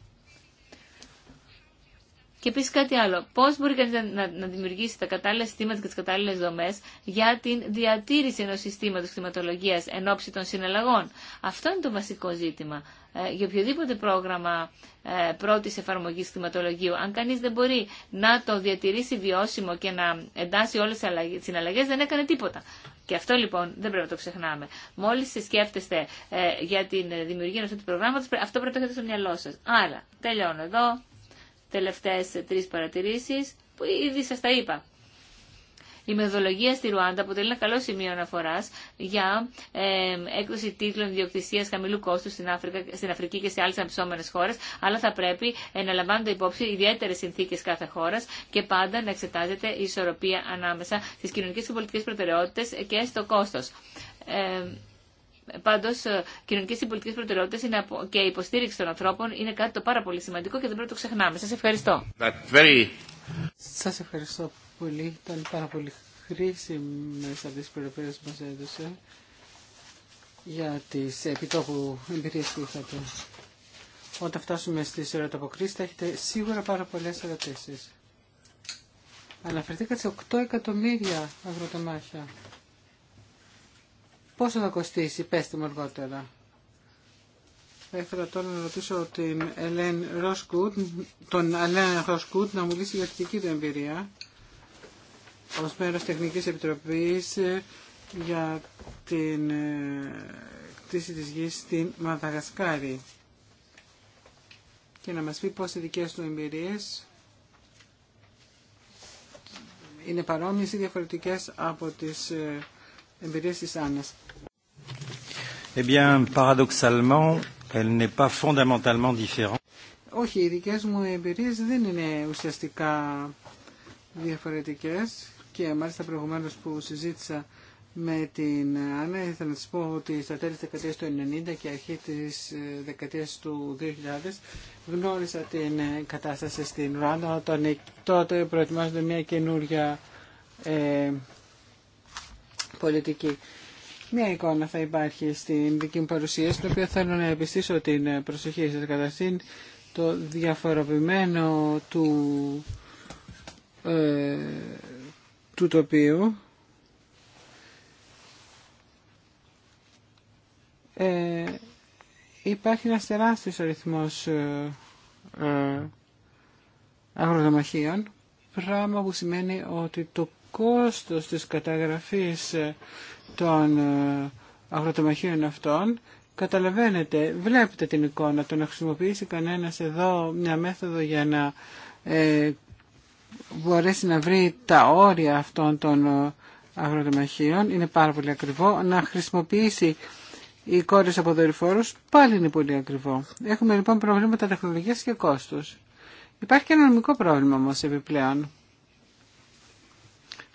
Και επίση κάτι άλλο. Πώ μπορεί κανεί να, να, δημιουργήσει τα κατάλληλα συστήματα και τι κατάλληλε δομέ για την διατήρηση ενό συστήματο κτηματολογία εν ώψη των συναλλαγών. Αυτό είναι το βασικό ζήτημα. Ε, για οποιοδήποτε πρόγραμμα ε, πρώτη εφαρμογή κτηματολογίου, αν κανεί δεν μπορεί να το διατηρήσει βιώσιμο και να εντάσσει όλε τι συναλλαγέ, δεν έκανε τίποτα. Και αυτό λοιπόν δεν πρέπει να το ξεχνάμε. Μόλι σκέφτεστε ε, για την δημιουργία αυτού του προγράμματο, αυτό πρέπει να το έχετε στο μυαλό σα. Άρα, τελειώνω εδώ τελευταίες τρεις παρατηρήσεις που ήδη σας τα είπα. Η μεθοδολογία στη Ρουάντα αποτελεί ένα καλό σημείο αναφορά για ε, έκδοση τίτλων ιδιοκτησία χαμηλού κόστου στην, στην Αφρική και σε άλλε αναπτυσσόμενε χώρε, αλλά θα πρέπει ε, να λαμβάνονται υπόψη ιδιαίτερε συνθήκε κάθε χώρα και πάντα να εξετάζεται η ισορροπία ανάμεσα στι κοινωνικέ και πολιτικέ προτεραιότητε και στο κόστο. Ε, Πάντω, ε, κοινωνικέ και πολιτικέ προτεραιότητε και η υποστήριξη των ανθρώπων είναι κάτι το πάρα πολύ σημαντικό και δεν πρέπει να το ξεχνάμε. Σα ευχαριστώ. Very... Σα ευχαριστώ πολύ. Ήταν πάρα πολύ χρήσιμε αυτέ τι πληροφορίε που μα έδωσε για τι επιτόπου εμπειρίε που είχατε. Όταν φτάσουμε στι ερωταποκρίσει, θα έχετε σίγουρα πάρα πολλέ ερωτήσει. Αναφερθήκατε σε 8 εκατομμύρια αγροτομάχια. Πόσο θα κοστίσει, πέστε μου αργότερα. Θα ήθελα τώρα να ρωτήσω την Ελέν Ροσκούτ, τον Αλέν Ροσκούτ να μου λύσει για τη δική του εμπειρία ως μέρος Τεχνικής Επιτροπής ε, για την ε, κτίση της γης στην Μαδαγασκάρη και να μας πει πώς οι δικές του εμπειρίες είναι παρόμοιες ή διαφορετικές από τις ε, εμπειρίες της Άννας. Eh bien, paradoxalement, elle n'est pas fondamentalement différente. Όχι, οι δικέ μου εμπειρίε δεν είναι ουσιαστικά διαφορετικέ και μάλιστα προηγουμένω που συζήτησα με την Άννα, ήθελα να σα πω ότι στα τέλη τη δεκαετία του 90 και αρχή τη ε, δεκαετία του 2000 γνώρισα την ε, κατάσταση στην Ρουάντα όταν τότε προετοιμάζονται μια καινούρια ε, πολιτική. Μία εικόνα θα υπάρχει στην δική μου παρουσίαση, το οποία θέλω να επιστήσω την προσοχή σας. Καταρχήν, το διαφοροποιημένο του, ε, του τοπίου. Ε, υπάρχει ένας τεράστιος αριθμός ε, ε αγροδομαχίων, πράγμα που σημαίνει ότι το κόστος της καταγραφής ε, των ε, αγροτομαχίων αυτών, καταλαβαίνετε, βλέπετε την εικόνα, το να χρησιμοποιήσει κανένας εδώ μια μέθοδο για να ε, μπορέσει να βρει τα όρια αυτών των ε, αγροτομαχίων, είναι πάρα πολύ ακριβό, να χρησιμοποιήσει οι κόρες από δορυφόρους πάλι είναι πολύ ακριβό. Έχουμε λοιπόν προβλήματα τεχνολογίας και κόστους. Υπάρχει και ένα νομικό πρόβλημα όμως επιπλέον.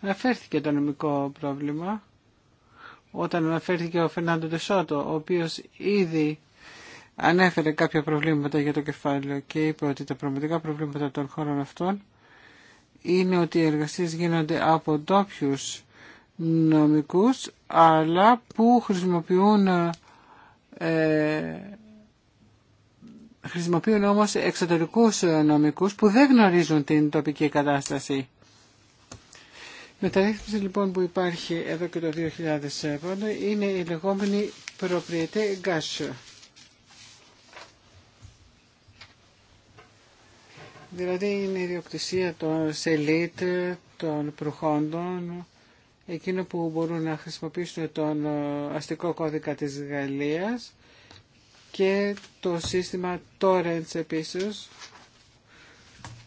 Αναφέρθηκε το νομικό πρόβλημα όταν αναφέρθηκε ο Φερνάντο Τεσότο, ο οποίος ήδη ανέφερε κάποια προβλήματα για το κεφάλαιο και είπε ότι τα πραγματικά προβλήματα των χώρων αυτών είναι ότι οι εργασίες γίνονται από ντόπιου νομικούς αλλά που χρησιμοποιούν ε, χρησιμοποιούν όμως εξωτερικούς νομικούς που δεν γνωρίζουν την τοπική κατάσταση Μεταρρύθμιση λοιπόν που υπάρχει εδώ και το 2007 είναι η λεγόμενη προπριετέ γκάσιο. Δηλαδή είναι η διοκτησία των σελίτ, των προχόντων, εκείνο που μπορούν να χρησιμοποιήσουν τον ε, αστικό κώδικα της Γαλλίας και το σύστημα Torrents επίσης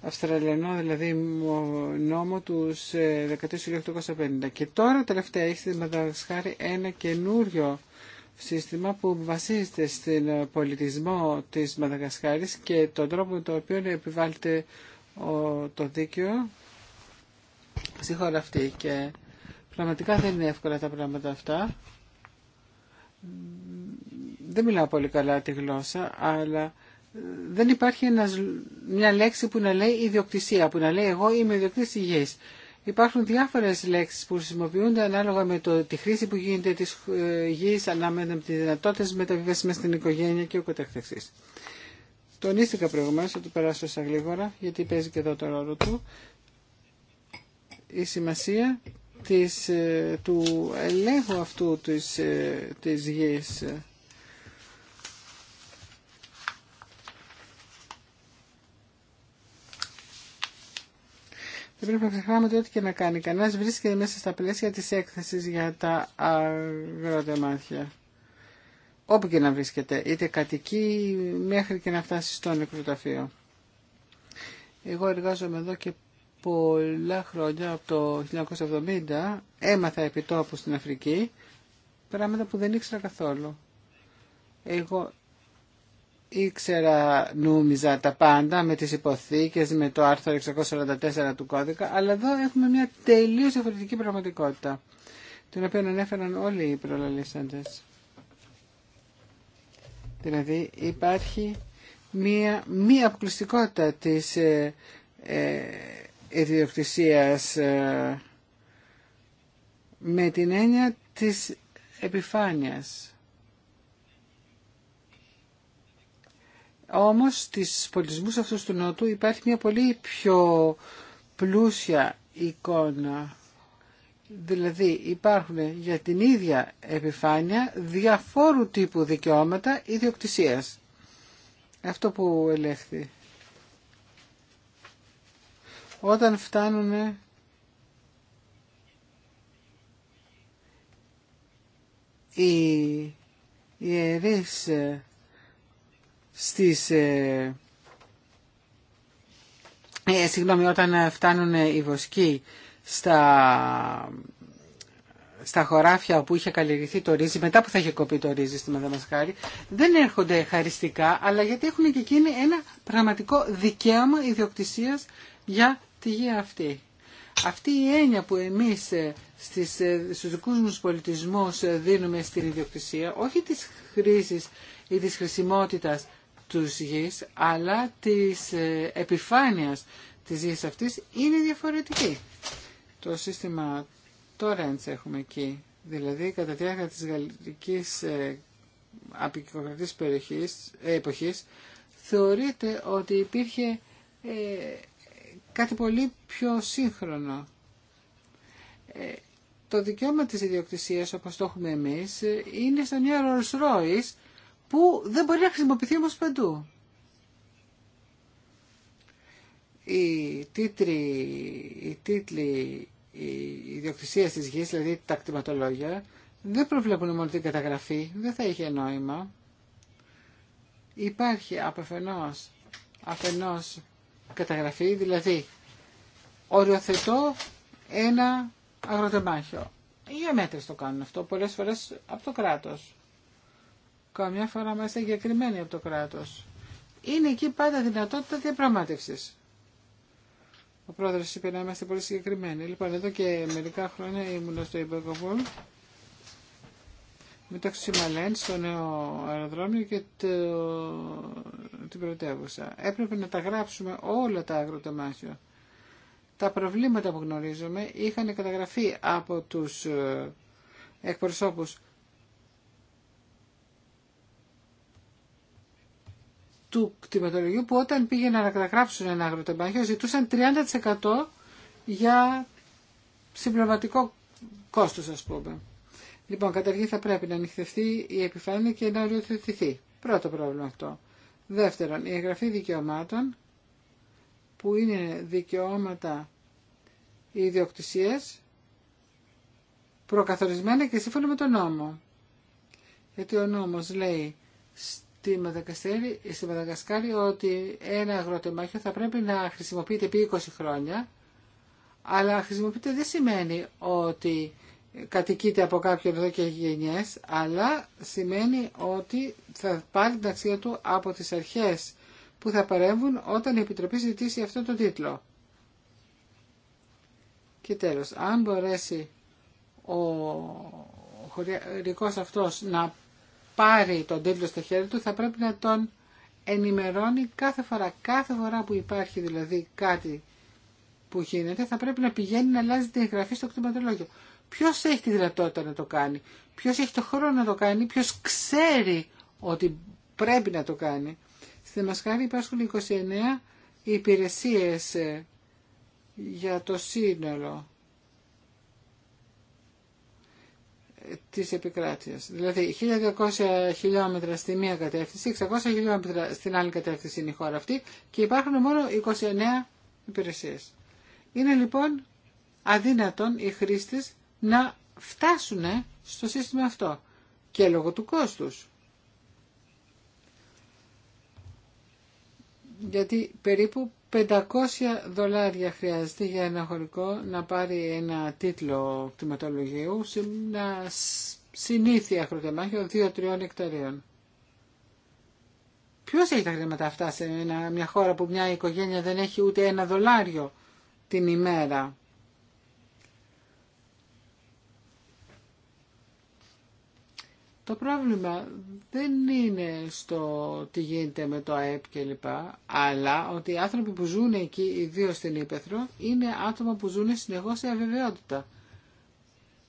Αυστραλιανό δηλαδή νόμο του 1850. Ε, και τώρα τελευταία έχει στη Μαδαγασκάρη ένα καινούριο σύστημα που βασίζεται στην ε, πολιτισμό της Μαδαγασκάρης και τον τρόπο με τον οποίο επιβάλλεται το δίκαιο στη χώρα αυτή. Και πραγματικά δεν είναι εύκολα τα πράγματα αυτά. Δεν μιλάω πολύ καλά τη γλώσσα, αλλά δεν υπάρχει μια λέξη που να λέει ιδιοκτησία, που να λέει εγώ είμαι ιδιοκτήτη γης. Υπάρχουν διάφορες λέξεις που χρησιμοποιούνται ανάλογα με το, τη χρήση που γίνεται της ε, γης, ανάμεσα με τις δυνατότητες μεταβίβασης στην οικογένεια και ο καθεξής. Τονίστηκα προηγουμένως, θα το περάσω σαν γλίγορα, γιατί παίζει και εδώ το ρόλο του, η σημασία της, ε, του ελέγχου αυτού της, ε, της Δεν πρέπει να ξεχνάμε ότι ό,τι και να κάνει κανένα βρίσκεται μέσα στα πλαίσια τη έκθεση για τα αγροτεμάτια. Όπου και να βρίσκεται, είτε κατοικεί μέχρι και να φτάσει στο νεκροταφείο. Εγώ εργάζομαι εδώ και πολλά χρόνια, από το 1970, έμαθα επιτόπου στην Αφρική, πράγματα που δεν ήξερα καθόλου. Εγώ ήξερα νόμιζα τα πάντα με τις υποθήκες, με το άρθρο 644 του κώδικα, αλλά εδώ έχουμε μια τελείως διαφορετική πραγματικότητα, την οποία ανέφεραν όλοι οι προλαλήσαντες. Δηλαδή υπάρχει μία μη αποκλειστικότητα της ε, ε, ε, με την έννοια της επιφάνειας. Όμως στις πολιτισμούς αυτούς του Νότου υπάρχει μια πολύ πιο πλούσια εικόνα. Δηλαδή υπάρχουν για την ίδια επιφάνεια διαφόρου τύπου δικαιώματα ιδιοκτησίας. Αυτό που ελέγχθη. Όταν φτάνουμε οι ιερείς στις... Ε, ε, όταν φτάνουν οι βοσκοί στα, στα χωράφια όπου είχε καλλιεργηθεί το ρύζι, μετά που θα είχε κοπεί το ρύζι στη Μαδαμασκάρη, δεν έρχονται χαριστικά, αλλά γιατί έχουν και εκείνοι ένα πραγματικό δικαίωμα ιδιοκτησίας για τη γη αυτή. Αυτή η έννοια που εμείς ε, στις, ε, στους δικούς μας πολιτισμούς ε, δίνουμε στην ιδιοκτησία, όχι της χρήσης ή της χρησιμότητας τους γης, αλλά της ε, επιφάνειας της γης αυτής είναι διαφορετική. Το σύστημα Torrents έχουμε εκεί, δηλαδή κατά τη διάρκεια της γαλλικής ε, απεικιοκρατής περιοχής, ε, εποχής, θεωρείται ότι υπήρχε ε, κάτι πολύ πιο σύγχρονο. το δικαίωμα της ιδιοκτησίας, όπως το έχουμε εμείς, είναι σαν μια Rolls που δεν μπορεί να χρησιμοποιηθεί όμως παντού. Οι τίτλοι, οι τίτλοι ιδιοκτησία της γης, δηλαδή τα κτηματολόγια, δεν προβλέπουν μόνο την καταγραφή, δεν θα είχε νόημα. Υπάρχει αφενός, αφενός καταγραφή, δηλαδή οριοθετώ ένα αγροτεμάχιο. Οι μέτρες το κάνουν αυτό πολλές φορές από το κράτος. Καμιά φορά είμαστε εγκεκριμένοι από το κράτος. Είναι εκεί πάντα δυνατότητα διαπραγμάτευσης. Ο πρόεδρος είπε να είμαστε πολύ συγκεκριμένοι. Λοιπόν, εδώ και μερικά χρόνια ήμουν στο Ιμπεργοβούλ, μεταξύ Μαλέν στο νέο αεροδρόμιο και το... την πρωτεύουσα. Έπρεπε να τα γράψουμε όλα τα αγροτομάχια. Τα προβλήματα που γνωρίζουμε είχαν καταγραφεί από τους ε, εκπροσώπους του κτηματολογίου που όταν πήγαιναν να καταγράψουν ένα αγροτεμπάχιο ζητούσαν 30% για συμπληρωματικό κόστος ας πούμε. Λοιπόν, καταρχήν θα πρέπει να ανοιχθευτεί η επιφάνεια και να οριοθετηθεί. Πρώτο πρόβλημα αυτό. Δεύτερον, η εγγραφή δικαιωμάτων που είναι δικαιώματα ιδιοκτησίας προκαθορισμένα και σύμφωνα με τον νόμο. Γιατί ο νόμος λέει τη στη Μαδαγκασκάρη ότι ένα αγροτεμάχιο θα πρέπει να χρησιμοποιείται επί 20 χρόνια, αλλά χρησιμοποιείται δεν σημαίνει ότι κατοικείται από κάποιον εδώ και γενιές, αλλά σημαίνει ότι θα πάρει την αξία του από τις αρχές που θα παρέμβουν όταν η Επιτροπή ζητήσει αυτό το τίτλο. Και τέλος, αν μπορέσει ο χωρικός αυτός να πάρει τον τίτλο στα χέρια του θα πρέπει να τον ενημερώνει κάθε φορά. Κάθε φορά που υπάρχει δηλαδή κάτι που γίνεται θα πρέπει να πηγαίνει να αλλάζει την εγγραφή στο κτηματολόγιο. Ποιο έχει τη δυνατότητα να το κάνει, ποιο έχει το χρόνο να το κάνει, ποιο ξέρει ότι πρέπει να το κάνει. Στη Μασκάρη υπάρχουν 29 υπηρεσίε ε, για το σύνολο. της επικράτειας. Δηλαδή 1200 χιλιόμετρα στη μία κατεύθυνση, 600 χιλιόμετρα στην άλλη κατεύθυνση είναι η χώρα αυτή και υπάρχουν μόνο 29 υπηρεσίες. Είναι λοιπόν αδύνατον οι χρήστες να φτάσουν στο σύστημα αυτό και λόγω του κόστους. Γιατί περίπου 500 δολάρια χρειάζεται για ένα χωρικό να πάρει ένα τίτλο κτηματολογίου σε μια συνήθεια αγροτεμάχιο 2-3 εκταρίων. Ποιος έχει τα χρήματα αυτά σε μια χώρα που μια οικογένεια δεν έχει ούτε ένα δολάριο την ημέρα. Το πρόβλημα δεν είναι στο τι γίνεται με το ΑΕΠ κλπ. Αλλά ότι οι άνθρωποι που ζουν εκεί, ιδίω στην Ήπεθρο, είναι άτομα που ζουν συνεχώς σε αβεβαιότητα.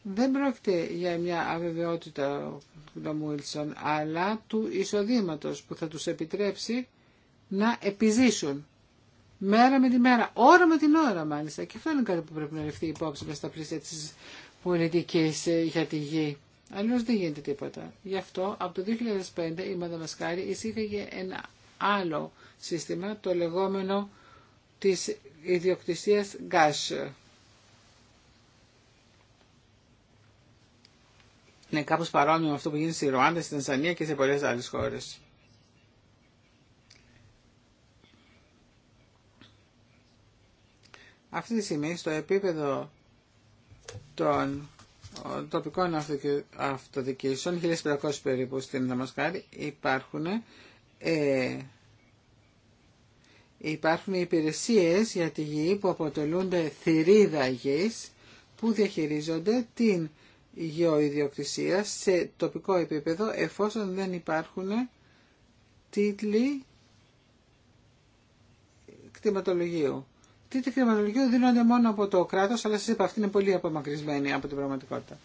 Δεν πρόκειται για μια αβεβαιότητα του αλλά του εισοδήματο που θα τους επιτρέψει να επιζήσουν. Μέρα με τη μέρα, ώρα με την ώρα μάλιστα. Και αυτό είναι κάτι που πρέπει να ληφθεί υπόψη με στα πλαίσια της πολιτικής ε, για τη γη. Αλλιώ δεν γίνεται τίποτα. Γι' αυτό από το 2005 η Μαδαμασκάρη εισήγαγε ένα άλλο σύστημα, το λεγόμενο της ιδιοκτησίας gas. Είναι κάπως παρόμοιο αυτό που γίνεται στη Ρουάντα, στην Τανζανία και σε πολλές άλλες χώρες. Αυτή τη στιγμή στο επίπεδο των τοπικών αυτοδικήσεων, 1500 περίπου στην Δαμασκάρη, υπάρχουν, ε, υπάρχουν υπηρεσίες για τη γη που αποτελούνται θηρίδα γης που διαχειρίζονται την γεωιδιοκτησία σε τοπικό επίπεδο εφόσον δεν υπάρχουν τίτλοι κτηματολογίου. Τι τη χρηματολογία δίνονται μόνο από το κράτος, αλλά σας είπα αυτή είναι πολύ απομακρυσμένη από την πραγματικότητα.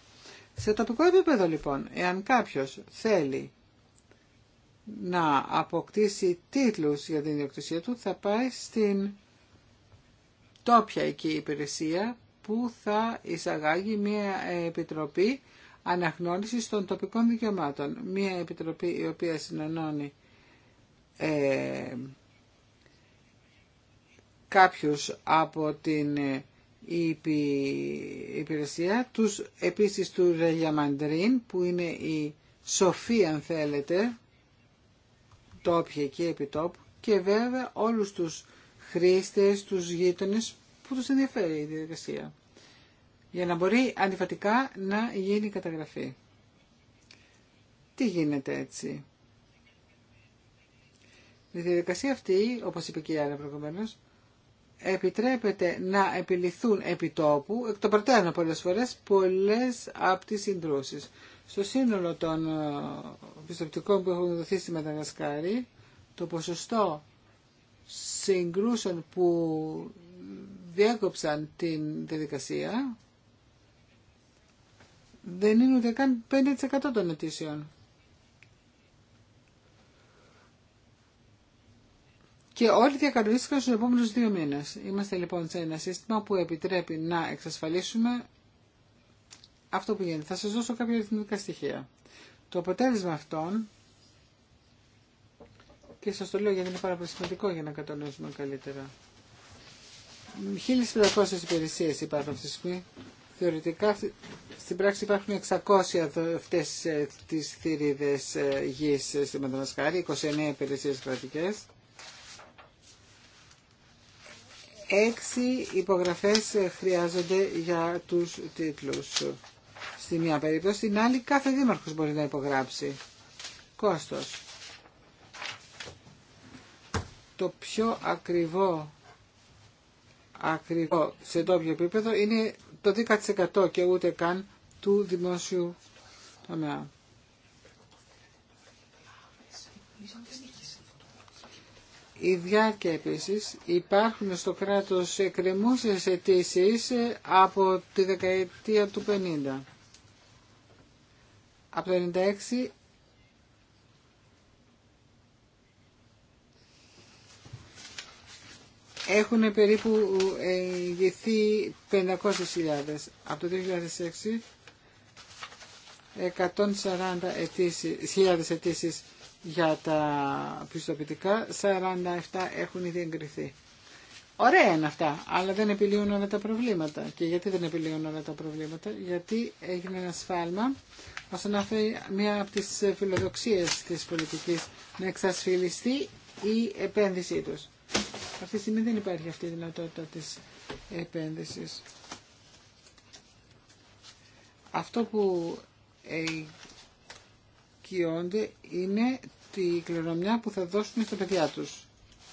Σε τοπικό επίπεδο λοιπόν, εάν κάποιος θέλει να αποκτήσει τίτλους για την ιδιοκτησία του, θα πάει στην τόπια εκεί υπηρεσία που θα εισαγάγει μια επιτροπή αναγνώρισης των τοπικών δικαιωμάτων. Μια επιτροπή η οποία συνενώνει ε, κάποιους από την ε, υπηρεσία, τους επίσης του Ρεγιαμαντρίν που είναι η σοφή αν θέλετε, τόπια και επιτόπου και βέβαια όλους τους χρήστες, τους γείτονες που τους ενδιαφέρει η διαδικασία για να μπορεί αντιφατικά να γίνει καταγραφή. Τι γίνεται έτσι. Η διαδικασία αυτή, όπως είπε και η Άρα προηγουμένως, επιτρέπεται να επιληθούν επιτόπου, εκ των προτέρων πολλές φορές, πολλές από τις συντρούσεις. Στο σύνολο των ε, πιστοπτικών που έχουν δοθεί στη Μεταγασκάρη, το ποσοστό συγκρούσεων που διέκοψαν την διαδικασία δεν είναι ούτε καν 5% των αιτήσεων. και όλοι διακανονίστηκαν στους επόμενους δύο μήνες. Είμαστε λοιπόν σε ένα σύστημα που επιτρέπει να εξασφαλίσουμε αυτό που γίνεται. Θα σας δώσω κάποια αριθμητικά στοιχεία. Το αποτέλεσμα αυτών, και σας το λέω γιατί είναι πάρα πολύ σημαντικό για να κατανοήσουμε καλύτερα, 1.500 υπηρεσίες υπάρχουν αυτή τη στιγμή. Θεωρητικά στην πράξη υπάρχουν 600 αυτές ε, τις θηρίδες ε, γης ε, στη Μαδανασκάρη, 29 υπηρεσίες κρατικές. Έξι υπογραφές χρειάζονται για τους τίτλους. Στη μία περίπτωση, στην άλλη κάθε δήμαρχος μπορεί να υπογράψει. Κόστος. Το πιο ακριβό, ακριβό σε τόπιο επίπεδο είναι το 10% και ούτε καν του δημόσιου τομέα. η διάρκεια επίσης υπάρχουν στο κράτος εκκρεμούσες αιτήσει από τη δεκαετία του 50. Από το 96 έχουν περίπου εγγυηθεί 500.000. Από το 2006 140.000 αιτήσει για τα πιστοποιητικά, 47 έχουν ήδη εγκριθεί. Ωραία είναι αυτά, αλλά δεν επιλύουν όλα τα προβλήματα. Και γιατί δεν επιλύουν όλα τα προβλήματα, γιατί έγινε ένα σφάλμα ώστε να φέρει μία από τις φιλοδοξίες της πολιτικής να εξασφαλιστεί η επένδυσή τους. Αυτή τη στιγμή δεν υπάρχει αυτή η δυνατότητα της επένδυσης. Αυτό που είναι τη κληρονομιά που θα δώσουν στα παιδιά τους.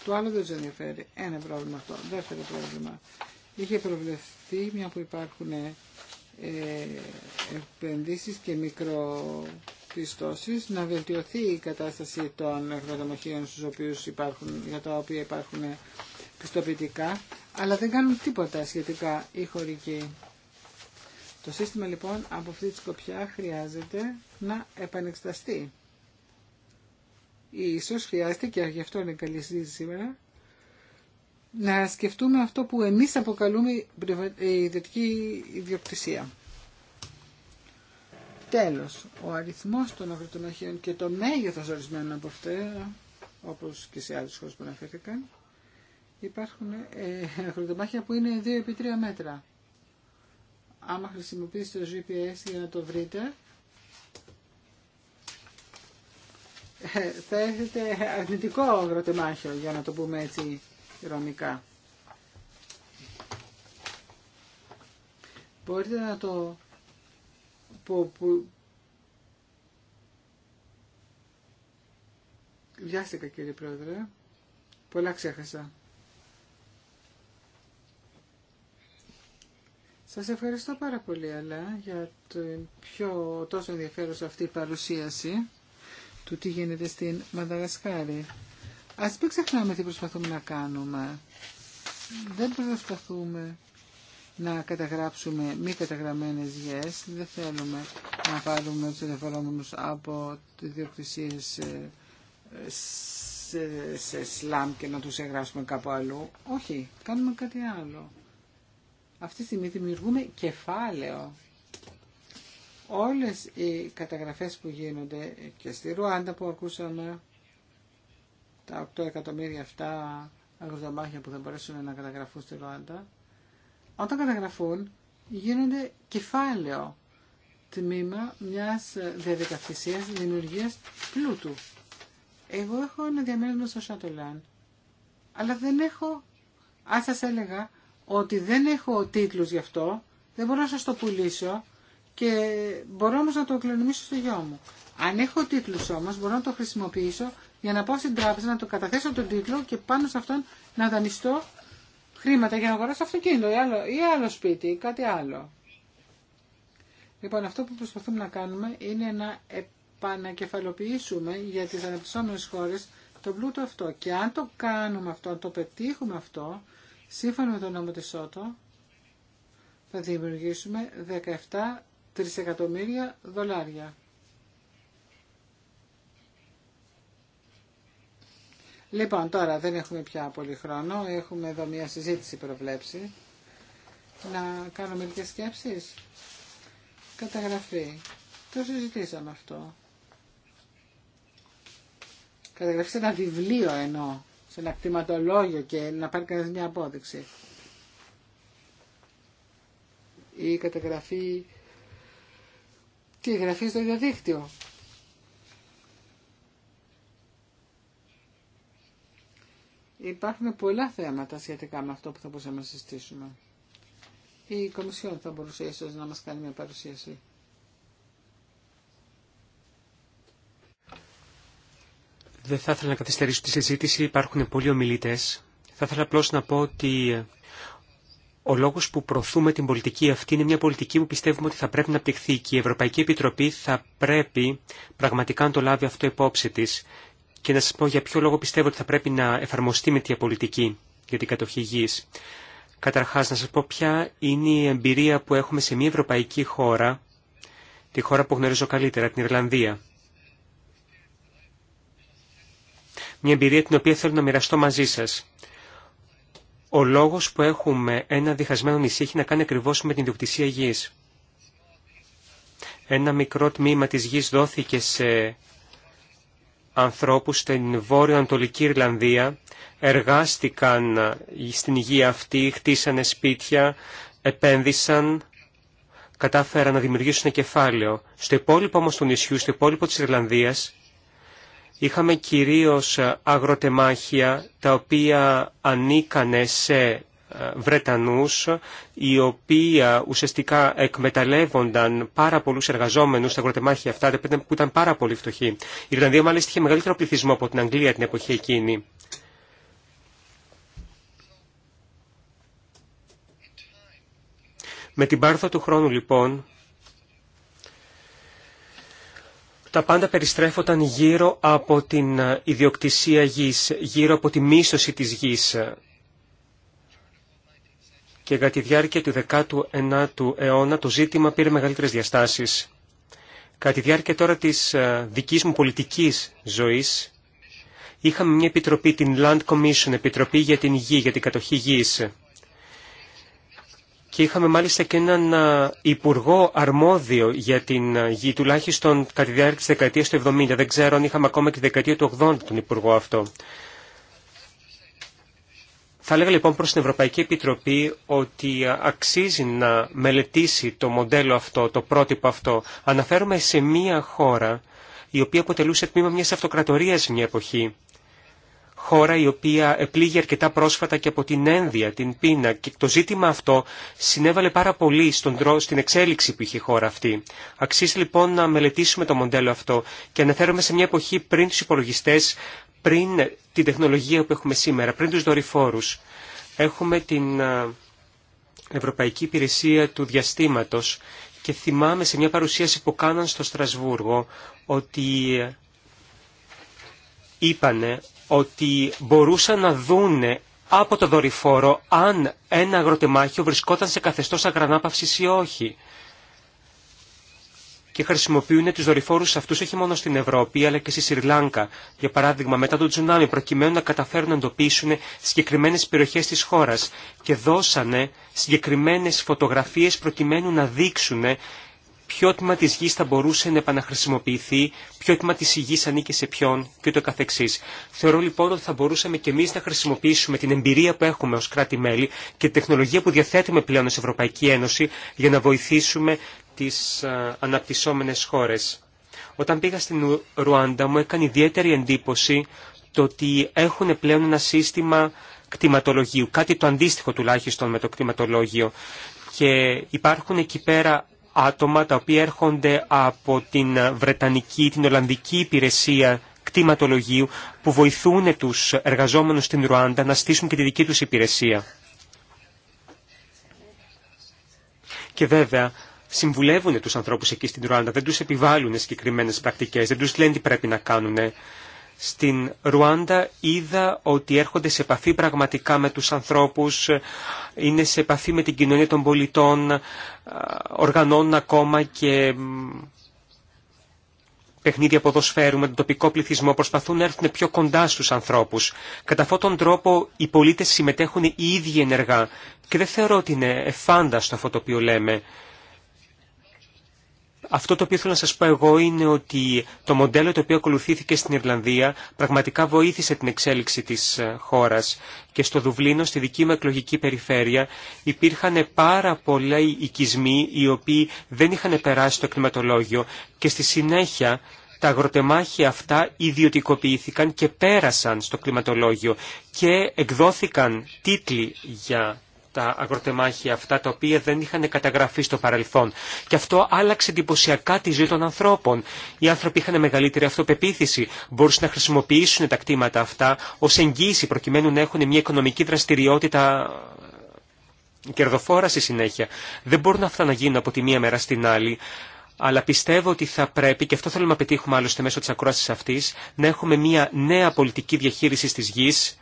Το άλλο δεν του ενδιαφέρει. Ένα πρόβλημα αυτό. Δεύτερο πρόβλημα. Είχε προβλεφθεί μια που υπάρχουν ε, επενδύσεις και μικροπιστώσεις να βελτιωθεί η κατάσταση των εκμεταμοχείων στους οποίους υπάρχουν, για τα οποία υπάρχουν ε, πιστοποιητικά, αλλά δεν κάνουν τίποτα σχετικά οι χωρικοί. Το σύστημα λοιπόν από αυτή τη σκοπιά χρειάζεται να επανεξεταστεί. Ίσως χρειάζεται και γι' αυτό είναι καλή συζήτηση σήμερα να σκεφτούμε αυτό που εμείς αποκαλούμε ε, ιδιωτική ιδιοκτησία. Τέλος, ο αριθμός των αγροτονοχείων και το μέγεθος ορισμένων από αυτά, όπως και σε άλλους χώρους που αναφέρθηκαν, υπάρχουν ε, αγροτομάχια που είναι 2 επί 3 μέτρα. Άμα χρησιμοποιήσετε το GPS για να το βρείτε, Θα έχετε αρνητικό αγροτεμάχιο, για να το πούμε έτσι ηρωνικά. Μπορείτε να το που, που... Βιάστηκα κύριε Πρόεδρε. Πολλά ξέχασα. Σας ευχαριστώ πάρα πολύ, αλλά για την πιο τόσο ενδιαφέρουσα αυτή η παρουσίαση του τι γίνεται στην Μαδαγασκάρη. Ας μην ξεχνάμε τι προσπαθούμε να κάνουμε. Δεν προσπαθούμε να καταγράψουμε μη καταγραμμένες γιές. Δεν θέλουμε να πάρουμε τους ελευθερόμενους από τις διοκτησίες ε, σε, σε σλάμ και να τους εγγράψουμε κάπου αλλού. Όχι, κάνουμε κάτι άλλο. Αυτή τη στιγμή δημιουργούμε κεφάλαιο Όλες οι καταγραφές που γίνονται και στη Ρουάντα που ακούσαμε, τα 8 εκατομμύρια αυτά αγροδομάχια που θα μπορέσουν να καταγραφούν στη Ρουάντα, όταν καταγραφούν γίνονται κεφάλαιο τμήμα μιας διαδικαθυσίας δημιουργίας πλούτου. Εγώ έχω ένα διαμέρισμα στο Σατολάν, αλλά δεν έχω, αν σας έλεγα ότι δεν έχω τίτλους γι' αυτό, δεν μπορώ να σας το πουλήσω, και μπορώ όμως να το κληρονομήσω στο γιο μου. Αν έχω τίτλους όμως μπορώ να το χρησιμοποιήσω για να πάω στην τράπεζα να το καταθέσω τον τίτλο και πάνω σε αυτόν να δανειστώ χρήματα για να αγοράσω αυτοκίνητο ή άλλο, ή άλλο σπίτι ή κάτι άλλο. Λοιπόν, αυτό που προσπαθούμε να κάνουμε είναι να επανακεφαλοποιήσουμε για τις αναπτυσσόμενες χώρες το πλούτο αυτό. Και αν το κάνουμε αυτό, αν το πετύχουμε αυτό, σύμφωνα με τον νόμο της Σότο, θα δημιουργήσουμε 17 εκατομμύρια δολάρια. Λοιπόν, τώρα δεν έχουμε πια πολύ χρόνο. Έχουμε εδώ μια συζήτηση προβλέψει. Να κάνω μερικέ σκέψει. Καταγραφή. Το συζητήσαμε αυτό. Καταγραφή σε ένα βιβλίο ενώ Σε ένα κτηματολόγιο και να πάρει κανένα μια απόδειξη. Η καταγραφή τη γραφή στο διαδίκτυο. Υπάρχουν πολλά θέματα σχετικά με αυτό που θα μπορούσαμε να συστήσουμε. Η Κομισιόν θα μπορούσε ίσως να μας κάνει μια παρουσίαση. Δεν θα ήθελα να καθυστερήσω τη συζήτηση, υπάρχουν πολλοί ομιλητές. Θα ήθελα απλώ να πω ότι ο λόγο που προωθούμε την πολιτική αυτή είναι μια πολιτική που πιστεύουμε ότι θα πρέπει να απτυχθεί και η Ευρωπαϊκή Επιτροπή θα πρέπει πραγματικά να το λάβει αυτό υπόψη τη. Και να σα πω για ποιο λόγο πιστεύω ότι θα πρέπει να εφαρμοστεί με την πολιτική για την κατοχή γη. Καταρχά, να σα πω ποια είναι η εμπειρία που έχουμε σε μια ευρωπαϊκή χώρα, τη χώρα που γνωρίζω καλύτερα, την Ιρλανδία. Μια εμπειρία την οποία θέλω να μοιραστώ μαζί σας. Ο λόγος που έχουμε ένα διχασμένο νησί έχει να κάνει ακριβώ με την διοκτησία γης. Ένα μικρό τμήμα της γης δόθηκε σε ανθρώπους στην βόρειο-ανατολική Ιρλανδία, εργάστηκαν στην γη αυτή, χτίσανε σπίτια, επένδυσαν, κατάφεραν να δημιουργήσουν κεφάλαιο. Στο υπόλοιπο όμως του νησιού, στο υπόλοιπο της Ιρλανδίας, είχαμε κυρίως ε, αγροτεμάχια τα οποία ανήκανε σε ε, Βρετανούς οι οποίοι ε, ουσιαστικά εκμεταλλεύονταν πάρα πολλούς εργαζόμενους στα αγροτεμάχια αυτά που ήταν πάρα πολύ φτωχοί. Η Ιρλανδία μάλιστα είχε μεγαλύτερο πληθυσμό από την Αγγλία την εποχή εκείνη. Με την πάρθο του χρόνου λοιπόν τα πάντα περιστρέφονταν γύρω από την ε, ιδιοκτησία γης, γύρω από τη μίσθωση της γης. Και κατά τη διάρκεια του 19ου αιώνα το ζήτημα πήρε μεγαλύτερες διαστάσεις. Κατά τη διάρκεια τώρα της ε, δικής μου πολιτικής ζωής, είχαμε μια επιτροπή, την Land Commission, Επιτροπή για την Γη, για την Κατοχή Γης και είχαμε μάλιστα και έναν υπουργό αρμόδιο για την γη, τουλάχιστον κατά τη διάρκεια της δεκαετίας του 70. Δεν ξέρω αν είχαμε ακόμα και τη δεκαετία του 80 τον υπουργό αυτό. Θα έλεγα λοιπόν προς την Ευρωπαϊκή Επιτροπή ότι αξίζει να μελετήσει το μοντέλο αυτό, το πρότυπο αυτό. Αναφέρομαι σε μία χώρα η οποία αποτελούσε τμήμα μιας αυτοκρατορίας μια εποχή χώρα η οποία επλήγει αρκετά πρόσφατα και από την ένδια, την πείνα και το ζήτημα αυτό συνέβαλε πάρα πολύ στον τρό, στην εξέλιξη που είχε η χώρα αυτή. Αξίζει λοιπόν να μελετήσουμε το μοντέλο αυτό και αναφέρομαι σε μια εποχή πριν τους υπολογιστές, πριν την τεχνολογία που έχουμε σήμερα, πριν τους δορυφόρους. Έχουμε την Ευρωπαϊκή Υπηρεσία του Διαστήματος και θυμάμαι σε μια παρουσίαση που κάναν στο Στρασβούργο ότι ε, είπανε ότι μπορούσαν να δούνε από το δορυφόρο αν ένα αγροτεμάχιο βρισκόταν σε καθεστώς αγρανάπαυσης ή όχι. Και χρησιμοποιούν τους δορυφόρους αυτούς όχι μόνο στην Ευρώπη αλλά και στη Σιρλάνκα, για παράδειγμα μετά το τζουνάμι, προκειμένου να καταφέρουν να εντοπίσουν συγκεκριμένες περιοχές της χώρας και δώσανε συγκεκριμένες φωτογραφίες προκειμένου να δείξουν ποιο τμήμα της γης θα μπορούσε να επαναχρησιμοποιηθεί, ποιο τμήμα της γης ανήκει σε ποιον και το καθεξής. Θεωρώ λοιπόν ότι θα μπορούσαμε και εμείς να χρησιμοποιήσουμε την εμπειρία που έχουμε ως κράτη-μέλη και την τεχνολογία που διαθέτουμε πλέον ως Ευρωπαϊκή Ένωση για να βοηθήσουμε τις αναπτυσσόμενες χώρες. Όταν πήγα στην Ρουάντα μου έκανε ιδιαίτερη εντύπωση το ότι έχουν πλέον ένα σύστημα κτηματολογίου, κάτι το αντίστοιχο τουλάχιστον με το κτηματολόγιο και υπάρχουν εκεί πέρα άτομα τα οποία έρχονται από την Βρετανική, την Ολλανδική υπηρεσία κτηματολογίου που βοηθούν τους εργαζόμενους στην Ρουάντα να στήσουν και τη δική τους υπηρεσία. Και βέβαια, συμβουλεύουν τους ανθρώπους εκεί στην Ρουάντα, δεν τους επιβάλλουν συγκεκριμένες πρακτικές, δεν τους λένε τι πρέπει να κάνουν. Στην Ρουάντα είδα ότι έρχονται σε επαφή πραγματικά με τους ανθρώπους, είναι σε επαφή με την κοινωνία των πολιτών, οργανώνουν ακόμα και παιχνίδια ποδοσφαίρου με τον τοπικό πληθυσμό, προσπαθούν να έρθουν πιο κοντά στους ανθρώπους. Κατά αυτόν τον τρόπο οι πολίτες συμμετέχουν οι ίδιοι ενεργά και δεν θεωρώ ότι είναι εφάνταστο αυτό το οποίο λέμε. Αυτό το οποίο θέλω να σας πω εγώ είναι ότι το μοντέλο το οποίο ακολουθήθηκε στην Ιρλανδία πραγματικά βοήθησε την εξέλιξη της ε, χώρας και στο Δουβλίνο, στη δική μου εκλογική περιφέρεια, υπήρχαν πάρα πολλοί οικισμοί οι οποίοι δεν είχαν περάσει το κλιματολόγιο και στη συνέχεια τα αγροτεμάχια αυτά ιδιωτικοποιήθηκαν και πέρασαν στο κλιματολόγιο και εκδόθηκαν τίτλοι για τα αγροτεμάχια αυτά τα οποία δεν είχαν καταγραφεί στο παρελθόν. Και αυτό άλλαξε εντυπωσιακά τη ζωή των ανθρώπων. Οι άνθρωποι είχαν μεγαλύτερη αυτοπεποίθηση, μπορούσαν να χρησιμοποιήσουν τα κτήματα αυτά ω εγγύηση προκειμένου να έχουν μια οικονομική δραστηριότητα κερδοφόρα στη συνέχεια. Δεν μπορούν αυτά να γίνουν από τη μία μέρα στην άλλη. Αλλά πιστεύω ότι θα πρέπει, και αυτό θέλουμε να πετύχουμε άλλωστε μέσω της ακρόασης αυτής, να έχουμε μια νέα πολιτική διαχείρισης της γης,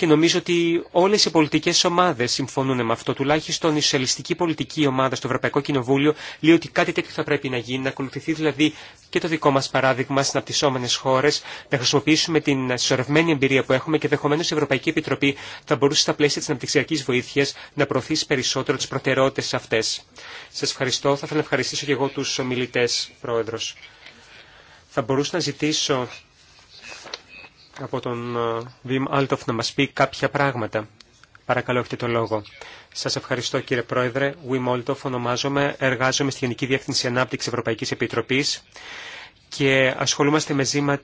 και νομίζω ότι όλε οι πολιτικέ ομάδε συμφωνούν με αυτό. Τουλάχιστον η σοσιαλιστική πολιτική ομάδα στο Ευρωπαϊκό Κοινοβούλιο λέει ότι κάτι τέτοιο θα πρέπει να γίνει, να ακολουθηθεί δηλαδή και το δικό μα παράδειγμα στι αναπτυσσόμενε χώρε, να χρησιμοποιήσουμε την συσσωρευμένη εμπειρία που έχουμε και δεχομένω η Ευρωπαϊκή Επιτροπή θα μπορούσε στα πλαίσια τη αναπτυξιακή βοήθεια να προωθήσει περισσότερο τι προτεραιότητε αυτέ. Σα ευχαριστώ. Θα ήθελα να ευχαριστήσω και εγώ του ομιλητές, πρόεδρο. Θα μπορούσα να ζητήσω από τον ε, Βιμ Άλτοφ να μας πει κάποια πράγματα. Παρακαλώ, έχετε το λόγο. Σας ευχαριστώ κύριε Πρόεδρε. Βιμ Άλτοφ ονομάζομαι, εργάζομαι στη Γενική Διεύθυνση Ανάπτυξης Ευρωπαϊκής Επιτροπής και ασχολούμαστε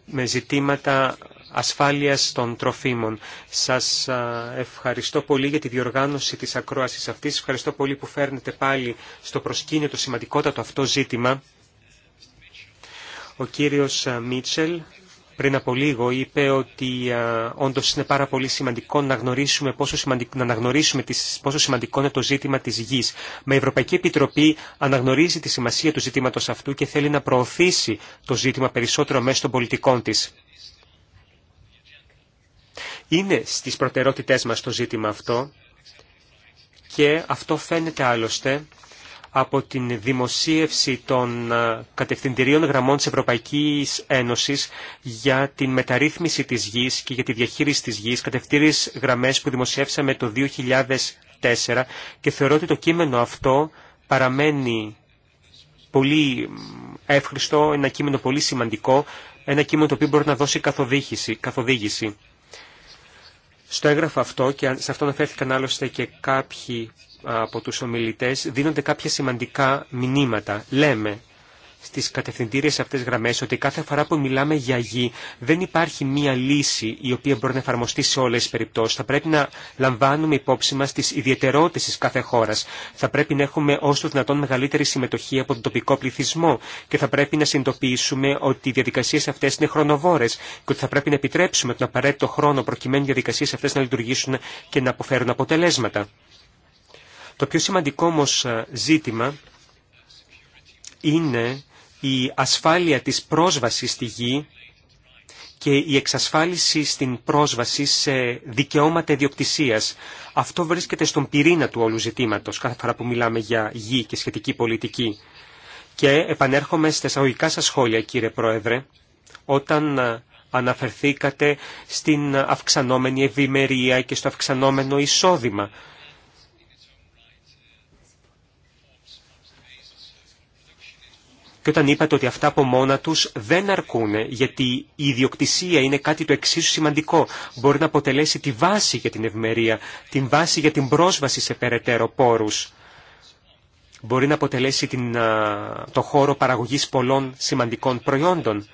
με ζητήματα ασφάλειας των τροφίμων. Σας ε, ευχαριστώ πολύ για τη διοργάνωση της ακρόασης αυτής. Ευχαριστώ πολύ που φέρνετε πάλι στο προσκήνιο το σημαντικότατο αυτό ζήτημα. Ο κύριος ε, Μίτσελ πριν από λίγο είπε ότι α, όντως είναι πάρα πολύ σημαντικό να, γνωρίσουμε πόσο να αναγνωρίσουμε τις... πόσο σημαντικό είναι το ζήτημα της γης. Με Ευρωπαϊκή Επιτροπή αναγνωρίζει τη σημασία του ζητήματος αυτού και θέλει να προωθήσει το ζήτημα περισσότερο μέσω των πολιτικών της. Είναι στις προτεραιότητές μας το ζήτημα αυτό και αυτό φαίνεται άλλωστε από την δημοσίευση των ε, κατευθυντηρίων γραμμών της Ευρωπαϊκής Ένωσης για την μεταρρύθμιση της γης και για τη διαχείριση της γης, κατευθύντηρες γραμμές που δημοσιεύσαμε το 2004 και θεωρώ ότι το κείμενο αυτό παραμένει πολύ εύχριστο, ένα κείμενο πολύ σημαντικό, ένα κείμενο το οποίο μπορεί να δώσει καθοδήγηση. Στο έγγραφο αυτό, και σε αυτό αναφέρθηκαν άλλωστε και κάποιοι από τους ομιλητές δίνονται κάποια σημαντικά μηνύματα. Λέμε στις κατευθυντήριες αυτές γραμμές ότι κάθε φορά που μιλάμε για γη δεν υπάρχει μία λύση η οποία μπορεί να εφαρμοστεί σε όλες τις περιπτώσεις. Θα πρέπει να λαμβάνουμε υπόψη μας τις ιδιαιτερότητες της κάθε χώρας. Θα πρέπει να έχουμε όσο το δυνατόν μεγαλύτερη συμμετοχή από τον τοπικό πληθυσμό και θα πρέπει να συνειδητοποιήσουμε ότι οι διαδικασίες αυτές είναι χρονοβόρες και ότι θα πρέπει να επιτρέψουμε τον απαραίτητο χρόνο προκειμένου οι διαδικασίες αυτές να λειτουργήσουν και να αποφέρουν αποτελέσματα. Το πιο σημαντικό όμως ε, ζήτημα είναι η ασφάλεια της πρόσβασης στη γη και η εξασφάλιση στην πρόσβαση σε δικαιώματα ιδιοκτησία. Αυτό βρίσκεται στον πυρήνα του όλου ζητήματο κάθε φορά που μιλάμε για γη και σχετική πολιτική. Και επανέρχομαι στα εισαγωγικά σα σχόλια, κύριε Πρόεδρε, όταν ε, αναφερθήκατε στην αυξανόμενη ευημερία και στο αυξανόμενο εισόδημα και όταν είπατε ότι αυτά από μόνα τους δεν αρκούν, γιατί η ιδιοκτησία είναι κάτι το εξίσου σημαντικό. Μπορεί να αποτελέσει τη βάση για την ευμερία, την βάση για την πρόσβαση σε περαιτέρω πόρους. Μπορεί να αποτελέσει την, το χώρο παραγωγής πολλών σημαντικών προϊόντων.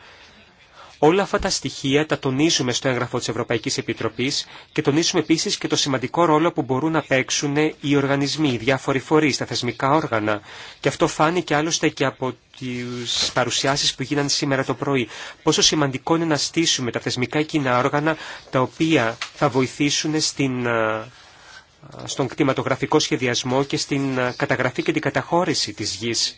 Όλα αυτά τα στοιχεία τα τονίζουμε στο έγγραφο της Ευρωπαϊκής Επιτροπής και τονίζουμε επίσης και το σημαντικό ρόλο που μπορούν να παίξουν οι οργανισμοί, οι διάφοροι φορείς, τα θεσμικά όργανα. Και αυτό φάνηκε άλλωστε και από τις παρουσιάσεις που γίνανε σήμερα το πρωί. Πόσο σημαντικό είναι να στήσουμε τα θεσμικά κοινά όργανα τα οποία θα βοηθήσουν στην στον κτηματογραφικό σχεδιασμό και στην καταγραφή και την καταχώρηση της γης.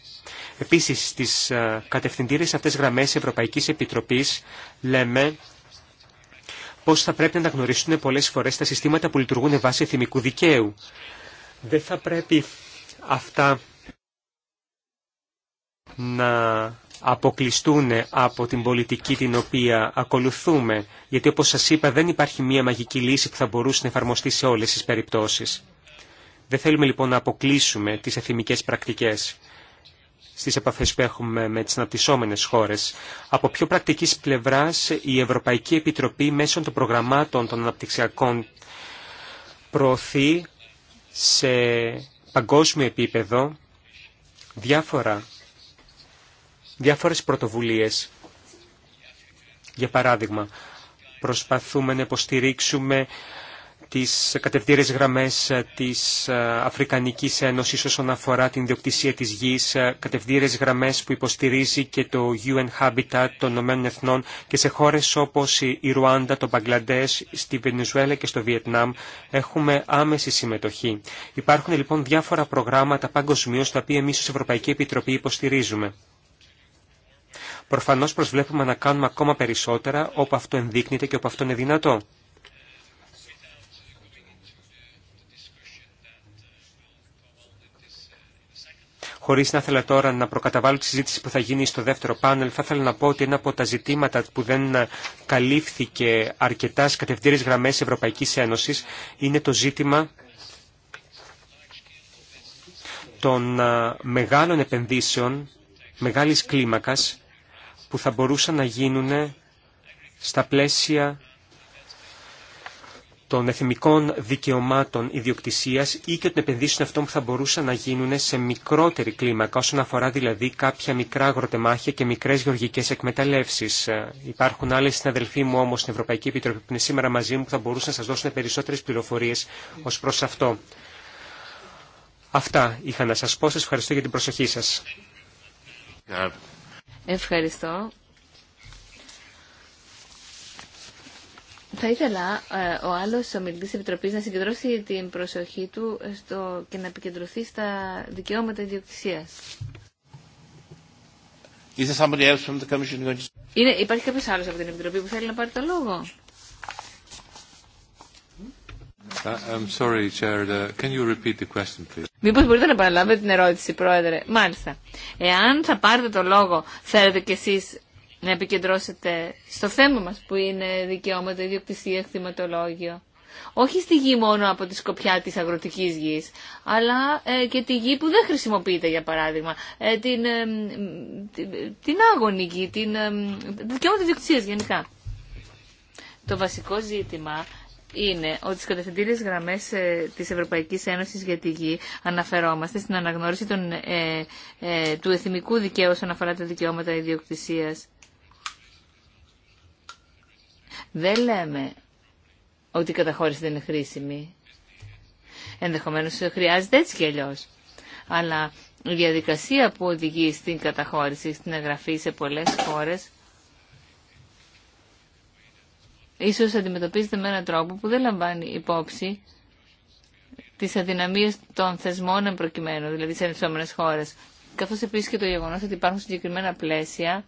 Επίσης, στις ε, κατευθυντήρες αυτές γραμμές Ευρωπαϊκής Επιτροπής λέμε πώς θα πρέπει να γνωρίσουν πολλές φορές τα συστήματα που λειτουργούν βάσει θυμικού δικαίου. Δεν θα πρέπει αυτά να αποκλειστούν από την πολιτική την οποία ακολουθούμε, γιατί όπως σας είπα δεν υπάρχει μία μαγική λύση που θα μπορούσε να εφαρμοστεί σε όλες τις περιπτώσεις. Δεν θέλουμε λοιπόν να αποκλείσουμε τις εθιμικές πρακτικές στις επαφές που έχουμε με τις αναπτυσσόμενες χώρες. Από πιο πρακτικής πλευράς, η Ευρωπαϊκή Επιτροπή μέσω των προγραμμάτων των αναπτυξιακών προωθεί σε παγκόσμιο επίπεδο διάφορα, διάφορες πρωτοβουλίες. Για παράδειγμα, προσπαθούμε να υποστηρίξουμε τις κατευθύνες γραμμές της ε, Αφρικανικής Ένωσης όσον αφορά την διοκτησία της γης, ε, κατευθύνες γραμμές που υποστηρίζει και το UN Habitat των Ηνωμένων Εθνών και σε χώρες όπως η Ρουάντα, το Μπαγκλαντές, στη Βενεζουέλα και στο Βιετνάμ έχουμε άμεση συμμετοχή. Υπάρχουν λοιπόν διάφορα προγράμματα παγκοσμίω τα οποία εμείς ως Ευρωπαϊκή Επιτροπή υποστηρίζουμε. Προφανώς προσβλέπουμε να κάνουμε ακόμα περισσότερα όπου αυτό ενδείκνεται και όπου αυτό είναι δυνατό. Χωρί να ήθελα τώρα να προκαταβάλω τη συζήτηση που θα γίνει στο δεύτερο πάνελ, θα ήθελα να πω ότι ένα από τα ζητήματα που δεν καλύφθηκε αρκετά στι γραμμές γραμμέ Ευρωπαϊκή Ένωση είναι το ζήτημα των μεγάλων επενδύσεων μεγάλης κλίμακας που θα μπορούσαν να γίνουν στα πλαίσια των εθνικών δικαιωμάτων ιδιοκτησίας ή και των επενδύσεων αυτών που θα μπορούσαν να γίνουν σε μικρότερη κλίμακα όσον αφορά δηλαδή κάποια μικρά αγροτεμάχια και μικρές γεωργικές εκμεταλλεύσεις. Ε, υπάρχουν άλλοι συναδελφοί μου όμως στην Ευρωπαϊκή Επιτροπή που είναι σήμερα μαζί μου που θα μπορούσαν να σας δώσουν περισσότερες πληροφορίες ως προς αυτό. Αυτά είχα να σας πω. Σας ευχαριστώ για την προσοχή σας. Ευχαριστώ. Θα ήθελα ε, ο άλλο ομιλητή της Επιτροπής να συγκεντρώσει την προσοχή του στο, και να επικεντρωθεί στα δικαιώματα ιδιοκτησία. υπάρχει κάποιο άλλο από την Επιτροπή που θέλει να πάρει το λόγο. Uh, uh, Μήπω μπορείτε να επαναλάβετε την ερώτηση, Πρόεδρε. Μάλιστα. Εάν θα πάρετε το λόγο, θέλετε κι εσεί να επικεντρώσετε στο θέμα μας που είναι δικαιώματα, ιδιοκτησία, χρηματολόγιο. Όχι στη γη μόνο από τη σκοπιά της αγροτικής γης, αλλά ε, και τη γη που δεν χρησιμοποιείται, για παράδειγμα. Ε, την, ε, την, την άγωνη γη, την ε, δικαιώματα ιδιοκτησίας γενικά. Το βασικό ζήτημα είναι ότι στις κατευθυντήριες γραμμές της Ευρωπαϊκής Ένωσης για τη Γη αναφερόμαστε στην αναγνώριση των, του εθνικού δικαίου όσον αφορά τα δικαιώματα ιδιοκτησίας δεν λέμε ότι η καταχώρηση δεν είναι χρήσιμη. Ενδεχομένως χρειάζεται έτσι και αλλιώς. Αλλά η διαδικασία που οδηγεί στην καταχώρηση, στην εγγραφή σε πολλές χώρες, ίσως αντιμετωπίζεται με έναν τρόπο που δεν λαμβάνει υπόψη τις αδυναμίες των θεσμών εμπροκειμένου, δηλαδή σε ενισόμενες χώρες. Καθώς επίσης και το γεγονός ότι υπάρχουν συγκεκριμένα πλαίσια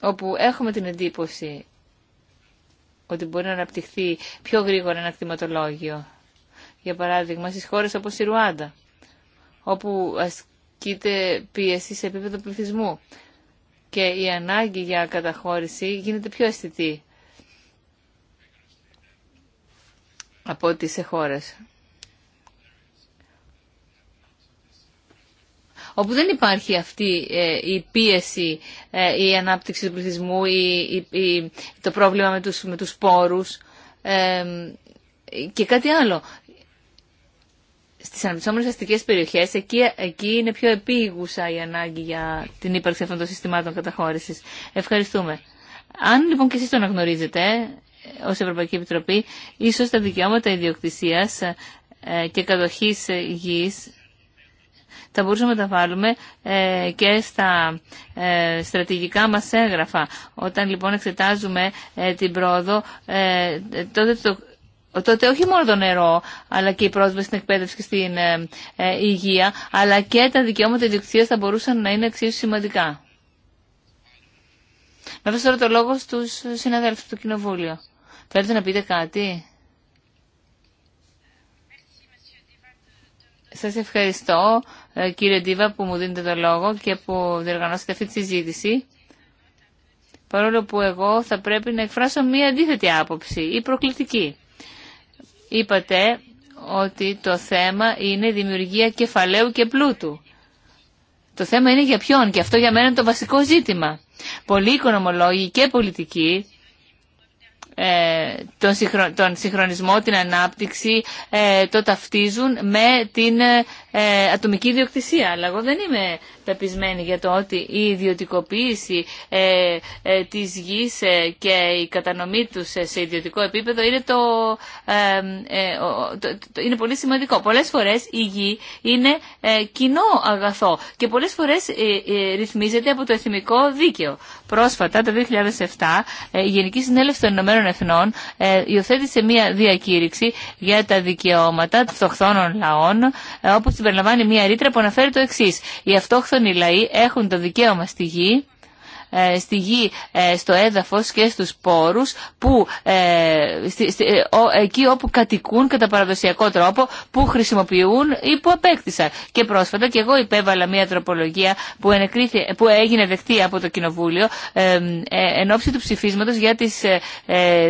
όπου έχουμε την εντύπωση ότι μπορεί να αναπτυχθεί πιο γρήγορα ένα κτηματολόγιο. Για παράδειγμα, στις χώρες όπως η Ρουάντα, όπου ασκείται πίεση σε επίπεδο πληθυσμού και η ανάγκη για καταχώρηση γίνεται πιο αισθητή από ό,τι σε χώρες όπου δεν υπάρχει αυτή ε, η πίεση, ε, η ανάπτυξη του πληθυσμού, η, το πρόβλημα με τους, με τους πόρους ε, και κάτι άλλο. Στις αναπτυσσόμενες αστικές περιοχές, εκεί, εκεί είναι πιο επίγουσα η ανάγκη για την ύπαρξη αυτών των συστημάτων καταχώρησης. Ευχαριστούμε. Αν λοιπόν και εσείς το αναγνωρίζετε ως Ευρωπαϊκή Επιτροπή, ίσως τα δικαιώματα ιδιοκτησίας και κατοχής γης θα μπορούσαμε να τα βάλουμε ε, και στα ε, στρατηγικά μας έγγραφα. Όταν λοιπόν εξετάζουμε ε, την πρόοδο, τότε το όχι μόνο το νερό, αλλά και η πρόσβαση στην εκπαίδευση και στην υγεία, αλλά και τα δικαιώματα ιδιοκτησία θα μπορούσαν να είναι εξίσου σημαντικά. Να δώσω τώρα το λόγο στους συναδέλφους του Κοινοβούλιο. Θέλετε να πείτε κάτι. Σας ευχαριστώ ε, κύριε Ντίβα που μου δίνετε το λόγο και που διοργανώσετε αυτή τη συζήτηση. Παρόλο που εγώ θα πρέπει να εκφράσω μία αντίθετη άποψη ή προκλητική. Είπατε ότι το θέμα είναι δημιουργία κεφαλαίου και πλούτου. Το θέμα είναι για ποιον και αυτό για μένα είναι το βασικό ζήτημα. Πολλοί οικονομολόγοι και πολιτικοί ε, τον συγχρονισμό, την ανάπτυξη, ε, το ταυτίζουν με την ε, ατομική ιδιοκτησία. Αλλά εγώ δεν είμαι πεπισμένη για το ότι η ιδιωτικοποίηση της γης και η κατανομή τους σε ιδιωτικό επίπεδο είναι, το, είναι πολύ σημαντικό. Πολλές φορές η γη είναι κοινό αγαθό και πολλές φορές ρυθμίζεται από το εθνικό δίκαιο. Πρόσφατα, το 2007, ε, η Γενική Συνέλευση των Ηνωμένων Εθνών ε, υιοθέτησε μία διακήρυξη για τα δικαιώματα των αυτοχθόνων λαών, ε, όπου συμπεριλαμβάνει μία ρήτρα που αναφέρει το εξή. Οι αυτόχθονοι λαοί έχουν το δικαίωμα στη γη, ε, στη γη, ε, στο έδαφος και στους πόρους που, ε, εκεί όπου κατοικούν κατά παραδοσιακό τρόπο που χρησιμοποιούν ή που απέκτησαν. Και πρόσφατα και εγώ υπέβαλα μια τροπολογία που, που έγινε δεχτή από το Κοινοβούλιο εν ώψη του ψηφίσματος για τις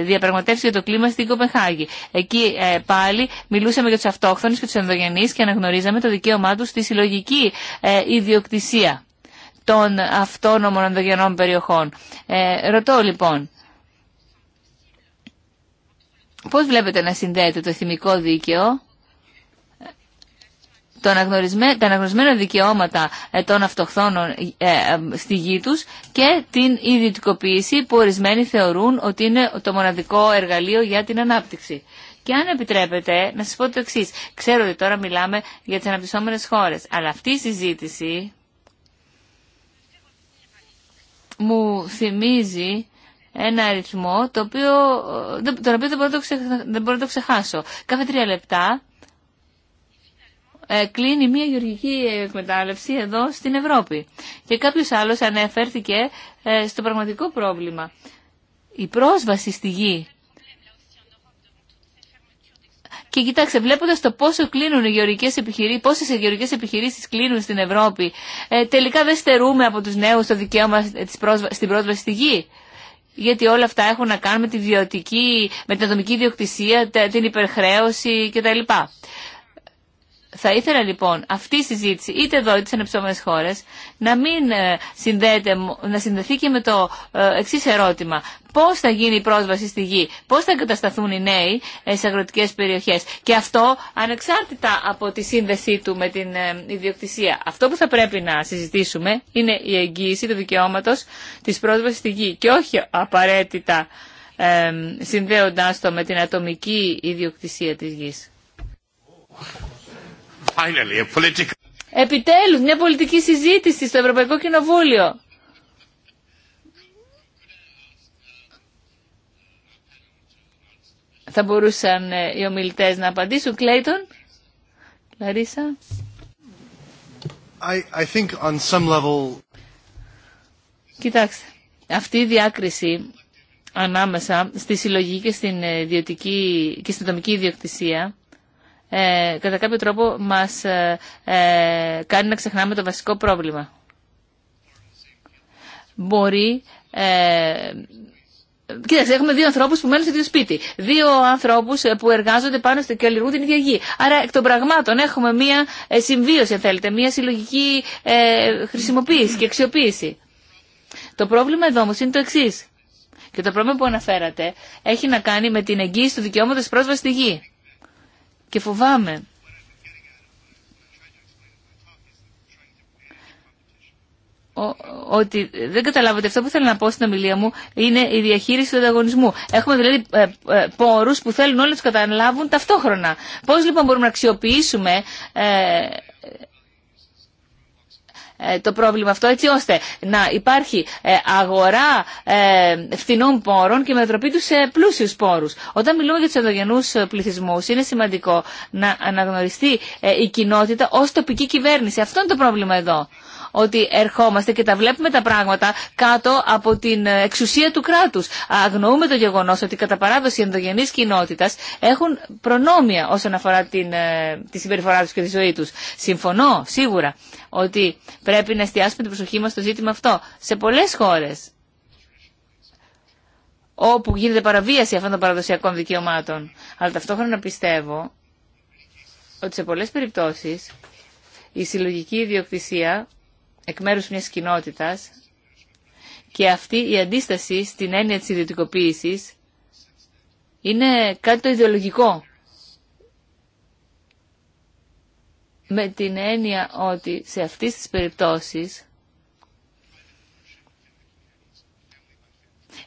διαπραγματεύσεις για το κλίμα στην Κοπεχάγη. Εκεί πάλι μιλούσαμε για τους αυτόχθονες και τους ενδογενείς και αναγνωρίζαμε το δικαίωμά τους στη συλλογική ιδιοκτησία των αυτόνομων ανδογενών περιοχών. Ε, ρωτώ λοιπόν, πώς βλέπετε να συνδέεται το θημικό δίκαιο το τα αναγνωρισμένα δικαιώματα ε, των αυτοχθόνων ε, ε, στη γη τους και την ιδιωτικοποίηση που ορισμένοι θεωρούν ότι είναι το μοναδικό εργαλείο για την ανάπτυξη. Και αν επιτρέπετε, να σας πω το εξή. Ξέρω ότι τώρα μιλάμε για τις αναπτυσσόμενες χώρες, αλλά αυτή η συζήτηση μου θυμίζει ένα αριθμό το οποίο, τον οποίο δεν μπορώ, να το ξεχάσω. Κάθε τρία λεπτά ε, κλείνει μια γεωργική εκμετάλλευση εδώ στην Ευρώπη. Και κάποιος άλλος αναφέρθηκε ε, στο πραγματικό πρόβλημα. Η πρόσβαση στη γη και κοιτάξτε, βλέποντα το πόσο κλείνουν οι γεωργικέ επιχειρήσει, πόσε γεωργικέ επιχειρήσει κλείνουν στην Ευρώπη, ε, τελικά δεν στερούμε από του νέου το δικαίωμα στην πρόσβαση στη γη. Γιατί όλα αυτά έχουν να κάνουν με, τη βιωτική, με την ατομική ιδιοκτησία, την υπερχρέωση κτλ. Θα ήθελα λοιπόν αυτή η συζήτηση, είτε εδώ είτε σε ανεψόμενε χώρε, να μην ε, συνδέεται, να συνδεθεί και με το ε, εξή ερώτημα. Πώ θα γίνει η πρόσβαση στη γη, πώ θα εγκατασταθούν οι νέοι ε, σε αγροτικέ περιοχέ. Και αυτό ανεξάρτητα από τη σύνδεσή του με την ιδιοκτησία. Αυτό που θα πρέπει να συζητήσουμε είναι η εγγύηση του δικαιώματο τη πρόσβαση στη γη και όχι απαραίτητα ε, συνδέοντάς το με την ατομική ιδιοκτησία της γης. Finally, Επιτέλους, μια πολιτική συζήτηση στο Ευρωπαϊκό Κοινοβούλιο. Θα μπορούσαν ε, οι ομιλητές να απαντήσουν. Κλέιτον, Λαρίσα. I, think on some level... Κοιτάξτε, αυτή η διάκριση ανάμεσα στη συλλογή και στην, ε, ιδιωτική, και στην τομική ιδιοκτησία ε, κατά κάποιο τρόπο μας ε, ε, κάνει να ξεχνάμε το βασικό πρόβλημα. Μπορεί... Ε, κοίταξε, έχουμε δύο ανθρώπου που μένουν στο ίδιο σπίτι. Δύο ανθρώπου ε, που εργάζονται πάνω στο και την ίδια γη. Άρα εκ των πραγμάτων έχουμε μία ε, συμβίωση, αν θέλετε, μία συλλογική χρησιμοποίηση και αξιοποίηση. Το πρόβλημα εδώ όμω είναι το εξή. Και το πρόβλημα που αναφέρατε έχει να κάνει με την εγγύηση του δικαιώματο πρόσβαση στη γη. Και φοβάμαι ότι δεν καταλάβατε αυτό που θέλω να πω στην ομιλία μου είναι η διαχείριση του ανταγωνισμού. Έχουμε δηλαδή ε, ε πόρου που θέλουν όλοι να του καταλάβουν ταυτόχρονα. Πώ λοιπόν μπορούμε να αξιοποιήσουμε ε, ε, το πρόβλημα αυτό έτσι ώστε να υπάρχει ε, αγορά ε, φθηνών πόρων και μετατροπή του σε πλούσιου πόρου. Όταν μιλούμε για του ενδογενού πληθυσμού, είναι σημαντικό να αναγνωριστεί η κοινότητα ω τοπική κυβέρνηση. Αυτό είναι το πρόβλημα εδώ ότι ερχόμαστε και τα βλέπουμε τα πράγματα κάτω από την εξουσία του κράτου. Αγνοούμε το γεγονό ότι κατά παράδοση ενδογενή κοινότητα έχουν προνόμια όσον αφορά την, ε, τη συμπεριφορά του και τη ζωή του. Συμφωνώ σίγουρα ότι πρέπει να εστιάσουμε την προσοχή μα στο ζήτημα αυτό. Σε πολλέ χώρε όπου γίνεται παραβίαση αυτών των παραδοσιακών δικαιωμάτων. Αλλά ταυτόχρονα πιστεύω ότι σε πολλές περιπτώσεις η συλλογική ιδιοκτησία εκ μέρους μιας κοινότητας και αυτή η αντίσταση στην έννοια της ιδιωτικοποίησης είναι κάτι το ιδεολογικό. Με την έννοια ότι σε αυτές τις περιπτώσεις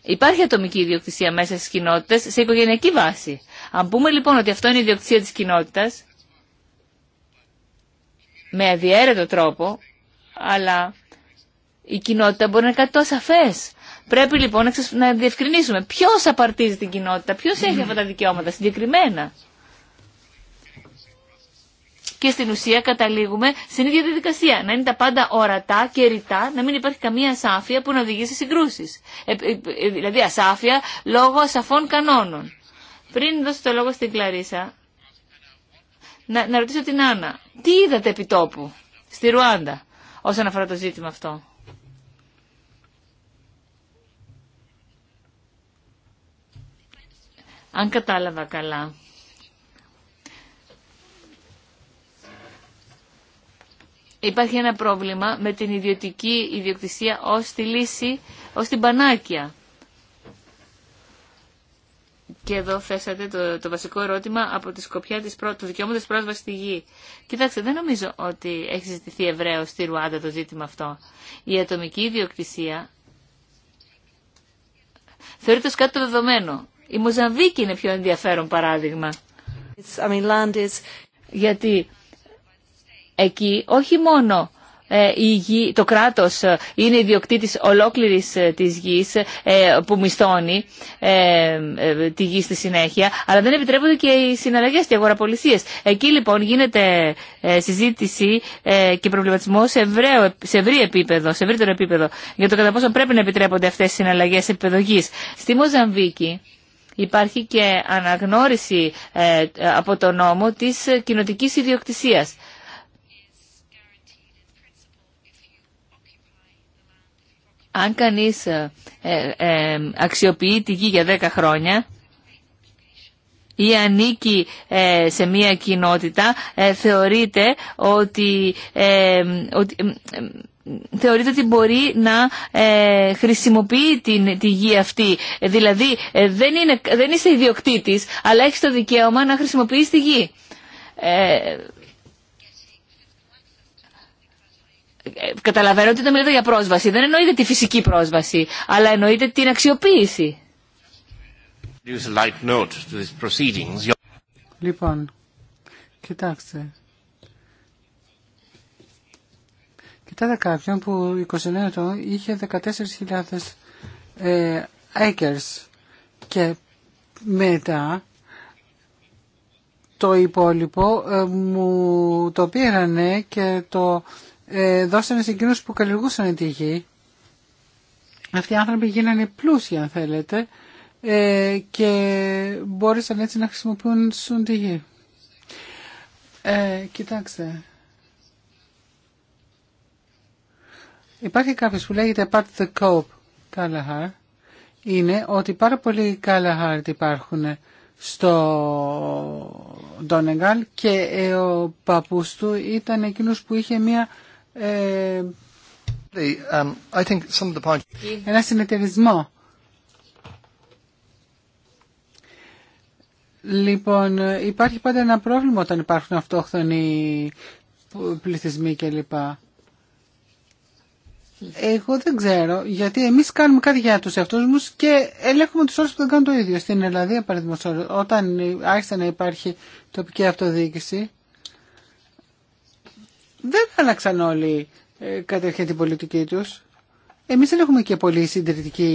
Υπάρχει ατομική ιδιοκτησία μέσα στις κοινότητε σε οικογενειακή βάση. Αν πούμε λοιπόν ότι αυτό είναι η ιδιοκτησία της κοινότητα, με αδιέρετο τρόπο, αλλά η κοινότητα μπορεί να είναι κάτι τόσο Πρέπει λοιπόν να διευκρινίσουμε ποιο απαρτίζει την κοινότητα, ποιο έχει αυτά τα δικαιώματα συγκεκριμένα. Και στην ουσία καταλήγουμε στην ίδια διαδικασία. Να είναι τα πάντα ορατά και ρητά, να μην υπάρχει καμία ασάφεια που να οδηγεί σε συγκρούσει. Ε, ε, ε, δηλαδή ασάφεια λόγω ασαφών κανόνων. Πριν δώσω το λόγο στην Κλαρίσα, να, να ρωτήσω την Άννα, τι είδατε επί τόπου στη Ρουάντα όσον αφορά το ζήτημα αυτό. Αν κατάλαβα καλά, υπάρχει ένα πρόβλημα με την ιδιωτική ιδιοκτησία ως τη λύση, ως την πανάκια. Και εδώ θέσατε το, βασικό ερώτημα από τη σκοπιά της προ... του δικαιώματο πρόσβαση στη γη. Κοιτάξτε, δεν νομίζω ότι έχει συζητηθεί ευρέω στη Ρουάντα το ζήτημα αυτό. Η ατομική ιδιοκτησία θεωρείται ω κάτι το δεδομένο. Η Μοζαμβίκη είναι πιο ενδιαφέρον παράδειγμα. I mean, is... Γιατί εκεί όχι μόνο ε, η γη, το κράτος ε, είναι ιδιοκτήτης ολόκληρης ε, της γης που μισθώνει τη γη στη συνέχεια, αλλά δεν επιτρέπονται και οι συναλλαγές και οι αγοραπολισίες. Εκεί λοιπόν γίνεται συζήτηση και προβληματισμό σε, ευραίο, σε ευρύ επίπεδο, σε ευρύτερο επίπεδο, για το κατά πόσο πρέπει να επιτρέπονται αυτές οι συναλλαγές επίπεδο γης. Στη Μοζαμβίκη, Υπάρχει και αναγνώριση από τον νόμο της κοινοτικής ιδιοκτησίας. αν κανείς ε, ε, ε, αξιοποιεί τη γη για 10 χρόνια ή ανήκει ε, σε μία κοινότητα, θεωρείται ότι, ότι θεωρείται ότι μπορεί να χρησιμοποιεί την, τη γη αυτή. Δηλαδή δεν, είναι, δεν είσαι ιδιοκτήτης, αλλά έχεις το δικαίωμα να χρησιμοποιείς τη γη. Καταλαβαίνω ότι το μιλάτε για πρόσβαση δεν εννοείται τη φυσική πρόσβαση, αλλά εννοείται την αξιοποίηση. Λοιπόν, κοιτάξτε. Κοιτάτε κάποιον που 29 ο είχε 14.000 ε, acres και μετά το υπόλοιπο ε, μου το πήρανε και το ε, δώσανε σε εκείνους που καλλιεργούσαν τη γη. Αυτοί οι άνθρωποι γίνανε πλούσιοι αν θέλετε ε, και μπόρεσαν έτσι να χρησιμοποιούν σουν τη γη. Ε, κοιτάξτε. Υπάρχει κάποιος που λέγεται Pat the Cope Kalahar. Είναι ότι πάρα πολλοί Kalahar υπάρχουν στο Ντόνεγκαλ και ο παππούς του ήταν εκείνος που είχε μια ε, um, ένα συνεταιρισμό. Λοιπόν, υπάρχει πάντα ένα πρόβλημα όταν υπάρχουν αυτόχθονοι πληθυσμοί κλπ. Εγώ δεν ξέρω, γιατί εμείς κάνουμε κάτι για τους εαυτούς μας και ελέγχουμε τους όρους που δεν κάνουν το ίδιο. Στην Ελλάδα, παραδείγματος, όταν άρχισε να υπάρχει τοπική αυτοδιοίκηση, δεν άλλαξαν όλοι ε, την πολιτική τους. Εμείς δεν έχουμε και πολύ συντηρητική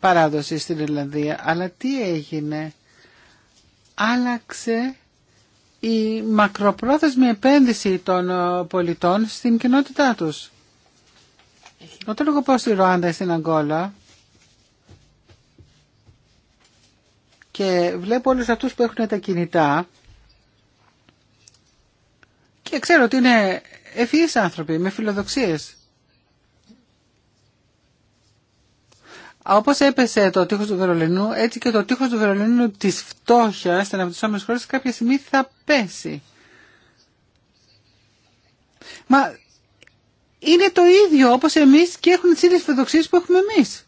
παράδοση στην Ιρλανδία, αλλά τι έγινε. Άλλαξε η μακροπρόθεσμη επένδυση των ε, πολιτών στην κοινότητά τους. Όταν εγώ πάω στη Ρουάντα στην Αγγόλα και βλέπω όλους αυτούς που έχουν τα κινητά και ξέρω ότι είναι ευφυείς άνθρωποι με φιλοδοξίες. Όπω έπεσε το τείχο του Βερολίνου, έτσι και το τείχο του Βερολίνου τη φτώχεια στην αναπτυσσόμενη χώρα κάποια στιγμή θα πέσει. Μα είναι το ίδιο όπως εμείς και έχουν τις ίδιες φιλοδοξίες που έχουμε εμείς.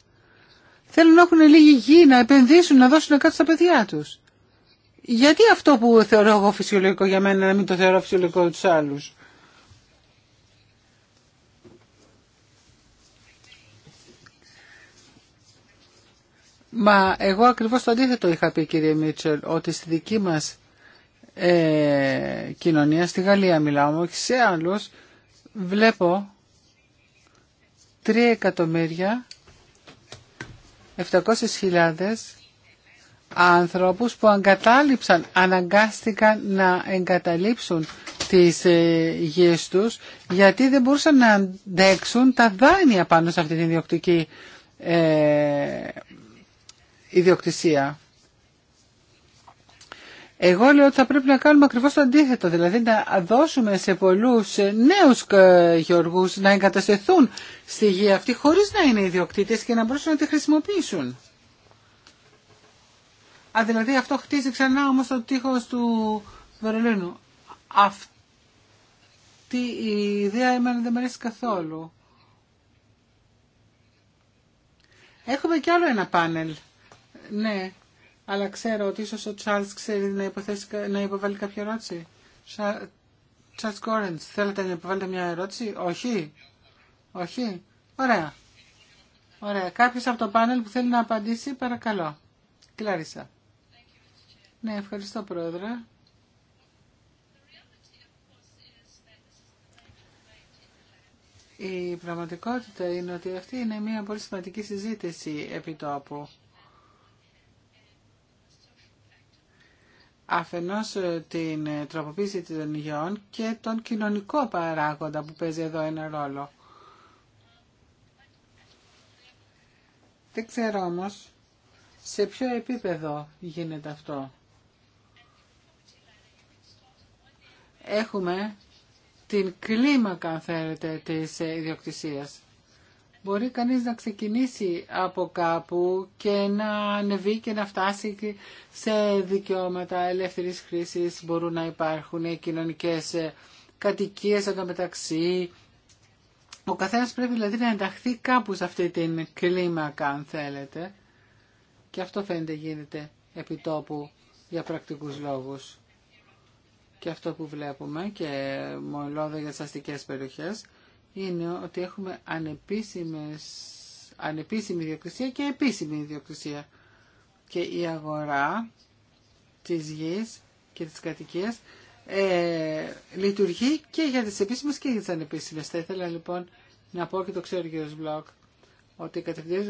Θέλουν να έχουν λίγη γη, να επενδύσουν, να δώσουν κάτι στα παιδιά τους. Γιατί αυτό που θεωρώ εγώ φυσιολογικό για μένα να μην το θεωρώ φυσιολογικό για τους άλλους. Μα εγώ ακριβώς το αντίθετο είχα πει κύριε Μίτσελ, ότι στη δική μας ε, κοινωνία, στη Γαλλία μιλάω, όχι σε άλλους, βλέπω 3 εκατομμύρια 700.000 ανθρώπους που αναγκάστηκαν να εγκαταλείψουν τις ε, γης τους γιατί δεν μπορούσαν να αντέξουν τα δάνεια πάνω σε αυτή την ιδιοκτική ε, ιδιοκτησία. Εγώ λέω ότι θα πρέπει να κάνουμε ακριβώς το αντίθετο, δηλαδή να δώσουμε σε πολλούς ε, νέους γεωργούς να εγκαταστηθούν στη γη αυτή χωρίς να είναι ιδιοκτήτες και να μπορούσαν να τη χρησιμοποιήσουν. Α, δηλαδή αυτό χτίζει ξανά όμως το τείχος του Βερολίνου. Αυτή η ιδέα εμένα δεν μου αρέσει καθόλου. Έχουμε κι άλλο ένα πάνελ. Ναι, αλλά ξέρω ότι ίσως ο Τσάρλς ξέρει να, υποβάλει κάποια ερώτηση. Τσάρλς Κόρεντς, θέλετε να υποβάλλετε μια ερώτηση. Όχι. Όχι. Ωραία. Ωραία. Κάποιος από το πάνελ που θέλει να απαντήσει, παρακαλώ. Κλάρισα. Ναι, ευχαριστώ πρόεδρε. Η πραγματικότητα είναι ότι αυτή είναι μια πολύ σημαντική συζήτηση επί τόπου. Αφενός ε, την ε, τροποποίηση των υγειών και τον κοινωνικό παράγοντα που παίζει εδώ ένα ρόλο. Δεν ξέρω όμως σε ποιο επίπεδο γίνεται αυτό. έχουμε την κλίμακα, αν θέλετε, της ιδιοκτησίας. Μπορεί κανείς να ξεκινήσει από κάπου και να ανεβεί και να φτάσει σε δικαιώματα ελεύθερης χρήσης. Μπορούν να υπάρχουν κοινωνικές κατοικίες εδώ μεταξύ. Ο καθένας πρέπει δηλαδή να ενταχθεί κάπου σε αυτή την κλίμακα, αν θέλετε. Και αυτό φαίνεται γίνεται επιτόπου για πρακτικούς λόγους και αυτό που βλέπουμε και μολόδα για τις αστικές περιοχές είναι ότι έχουμε ανεπίσημη ιδιοκτησία και επίσημη ιδιοκτησία και η αγορά της γης και της κατοικίας ε, λειτουργεί και για τις επίσημες και για τις ανεπίσημες. Θα ήθελα λοιπόν να πω και το ξέρω κύριο Μπλοκ ότι οι κατευθυντές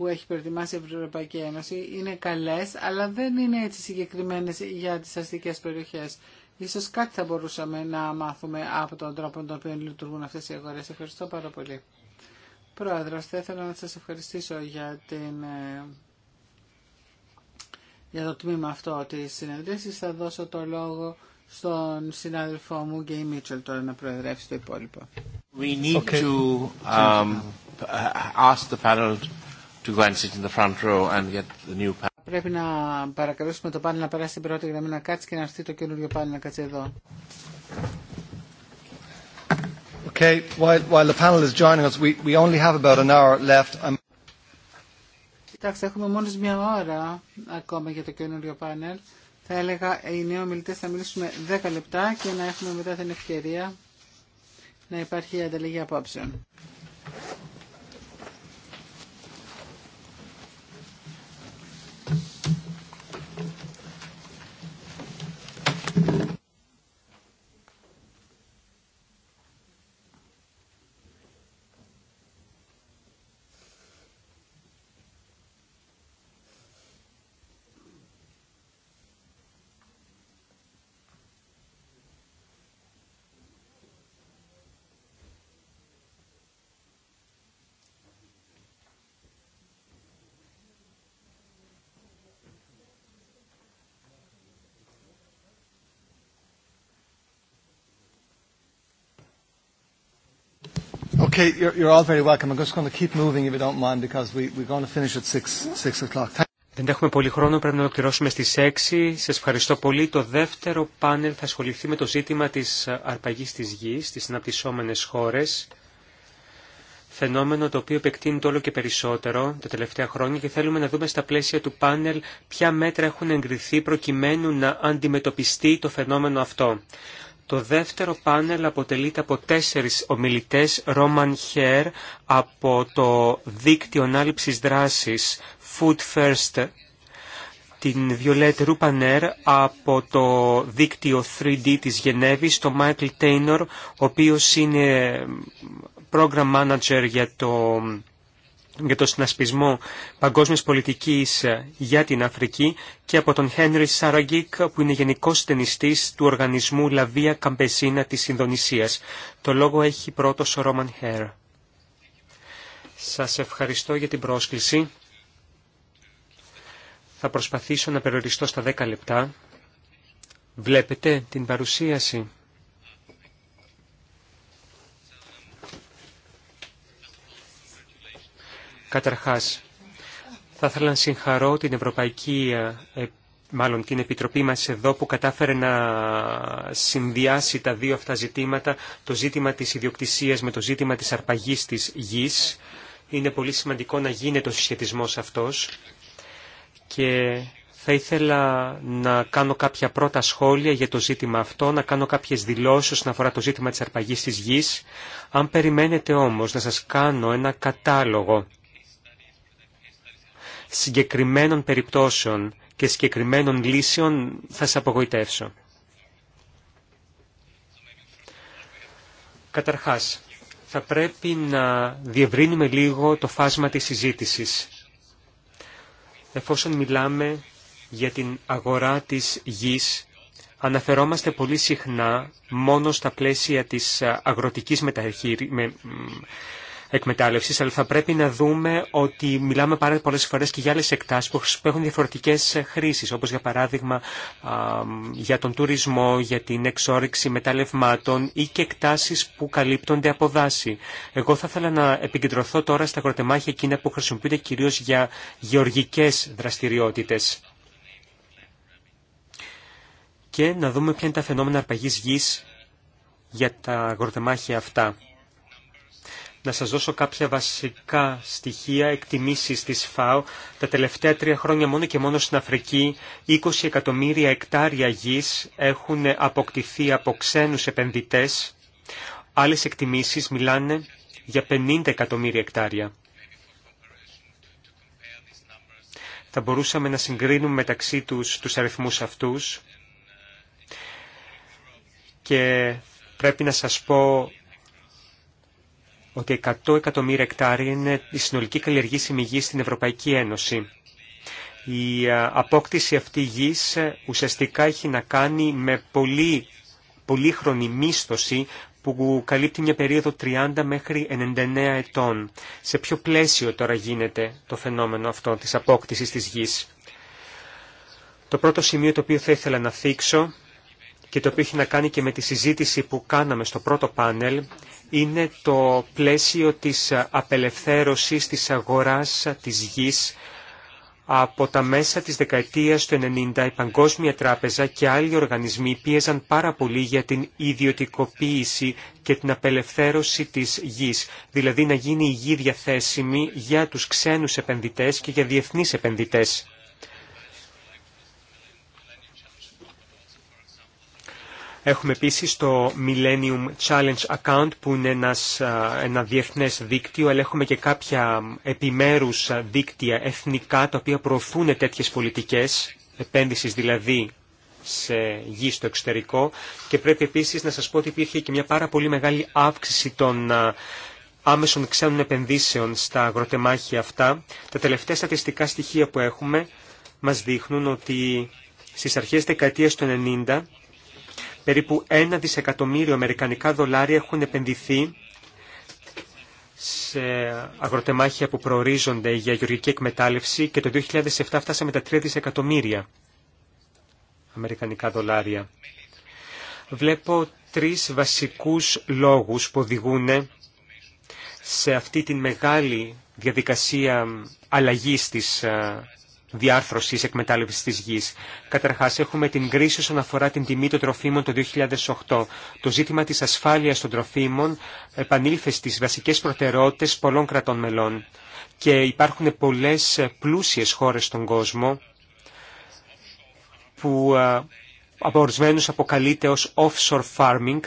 που έχει προετοιμάσει η Ευρωπαϊκή Ένωση είναι καλές, αλλά δεν είναι έτσι συγκεκριμένες για τις αστικές περιοχές. Ίσως κάτι θα μπορούσαμε να μάθουμε από τον τρόπο με τον οποίο λειτουργούν αυτές οι αγορές. Ευχαριστώ πάρα πολύ. Προέδρο, θα ήθελα να σας ευχαριστήσω για, την, ε, για το τμήμα αυτό τη συνεδρίασης. Θα δώσω το λόγο στον συνάδελφό μου Γκέι Μίτσελ τώρα να προεδρεύσει το υπόλοιπο. We need okay. to um, ask the panel to Πρέπει να παρακαλούσουμε το πάνελ να περάσει την πρώτη γραμμή να κάτσει και να έρθει το καινούριο πάνελ να κάτσει εδώ. Okay, while, while the panel is joining us, we, we only have about an hour left. Um, Κοιτάξτε, έχουμε μόνο μια ώρα ακόμα για το καινούριο πάνελ. Θα έλεγα, οι νέοι ομιλητές θα μιλήσουμε 10 λεπτά και να έχουμε μετά την ευκαιρία να υπάρχει ανταλλαγή απόψεων. Okay, you're, you're all very welcome. I'm just going to keep moving if you don't mind because we, we're going to finish at 6, 6 o'clock. Δεν έχουμε πολύ χρόνο, πρέπει να ολοκληρώσουμε στις 6. Σας ευχαριστώ πολύ. Το δεύτερο πάνελ θα ασχοληθεί με το ζήτημα της αρπαγής της γης στις αναπτυσσόμενες χώρες. Φαινόμενο το οποίο επεκτείνεται όλο και περισσότερο τα τελευταία χρόνια και θέλουμε να δούμε στα πλαίσια του πάνελ ποια μέτρα έχουν εγκριθεί προκειμένου να αντιμετωπιστεί το φαινόμενο αυτό. Το δεύτερο πάνελ αποτελείται από τέσσερις ομιλητές Roman Hair από το δίκτυο ανάληψης δράσης Food First την Βιολέτ Ρουπανέρ από το δίκτυο 3D της Γενέβης, το Michael Taylor, ο οποίος είναι program manager για το για το συνασπισμό παγκόσμιας πολιτικής ε, για την Αφρική και από τον Χένρι Σαραγκίκ που είναι γενικός στενιστής του οργανισμού Λαβία Καμπεσίνα της Ινδονησίας. Το λόγο έχει πρώτος ο Ρόμαν Χέρ. Σας ευχαριστώ για την πρόσκληση. Θα προσπαθήσω να περιοριστώ στα 10 λεπτά. Βλέπετε την παρουσίαση. Καταρχάς, θα ήθελα να συγχαρώ την Ευρωπαϊκή ε, ε, μάλλον την Επιτροπή μας εδώ που κατάφερε να συνδυάσει τα δύο αυτά ζητήματα, το ζήτημα της ιδιοκτησίας με το ζήτημα της αρπαγής της γης. Είναι πολύ σημαντικό να γίνεται ο συσχετισμός αυτός και θα ήθελα να κάνω κάποια πρώτα σχόλια για το ζήτημα αυτό, να κάνω κάποιες δηλώσεις όσον αφορά το ζήτημα της αρπαγής της γης. Αν περιμένετε όμως να σας κάνω ένα κατάλογο συγκεκριμένων περιπτώσεων και συγκεκριμένων λύσεων θα σε απογοητεύσω. Καταρχάς, θα πρέπει να διευρύνουμε λίγο το φάσμα της συζήτησης. Εφόσον μιλάμε για την αγορά της γης, αναφερόμαστε πολύ συχνά μόνο στα πλαίσια της αγροτικής αλλά θα πρέπει να δούμε ότι μιλάμε πάρα πολλές φορές και για άλλε εκτάσεις που έχουν διαφορετικές ε, χρήσεις, όπως για παράδειγμα για τον τουρισμό, για την εξόριξη μεταλλευμάτων ή και εκτάσεις που καλύπτονται από δάση. Εγώ θα ήθελα να επικεντρωθώ τώρα στα αγροτεμάχια εκείνα που χρησιμοποιούνται κυρίω για γεωργικέ δραστηριότητε και να δούμε ποια είναι τα φαινόμενα αρπαγής γης για τα αγροτεμάχια αυτά να σας δώσω κάποια βασικά στοιχεία εκτιμήσεις της ΦΑΟ. Τα τελευταία τρία χρόνια μόνο και μόνο στην Αφρική 20 εκατομμύρια εκτάρια γης έχουν αποκτηθεί από ξένους επενδυτές. Άλλες εκτιμήσεις μιλάνε για 50 εκατομμύρια εκτάρια. Θα μπορούσαμε να συγκρίνουμε μεταξύ τους τους αριθμούς αυτούς και πρέπει να σας πω ότι 100 εκατομμύρια εκτάρια είναι η συνολική καλλιεργήσιμη γη στην Ευρωπαϊκή Ένωση. Η ε, απόκτηση αυτή γης ε, ουσιαστικά έχει να κάνει με πολύ, χρονή μίσθωση που καλύπτει μια περίοδο 30 μέχρι 99 ετών. Σε ποιο πλαίσιο τώρα γίνεται το φαινόμενο αυτό της απόκτησης της γης. Το πρώτο σημείο το οποίο θα ήθελα να θίξω και το οποίο έχει να κάνει και με τη συζήτηση που κάναμε στο πρώτο πάνελ είναι το πλαίσιο της απελευθέρωσης της αγοράς της γης από τα μέσα της δεκαετίας του 90 η Παγκόσμια Τράπεζα και άλλοι οργανισμοί πίεζαν πάρα πολύ για την ιδιωτικοποίηση και την απελευθέρωση της γης, δηλαδή να γίνει η γη διαθέσιμη για τους ξένους επενδυτές και για διεθνείς επενδυτές. Έχουμε επίσης το Millennium Challenge Account που είναι ένα διεθνές δίκτυο, αλλά έχουμε και κάποια επιμέρους δίκτυα εθνικά τα οποία προωθούν τέτοιες πολιτικές, επένδυσης δηλαδή σε γη στο εξωτερικό και πρέπει επίσης να σας πω ότι υπήρχε και μια πάρα πολύ μεγάλη αύξηση των άμεσων ξένων επενδύσεων στα αγροτεμάχια αυτά. Τα τελευταία στατιστικά στοιχεία που έχουμε μας δείχνουν ότι στις αρχές δεκαετίας του 90 Περίπου ένα δισεκατομμύριο αμερικανικά δολάρια έχουν επενδυθεί σε αγροτεμάχια που προορίζονται για γεωργική εκμετάλλευση και το 2007 φτάσαμε τα 3 δισεκατομμύρια αμερικανικά δολάρια. Βλέπω τρεις βασικούς λόγους που οδηγούν σε αυτή την μεγάλη διαδικασία αλλαγής της ε, διάρθρωσης εκμετάλλευση της γης. Καταρχά έχουμε την κρίση όσον αφορά την τιμή των τροφίμων το 2008. Το ζήτημα της ασφάλειας των τροφίμων επανήλθε στις βασικές προτεραιότητες πολλών κρατών μελών και υπάρχουν πολλές πλούσιες χώρες στον κόσμο που από αποκαλείται ως offshore farming,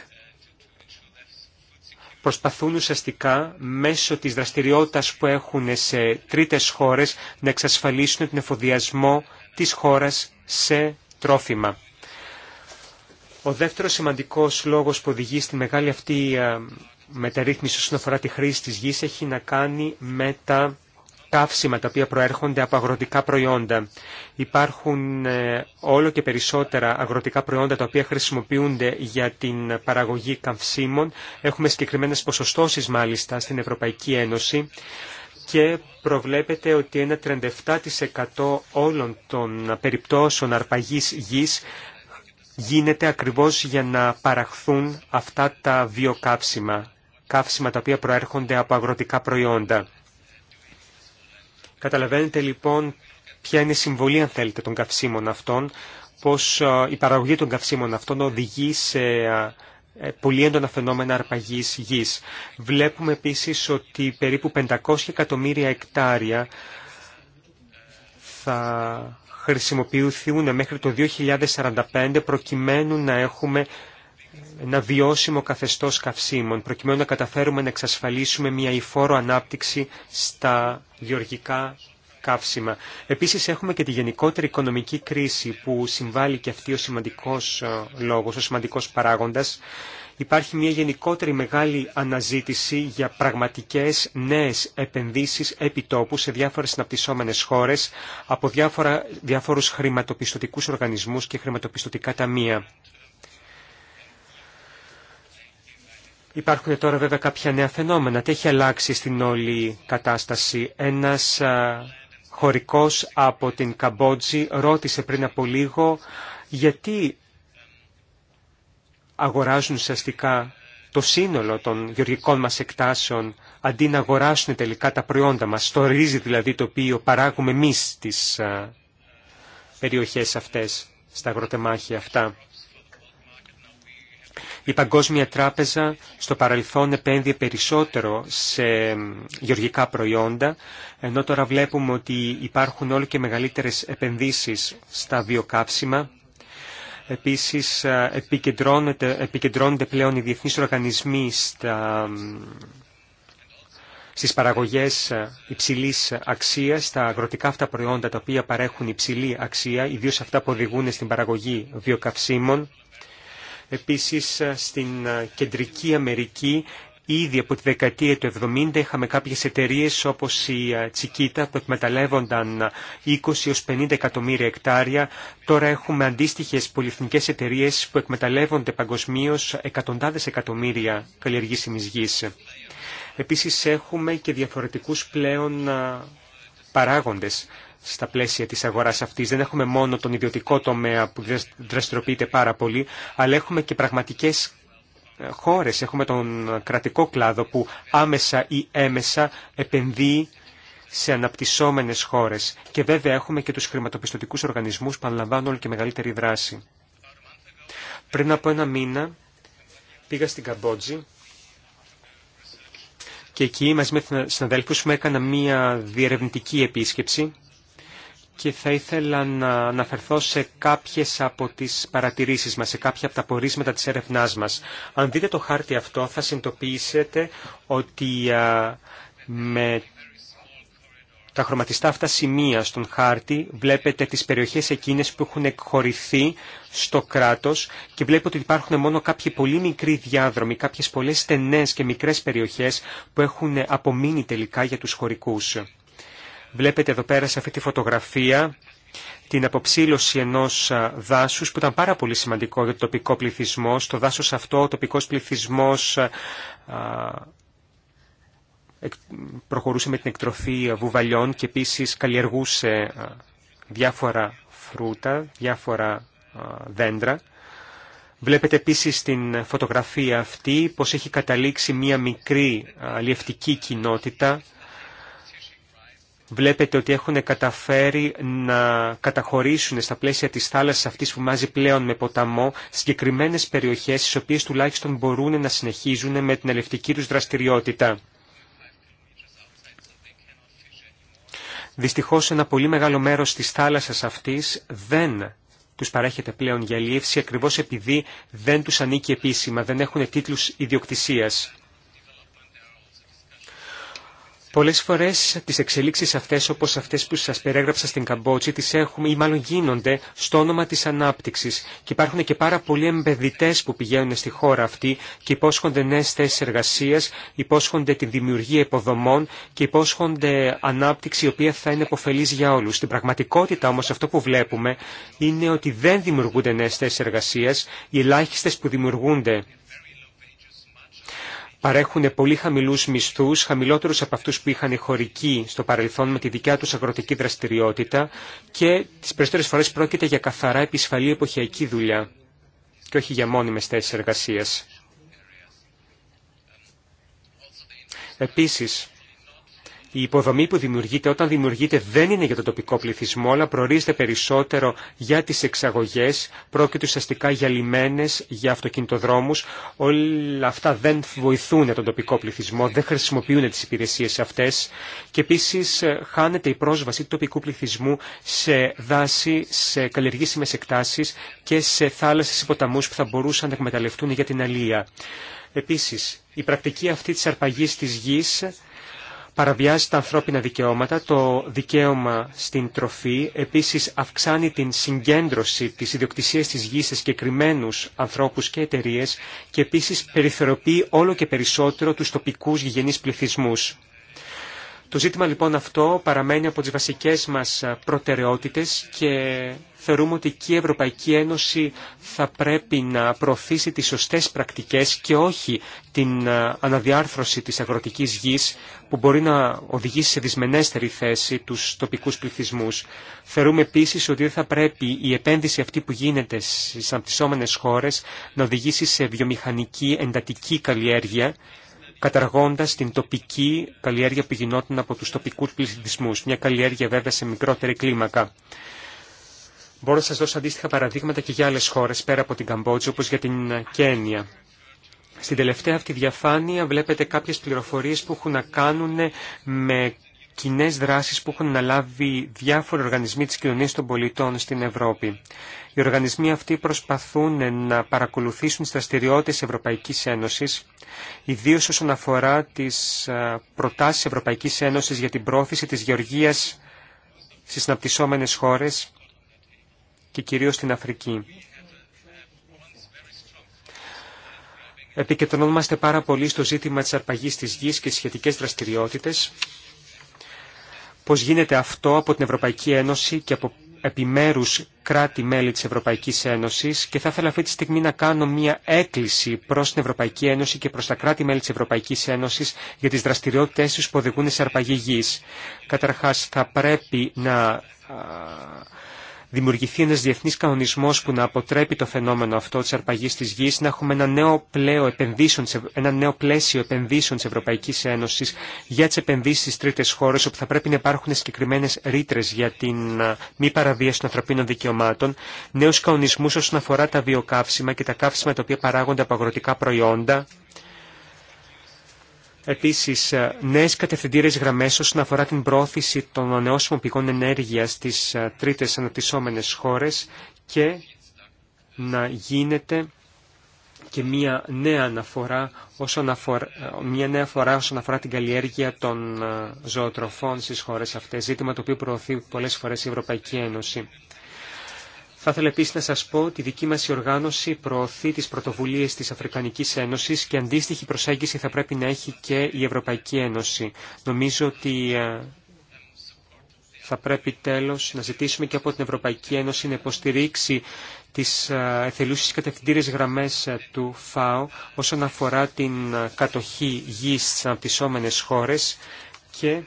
προσπαθούν ουσιαστικά μέσω της δραστηριότητας που έχουν σε τρίτες χώρες να εξασφαλίσουν τον εφοδιασμό της χώρας σε τρόφιμα. Ο δεύτερος σημαντικός λόγος που οδηγεί στη μεγάλη αυτή ε, μεταρρύθμιση όσον αφορά τη χρήση της γης έχει να κάνει με τα καύσιμα τα οποία προέρχονται από αγροτικά προϊόντα. Υπάρχουν ε, όλο και περισσότερα αγροτικά προϊόντα τα οποία χρησιμοποιούνται για την παραγωγή καυσίμων. Έχουμε συγκεκριμένες ποσοστώσεις μάλιστα στην Ευρωπαϊκή Ένωση και προβλέπεται ότι ένα 37% όλων των περιπτώσεων αρπαγής γης γίνεται ακριβώς για να παραχθούν αυτά τα βιοκάψιμα, καύσιμα τα οποία προέρχονται από αγροτικά προϊόντα. Καταλαβαίνετε λοιπόν ποια είναι η συμβολή αν θέλετε των καυσίμων αυτών, πως ε, η παραγωγή των καυσίμων αυτών οδηγεί σε ε, ε, πολύ έντονα φαινόμενα αρπαγής γης. Βλέπουμε επίσης ότι περίπου 500 εκατομμύρια εκτάρια θα χρησιμοποιηθούν μέχρι το 2045 προκειμένου να έχουμε ένα βιώσιμο καθεστώς καυσίμων, προκειμένου να καταφέρουμε να εξασφαλίσουμε μια υφόρο ανάπτυξη στα γεωργικά καύσιμα. Επίσης έχουμε και τη γενικότερη οικονομική κρίση που συμβάλλει και αυτή ο σημαντικός ε, λόγος, ο σημαντικός παράγοντας. Υπάρχει μια γενικότερη μεγάλη αναζήτηση για πραγματικές νέες επενδύσεις επιτόπου σε διάφορες συναπτυσσόμενες χώρες από διάφορα, διάφορους χρηματοπιστωτικούς οργανισμούς και χρηματοπιστωτικά ταμεία. Υπάρχουν τώρα βέβαια κάποια νέα φαινόμενα. Τι έχει αλλάξει στην όλη κατάσταση. Ένας χωρικός από την Καμπότζη ρώτησε πριν από λίγο γιατί αγοράζουν ουσιαστικά το σύνολο των γεωργικών μας εκτάσεων αντί να αγοράσουν τελικά τα προϊόντα μας, το ρύζι δηλαδή το οποίο παράγουμε εμείς στις περιοχές αυτές, στα αγροτεμάχια αυτά. Η Παγκόσμια Τράπεζα στο παρελθόν επένδυε περισσότερο σε γεωργικά προϊόντα, ενώ τώρα βλέπουμε ότι υπάρχουν όλο και μεγαλύτερες επενδύσεις στα βιοκάψιμα. Επίσης επικεντρώνονται πλέον οι διεθνείς οργανισμοί στα, στις παραγωγές υψηλής αξίας, στα αγροτικά αυτά προϊόντα τα οποία παρέχουν υψηλή αξία, ιδίως αυτά που οδηγούν στην παραγωγή βιοκαυσίμων. Επίσης ε, στην ε, Κεντρική Αμερική Ήδη από τη δεκαετία του 70 είχαμε κάποιες εταιρείες όπως η ε, Τσικίτα που εκμεταλλεύονταν 20 έως 50 εκατομμύρια εκτάρια. Τώρα έχουμε αντίστοιχες πολυεθνικές εταιρείες που εκμεταλλεύονται παγκοσμίως εκατοντάδες εκατομμύρια καλλιεργήσιμης γης. Επίσης έχουμε και διαφορετικούς πλέον παράγοντες στα πλαίσια της αγοράς αυτής. Δεν έχουμε μόνο τον ιδιωτικό τομέα που δραστηριοποιείται πάρα πολύ, αλλά έχουμε και πραγματικές ε, χώρες. Έχουμε τον κρατικό κλάδο που άμεσα ή έμεσα επενδύει σε αναπτυσσόμενες χώρες. Και βέβαια έχουμε και τους χρηματοπιστωτικούς οργανισμούς που αναλαμβάνουν όλο και μεγαλύτερη δράση. Πριν από ένα μήνα πήγα στην Καμπότζη και εκεί μαζί με συναδέλφους μου έκανα μία διερευνητική επίσκεψη και θα ήθελα να αναφερθώ σε κάποιες από τις παρατηρήσεις μας, σε κάποια από τα πορίσματα της έρευνάς μας. Αν δείτε το χάρτη αυτό θα συνειδητοποιήσετε ότι με τα χρωματιστά αυτά σημεία στον χάρτη βλέπετε τις περιοχές εκείνες που έχουν εκχωρηθεί στο κράτος και βλέπετε ότι υπάρχουν μόνο κάποιοι πολύ μικροί διάδρομοι, κάποιες πολλές στενές και μικρές περιοχές που έχουν απομείνει τελικά για τους χωρικούς. Βλέπετε εδώ πέρα σε αυτή τη φωτογραφία την αποψήλωση ενός δάσους που ήταν πάρα πολύ σημαντικό για το τοπικό πληθυσμό. Στο δάσος αυτό ο τοπικός πληθυσμός προχωρούσε με την εκτροφή βουβαλιών και επίσης καλλιεργούσε διάφορα φρούτα, διάφορα δέντρα. Βλέπετε επίσης στην φωτογραφία αυτή πως έχει καταλήξει μία μικρή αλλιευτική κοινότητα βλέπετε ότι έχουν καταφέρει να καταχωρήσουν στα πλαίσια της θάλασσας αυτής που μάζει πλέον με ποταμό συγκεκριμένες περιοχές στις οποίες τουλάχιστον μπορούν να συνεχίζουν με την ελευτική τους δραστηριότητα. Δυστυχώς ένα πολύ μεγάλο μέρος της θάλασσας αυτής δεν τους παρέχεται πλέον για λήψη ακριβώς επειδή δεν τους ανήκει επίσημα, δεν έχουν τίτλους ιδιοκτησίας. Πολλές φορές τις εξελίξεις αυτές όπως αυτές που σας περιέγραψα στην Καμπότζη τις έχουμε ή μάλλον γίνονται στο όνομα της ανάπτυξης και υπάρχουν και πάρα πολλοί εμπεδιτές που πηγαίνουν στη χώρα αυτή και υπόσχονται νέες θέσεις εργασίας, υπόσχονται τη δημιουργία υποδομών και υπόσχονται ανάπτυξη η οποία θα είναι υποφελής για όλους. Στην πραγματικότητα όμως αυτό που βλέπουμε είναι ότι δεν δημιουργούνται νέες θέσεις εργασίας, οι ελάχιστες που δημιουργούνται παρέχουν πολύ χαμηλού μισθού, χαμηλότερου από αυτού που είχαν χωρικοί στο παρελθόν με τη δικιά του αγροτική δραστηριότητα και τι περισσότερε φορέ πρόκειται για καθαρά επισφαλή εποχιακή δουλειά και όχι για μόνιμε θέσει εργασία. Επίσης, η υποδομή που δημιουργείται όταν δημιουργείται δεν είναι για τον τοπικό πληθυσμό, αλλά προορίζεται περισσότερο για τις εξαγωγές, πρόκειται ουσιαστικά για λιμένες, για αυτοκινητοδρόμους. Όλα αυτά δεν βοηθούν τον τοπικό πληθυσμό, δεν χρησιμοποιούν τις υπηρεσίες αυτές και επίσης ε, χάνεται η πρόσβαση του τοπικού πληθυσμού σε δάση, σε καλλιεργήσιμες εκτάσεις και σε θάλασσες υποταμούς που θα μπορούσαν να εκμεταλλευτούν για την αλία. Επίσης, η πρακτική αυτή της αρπαγής της γης παραβιάζει τα ανθρώπινα δικαιώματα, το δικαίωμα στην τροφή, επίσης αυξάνει την συγκέντρωση της ιδιοκτησίας της γης σε συγκεκριμένους ανθρώπους και εταιρείε και επίσης περιθωριοποιεί όλο και περισσότερο τους τοπικούς γηγενείς πληθυσμούς. Το ζήτημα λοιπόν αυτό παραμένει από τις βασικές μας προτεραιότητες και θεωρούμε ότι και η Ευρωπαϊκή Ένωση θα πρέπει να προωθήσει τις σωστές πρακτικές και όχι την ε, αναδιάρθρωση της αγροτικής γης που μπορεί να οδηγήσει σε δυσμενέστερη θέση τους τοπικούς πληθυσμούς. Θεωρούμε επίσης ότι δεν θα πρέπει η επένδυση αυτή που γίνεται στις αμπτυσσόμενες χώρες να οδηγήσει σε βιομηχανική εντατική καλλιέργεια καταργώντας την τοπική καλλιέργεια που γινόταν από τους τοπικούς πληθυσμούς, μια καλλιέργεια βέβαια σε μικρότερη κλίμακα. Μπορώ να σας δώσω αντίστοιχα παραδείγματα και για άλλες χώρες πέρα από την Καμπότζη, όπως για την Κένια. Στην τελευταία αυτή διαφάνεια βλέπετε κάποιες πληροφορίες που έχουν να κάνουν με κοινέ δράσεις που έχουν αναλάβει διάφοροι οργανισμοί της κοινωνίας των πολιτών στην Ευρώπη. Οι οργανισμοί αυτοί προσπαθούν να παρακολουθήσουν τις δραστηριότητες Ευρωπαϊκής Ένωσης, ιδίως όσον αφορά τις προτάσεις Ευρωπαϊκής Ένωσης για την πρόθεση της γεωργίας στις αναπτυσσόμενες χώρες και κυρίως στην Αφρική. Επικεντρωνόμαστε πάρα πολύ στο ζήτημα της αρπαγής της γης και σχετικές δραστηριότητες, πώς γίνεται αυτό από την Ευρωπαϊκή Ένωση και από επιμέρους κράτη-μέλη της Ευρωπαϊκής Ένωσης και θα ήθελα αυτή τη στιγμή να κάνω μια έκκληση προς την Ευρωπαϊκή Ένωση και προς τα κράτη-μέλη της Ευρωπαϊκής Ένωσης για τις δραστηριότητες τους που οδηγούν σε αρπαγή γης. Καταρχάς θα πρέπει να δημιουργηθεί ένας διεθνής κανονισμός που να αποτρέπει το φαινόμενο αυτό της αρπαγής της γης, να έχουμε ένα νέο, πλέο επενδύσεων, ένα νέο πλαίσιο επενδύσεων της Ευρωπαϊκής Ένωσης για τις επενδύσεις στις τρίτες χώρες, όπου θα πρέπει να υπάρχουν συγκεκριμένε ρήτρε για την μη παραβίαση των ανθρωπίνων δικαιωμάτων, νέους κανονισμούς όσον αφορά τα βιοκαύσιμα και τα καύσιμα τα οποία παράγονται από αγροτικά προϊόντα, Επίσης, ε, νέες κατευθυντήρε γραμμές όσον αφορά την πρόθεση των ανεώσιμων πηγών ενέργειας στις ε, τρίτες αναπτυσσόμενε χώρες και να γίνεται και μια νέα αναφορά όσον αφορά, ε, μια νέα φορά όσον αφορά την καλλιέργεια των ζωοτροφών στις χώρες αυτές, ζήτημα το οποίο προωθεί πολλές φορές η Ευρωπαϊκή Ένωση. Θα ήθελα επίση να σας πω ότι η δική μα οργάνωση προωθεί τι πρωτοβουλίες της Αφρικανικής Ένωση και αντίστοιχη προσέγγιση θα πρέπει να έχει και η Ευρωπαϊκή Ένωση. Νομίζω ότι ε, θα πρέπει τέλος να ζητήσουμε και από την Ευρωπαϊκή Ένωση να υποστηρίξει τις ε, εθελούσες κατευθυντήρες γραμμές ε, του ΦΑΟ όσον αφορά την κατοχή γης στις αναπτυσσόμενες χώρες και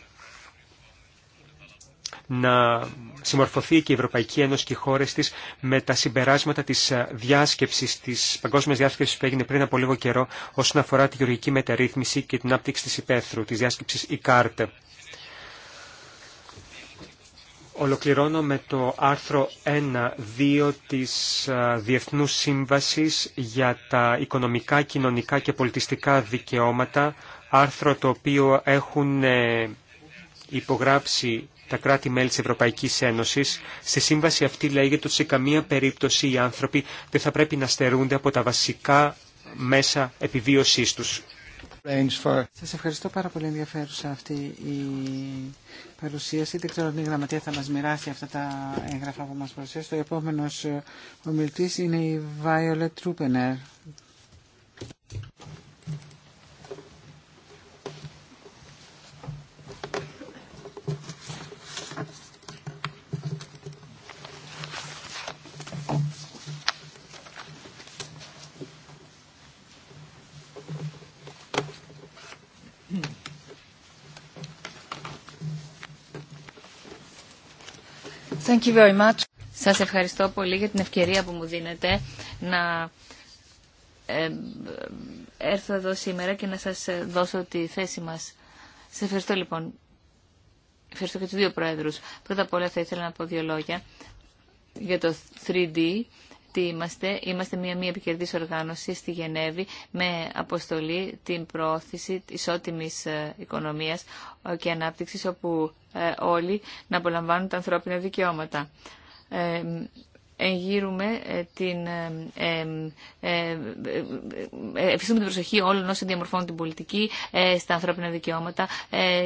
να συμμορφωθεί και η Ευρωπαϊκή Ένωση και οι χώρες της με τα συμπεράσματα της ε, διάσκεψης, της παγκόσμιας διάσκεψης που έγινε πριν από λίγο καιρό όσον αφορά τη γεωργική μεταρρύθμιση και την άπτυξη της υπαίθρου, της διάσκεψης Κάρτε Ολοκληρώνω με το άρθρο 1 1-2 της ε, Διεθνούς Σύμβασης για τα οικονομικά, κοινωνικά και πολιτιστικά δικαιώματα, άρθρο το οποίο έχουν ε, υπογράψει τα κράτη-μέλη της Ευρωπαϊκής Ένωσης. Στη σύμβαση αυτή λέγεται ότι σε καμία περίπτωση οι άνθρωποι δεν θα πρέπει να στερούνται από τα βασικά μέσα επιβίωσής τους. Σας ευχαριστώ πάρα πολύ ενδιαφέρουσα αυτή η παρουσίαση. Δεν ξέρω αν η γραμματεία θα μας μοιράσει αυτά τα έγγραφα που μας παρουσίασε. Το επόμενος ομιλητής είναι η Violet Τρούπενερ. Thank Σας ευχαριστώ πολύ για την ευκαιρία που μου δίνετε να ε, έρθω εδώ σήμερα και να σας δώσω τη θέση μας. Σας ευχαριστώ λοιπόν. Ευχαριστώ και τους δύο πρόεδρους. Πρώτα απ' όλα θα ήθελα να πω δύο λόγια για το 3D είμαστε. Είμαστε μια μη επικερδής οργάνωση στη Γενέβη με αποστολή την της ότιμης ε, οικονομίας ε, και ανάπτυξης όπου ε, όλοι να απολαμβάνουν τα ανθρώπινα δικαιώματα εγείρουμε ε, την, ε, ε, την προσοχή όλων όσων διαμορφώνουν την πολιτική στα ανθρώπινα δικαιώματα,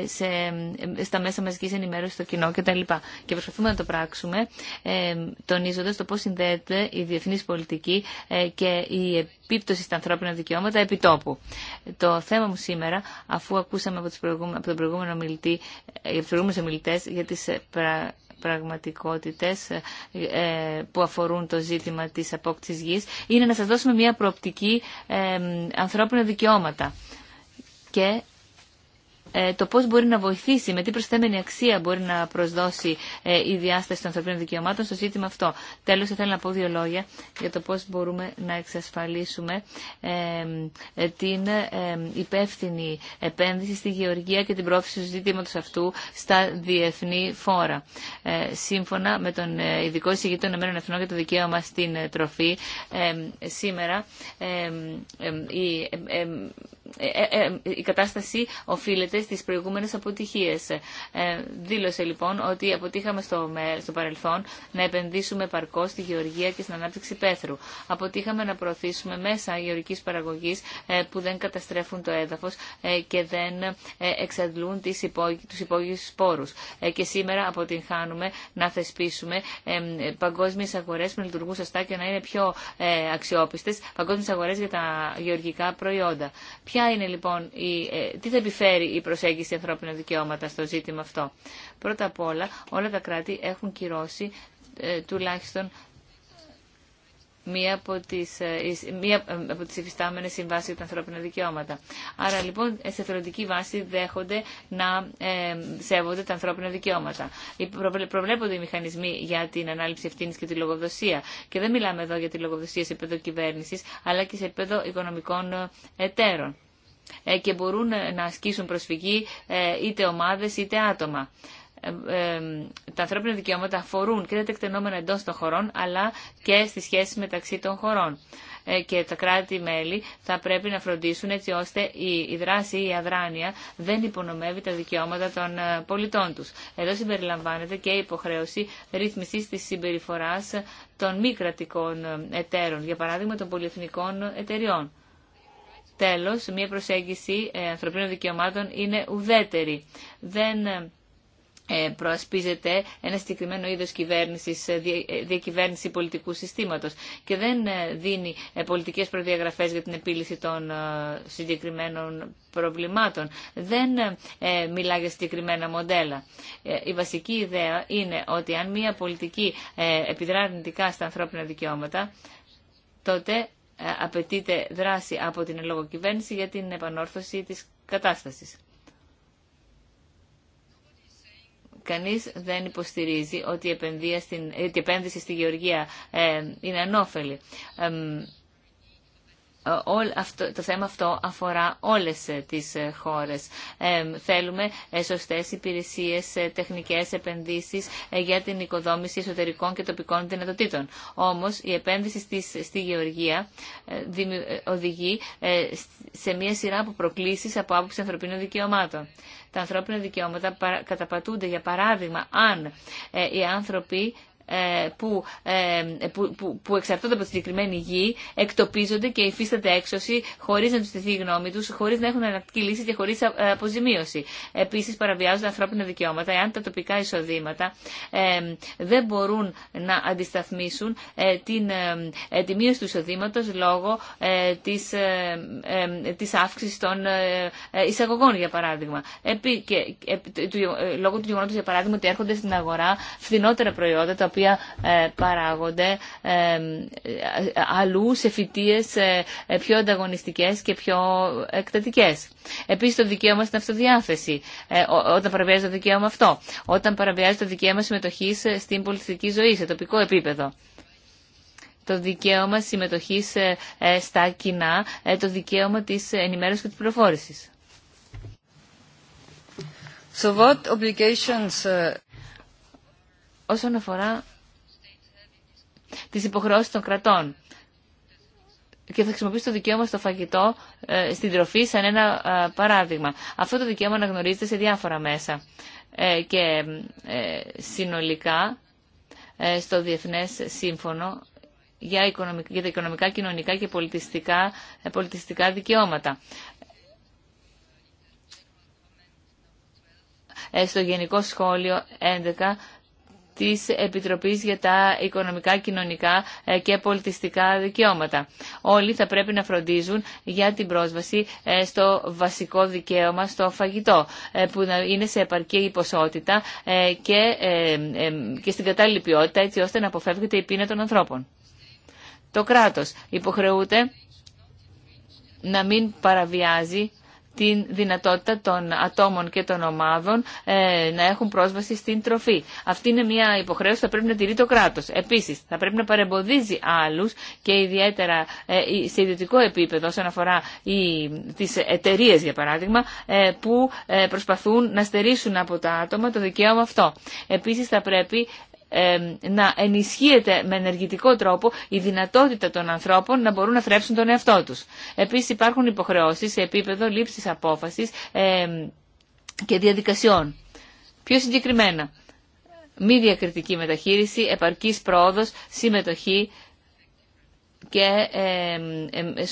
σε, στα μέσα μαζικής ενημέρωσης, στο κοινό κτλ. Και προσπαθούμε να το πράξουμε τονίζοντας το πώς συνδέεται η διεθνής πολιτική και η επίπτωση στα ανθρώπινα δικαιώματα επί τόπου. Το θέμα μου σήμερα, αφού ακούσαμε από, τον προηγούμενο μιλητή, για τους προηγούμενους για τις πραγματικότητες ε, ε, που αφορούν το ζήτημα της απόκτησης γης είναι να σας δώσουμε μια προοπτική ε, ανθρώπινα δικαιώματα και ε, το πώς μπορεί να βοηθήσει, με τι προσθέμενη αξία μπορεί να προσδώσει ε, η διάσταση των ανθρωπίνων δικαιωμάτων στο ζήτημα αυτό. Τέλος, θα ήθελα να πω δύο λόγια για το πώς μπορούμε να εξασφαλίσουμε ε, την υπεύθυνη επένδυση στη γεωργία και την πρόθεση του ζητήματος αυτού στα διεθνή φόρα. Σύμφωνα με τον ειδικό εισηγητή των για το δικαίωμα στην τροφή, σήμερα η κατάσταση οφείλεται αυτές τις προηγούμενες αποτυχίες. Ε, δήλωσε λοιπόν ότι αποτύχαμε στο, στο παρελθόν να επενδύσουμε παρκώς στη γεωργία και στην ανάπτυξη πέθρου. Αποτύχαμε να προωθήσουμε μέσα γεωργικής παραγωγής ε, που δεν καταστρέφουν το έδαφος ε, και δεν εξαντλούν τις υπόγει, τους υπόγειους σπόρους. και σήμερα αποτυγχάνουμε να θεσπίσουμε παγκόσμιες αγορές που να λειτουργούν σωστά και να είναι πιο αξιόπιστες, παγκόσμιες αγορές για τα γεωργικά προϊόντα. Ποια είναι λοιπόν, η, τι θα επιφέρει η προσέγγιση ανθρώπινα δικαιώματα στο ζήτημα αυτό. Πρώτα απ' όλα, όλα τα κράτη έχουν κυρώσει ε, τουλάχιστον μία από τις, ε, μία ε, από τις υφιστάμενες συμβάσεις για τα ανθρώπινα δικαιώματα. Άρα λοιπόν σε θεωρητική βάση δέχονται να ε, σέβονται τα ανθρώπινα δικαιώματα. Προβλέπονται οι μηχανισμοί για την ανάληψη ευθύνη και τη λογοδοσία. Και δεν μιλάμε εδώ για τη λογοδοσία σε επίπεδο κυβέρνηση, αλλά και σε επίπεδο οικονομικών εταίρων. Ε, και μπορούν ε, να ασκήσουν προσφυγή ε, είτε ομάδες είτε άτομα. Τα ανθρώπινα δικαιώματα αφορούν και τα τεκτενόμενα εντός των χωρών αλλά και στις σχέσεις μεταξύ των χωρών και τα κράτη-μέλη θα πρέπει να φροντίσουν έτσι ώστε η δράση ή η αδράνεια δεν υπονομεύει τα δικαιώματα των πολιτών τους. Εδώ συμπεριλαμβάνεται και η υποχρέωση ρύθμισης της συμπεριφοράς των μη κρατικών εταίρων, για παράδειγμα των πολυεθνικών εταιριών. Τέλος, μια προσέγγιση ε, ανθρωπίνων δικαιωμάτων είναι ουδέτερη. Δεν ε, προασπίζεται ένα συγκεκριμένο είδο κυβέρνηση, ε, διακυβέρνηση πολιτικού συστήματος και δεν δίνει πολιτικές προδιαγραφές για την επίλυση των συγκεκριμένων προβλημάτων. Δεν μιλά για συγκεκριμένα μοντέλα. Η βασική ιδέα είναι ότι αν μια πολιτική επιδρά αρνητικά στα ανθρώπινα δικαιώματα, τότε ε, απαιτείται δράση από την ελόγω για την επανόρθωση της κατάστασης. Κανείς δεν υποστηρίζει ότι η επένδυση στη Γεωργία ε, είναι ανώφελη. Ε, το θέμα αυτό αφορά όλες ε, τις ε, χώρες. θέλουμε σωστές υπηρεσίες, τεχνικές επενδύσεις για την οικοδόμηση εσωτερικών και τοπικών δυνατοτήτων. Όμως η επένδυση στη, στη γεωργία οδηγεί σε μία σειρά από προκλήσεις από άποψη ανθρωπίνων δικαιωμάτων. Τα ανθρώπινα δικαιώματα καταπατούνται, για παράδειγμα, αν οι άνθρωποι ε, που, ε, που, που, που εξαρτώνται από τη συγκεκριμένη γη, εκτοπίζονται και υφίσταται έξωση χωρί να του στηθεί η γνώμη του, χωρί να έχουν εναλλακτική λύση και χωρί ε, αποζημίωση. Επίση, παραβιάζονται ανθρώπινα δικαιώματα εάν τα τοπικά εισοδήματα δεν μπορούν να αντισταθμίσουν την, τη μείωση του εισοδήματο λόγω της, της αύξησης των εισαγωγών, για παράδειγμα. και, λόγω του γεγονότο, για παράδειγμα, ότι έρχονται στην αγορά φθηνότερα προϊόντα, τα οποία οποία ε, παράγονται ε, αλλού σε ε, πιο ανταγωνιστικές και πιο εκτατικές. Επίσης το δικαίωμα στην αυτοδιάθεση, όταν παραβιάζει το δικαίωμα αυτό, όταν παραβιάζει το δικαίωμα συμμετοχής στην πολιτιστική ζωή, σε τοπικό επίπεδο το δικαίωμα συμμετοχής στα κοινά, το δικαίωμα της ενημέρωσης και της πληροφόρησης. So what obligations όσον αφορά τις υποχρεώσεις των κρατών και θα χρησιμοποιήσω το δικαίωμα στο φαγητό, ε, στην τροφή, σαν ένα ε, παράδειγμα. Αυτό το δικαίωμα αναγνωρίζεται σε διάφορα μέσα. Ε, και συνολικά στο Διεθνές Σύμφωνο για, οικονομικά, τα οικονομικά, κοινωνικά και πολιτιστικά δικαιώματα. Στο Γενικό Σχόλιο 11 της Επιτροπής για τα Οικονομικά, Κοινωνικά ε, και Πολιτιστικά Δικαιώματα. Όλοι θα πρέπει να φροντίζουν για την πρόσβαση ε, στο βασικό δικαίωμα στο φαγητό, ε, που είναι σε επαρκή ποσότητα και, στην κατάλληλη ποιότητα, έτσι ώστε να αποφεύγεται η πείνα των ανθρώπων. Το κράτος υποχρεούται να μην παραβιάζει την δυνατότητα των ατόμων και των ομάδων ε, να έχουν πρόσβαση στην τροφή. Αυτή είναι μια υποχρέωση που θα πρέπει να τηρεί το κράτο. Επίσης, θα πρέπει να παρεμποδίζει άλλου και ιδιαίτερα ε, σε ιδιωτικό επίπεδο όσον αφορά τι εταιρείε, για παράδειγμα, ε, που ε, προσπαθούν να στερήσουν από τα άτομα το δικαίωμα αυτό. Επίσης, θα πρέπει να ενισχύεται με ενεργητικό τρόπο η δυνατότητα των ανθρώπων να μπορούν να θρέψουν τον εαυτό τους. Επίσης υπάρχουν υποχρεώσεις σε επίπεδο λήψης απόφασης και διαδικασιών. Πιο συγκεκριμένα, μη διακριτική μεταχείριση, επαρκής πρόοδος, συμμετοχή και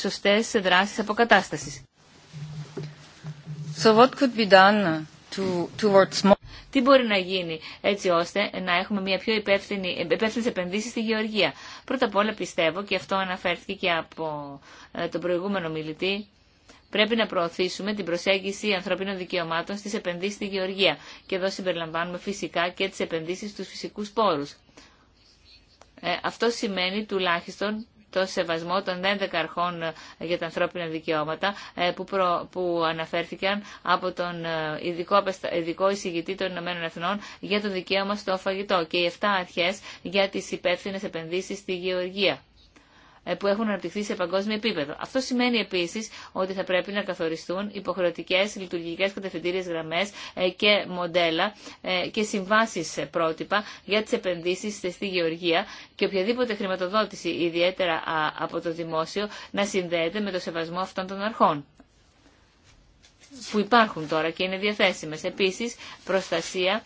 σωστές δράσεις αποκατάστασης. So what could be done τι μπορεί να γίνει έτσι ώστε να έχουμε μια πιο υπεύθυνη, υπεύθυνη επενδύσεις στη γεωργία. Πρώτα απ' όλα πιστεύω, και αυτό αναφέρθηκε και από ε, τον προηγούμενο μιλητή, πρέπει να προωθήσουμε την προσέγγιση ανθρωπίνων δικαιωμάτων στις επενδύσεις στη γεωργία. Και εδώ συμπεριλαμβάνουμε φυσικά και τις επενδύσεις στους φυσικούς πόρους. Ε, αυτό σημαίνει τουλάχιστον το σεβασμό των 11 αρχών ε, για τα ανθρώπινα δικαιώματα ε, που, που αναφέρθηκαν από τον ε, ειδικό, ειδικό εισηγητή των Ηνωμένων Εθνών για το δικαίωμα στο φαγητό και οι 7 αρχές για τις υπεύθυνε επενδύσεις στη γεωργία. Ε, που έχουν αναπτυχθεί σε παγκόσμιο επίπεδο. Αυτό σημαίνει επίση ότι θα πρέπει να καθοριστούν υποχρεωτικέ λειτουργικέ κατευθυντήριε γραμμέ ε, και μοντέλα ε, και συμβάσει πρότυπα για τι επενδύσει στη γεωργία και οποιαδήποτε χρηματοδότηση, ιδιαίτερα από το δημόσιο, να συνδέεται με το σεβασμό αυτών των αρχών που υπάρχουν τώρα και είναι διαθέσιμες. Επίσης, προστασία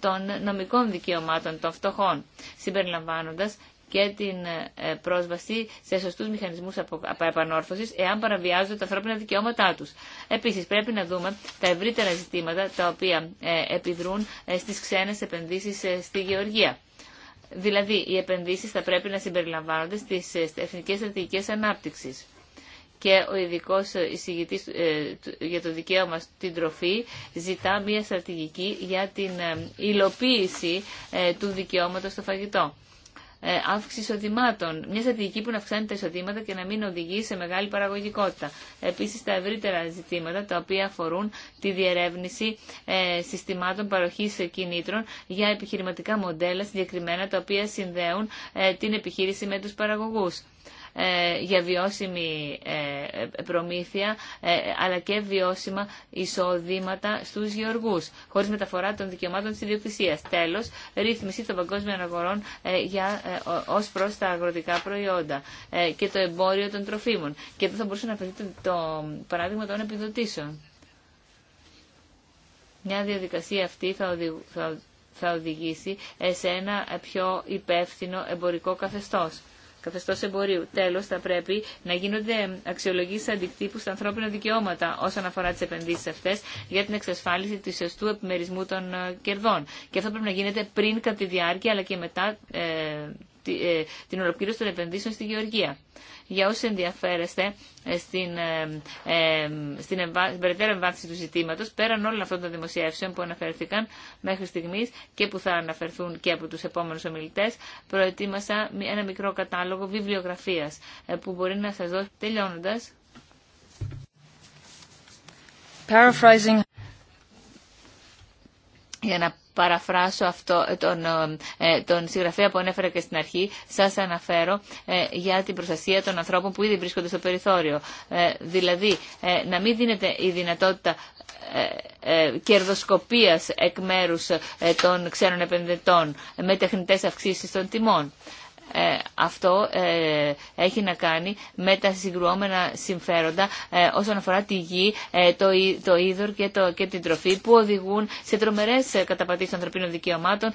των νομικών δικαιωμάτων των φτωχών, συμπεριλαμβάνοντας και την ε, πρόσβαση σε σωστού μηχανισμού επανόρθωση εάν παραβιάζονται τα ανθρώπινα δικαιώματά του. Επίση, πρέπει να δούμε τα ευρύτερα ζητήματα τα οποία ε, επιδρούν ε, στις ξένες επενδύσεις στη γεωργία. Δηλαδή, οι επενδύσει θα πρέπει να συμπεριλαμβάνονται στις εθνικέ στρατηγικές ανάπτυξη. και ο ειδικό εισηγητής για το δικαίωμα στην τροφή ζητά μια στρατηγική για την υλοποίηση του δικαιώματο στο φαγητό. Ε, αύξηση εισοδημάτων. Μια στρατηγική που να αυξάνει τα εισοδήματα και να μην οδηγεί σε μεγάλη παραγωγικότητα. Επίση, τα ευρύτερα ζητήματα τα οποία αφορούν τη διερεύνηση ε, συστημάτων παροχή κινήτρων για επιχειρηματικά μοντέλα συγκεκριμένα τα οποία συνδέουν ε, την επιχείρηση με του παραγωγού. Ε, για βιώσιμη ε, προμήθεια ε, αλλά και βιώσιμα εισοδήματα στους γεωργούς χωρίς μεταφορά των δικαιωμάτων της ιδιοκτησίας. Τέλος, ρύθμιση των παγκόσμιων αγορών για, ως προς τα αγροτικά προϊόντα και το εμπόριο των τροφίμων. Και εδώ θα μπορούσε να φερθεί το παράδειγμα των επιδοτήσεων. Μια διαδικασία αυτή θα, θα, θα οδηγήσει σε ένα πιο υπεύθυνο εμπορικό καθεστώς καθεστώς εμπορίου. Τέλο, θα πρέπει να γίνονται αξιολογήσεις αντικτύπου στα ανθρώπινα δικαιώματα όσον αφορά τι επενδύσεις αυτές για την εξασφάλιση του σωστού επιμερισμού των ε, κερδών. Και αυτό πρέπει να γίνεται πριν, κατά τη διάρκεια, αλλά και μετά ε, ε, την ολοκλήρωση των επενδύσεων στη Γεωργία. Για όσοι ενδιαφέρεστε ε, στην, ε, ε στην, εμβα... περαιτέρω εμβάθυνση του ζητήματο, πέραν όλων αυτών των δημοσιεύσεων που αναφέρθηκαν μέχρι στιγμή και που θα αναφερθούν και από του επόμενου ομιλητέ, προετοίμασα ένα μικρό κατάλογο βιβλιογραφία που μπορεί να σα δώσει τελειώνοντα για να παραφράσω αυτό, τον, ε, τον συγγραφέα που ανέφερα και στην αρχή, σας αναφέρω ε, για την προστασία των ανθρώπων που ήδη βρίσκονται στο περιθώριο. Ε, δηλαδή, να μην δίνεται η δυνατότητα κερδοσκοπίας εκ μέρους των ξένων επενδυτών με τεχνητές αυξήσεις των τιμών ε, αυτό ε, έχει να κάνει με τα συγκρουόμενα συμφέροντα ε, όσον αφορά τη γη, ε, το, το είδωρ και, και την τροφή που οδηγούν σε τρομερές ε, καταπατήσεις ανθρωπίνων δικαιωμάτων,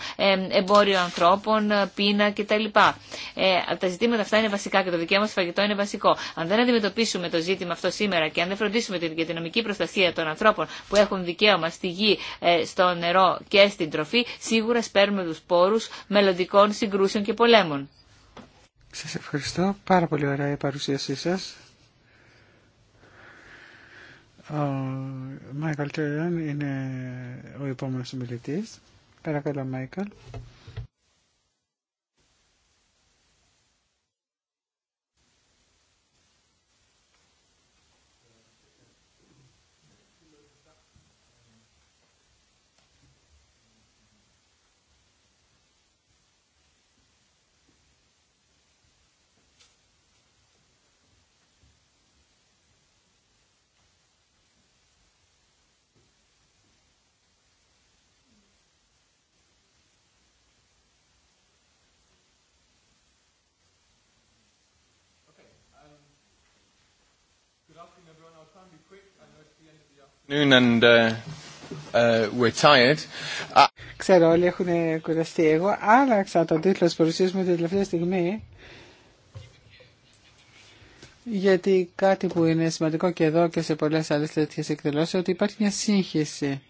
εμπόριο ανθρώπων, πείνα κτλ. Τα ζητήματα αυτά είναι βασικά και το δικαίωμα στο φαγητό είναι βασικό. Αν δεν αντιμετωπίσουμε το ζήτημα αυτό σήμερα και αν δεν φροντίσουμε την κοινωνική προστασία των ανθρώπων που έχουν δικαίωμα στη γη, στο νερό και στην τροφή, σίγουρα σπέρνουμε τους πόρους μελλοντικών συγκρούσεων και πολέμων. Σας ευχαριστώ. Πάρα πολύ ωραία η παρουσίασή σας. Ο Μάικλ Τέριαν είναι ο επόμενος ομιλητής. Παρακαλώ, Μάικλ. Uh, uh, uh, Ξέρω όλοι έχουν κουραστεί. Εγώ άλλαξα τον τίτλο της παρουσίας μου την τελευταία στιγμή γιατί κάτι που είναι σημαντικό και εδώ και σε πολλές άλλες τέτοιες εκδηλώσεις ότι υπάρχει μια σύγχυση.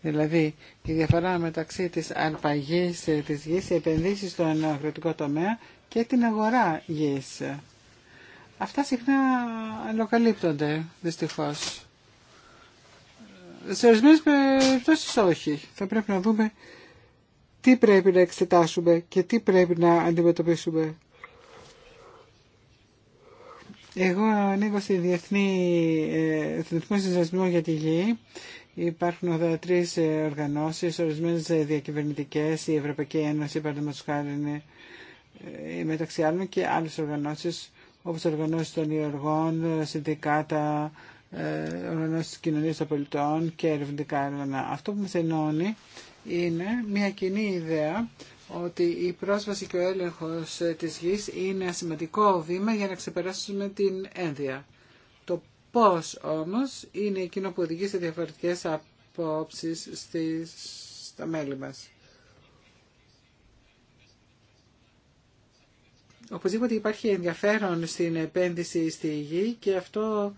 Δηλαδή η διαφορά μεταξύ της αρπαγής της γης, οι επενδύσεις στον αγροτικό τομέα και την αγορά γη. Αυτά συχνά αλλοκαλύπτονται δυστυχώς σε ορισμένε περιπτώσει όχι. Θα πρέπει να δούμε τι πρέπει να εξετάσουμε και τι πρέπει να αντιμετωπίσουμε. Εγώ ανοίγω στη Διεθνή, ε, Συνδεσμό για τη Γη. Υπάρχουν εδώ τρει ε, οργανώσει, ορισμένε διακυβερνητικέ, η Ευρωπαϊκή Ένωση, παραδείγματο χάρη, ε, μεταξύ άλλων και άλλε οργανώσει, όπω οργανώσει των Ιωργών, ε, συνδικάτα, ε, οργανώσεις κοινωνία των πολιτών και ερευνητικά έργανα. Αυτό που μας ενώνει είναι μια κοινή ιδέα ότι η πρόσβαση και ο έλεγχο ε, της γης είναι ένα σημαντικό βήμα για να ξεπεράσουμε την ένδυα. Το πώς όμως είναι εκείνο που οδηγεί σε διαφορετικές απόψει στα μέλη μας. Οπωσδήποτε υπάρχει ενδιαφέρον στην επένδυση στη γη και αυτό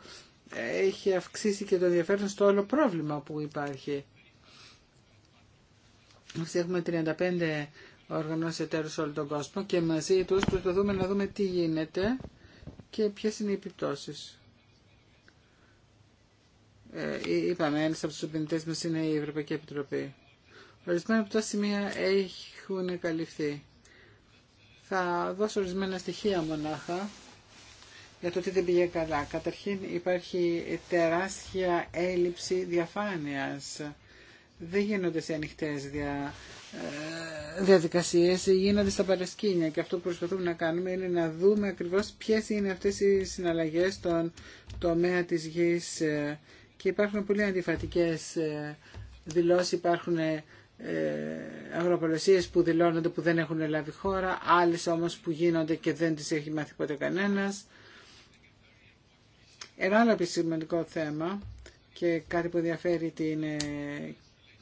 έχει αυξήσει και το ενδιαφέρον στο όλο πρόβλημα που υπάρχει. έχουμε 35 οργανώσει εταίρου σε όλο τον κόσμο και μαζί τους προσπαθούμε να δούμε τι γίνεται και ποιες είναι οι επιπτώσεις. Ε, είπαμε, ένας από τους επενδυτές μας είναι η Ευρωπαϊκή Επιτροπή. Ορισμένα από τα σημεία έχουν καλυφθεί. Θα δώσω ορισμένα στοιχεία μονάχα για το τι δεν πήγε καλά. Καταρχήν υπάρχει τεράστια έλλειψη διαφάνειας. Δεν γίνονται σε ανοιχτέ δια, ε, διαδικασίες, γίνονται στα παρασκήνια και αυτό που προσπαθούμε να κάνουμε είναι να δούμε ακριβώς ποιε είναι αυτές οι συναλλαγέ στον τομέα της γη. Ε, και υπάρχουν πολύ αντιφατικές ε, δηλώσεις, υπάρχουν αγροπολωσίες που δηλώνονται που δεν έχουν λάβει χώρα, άλλες όμως που γίνονται και δεν τις έχει μάθει ποτέ κανένας. Ένα άλλο επιστημονικό θέμα και κάτι που ενδιαφέρει την ε,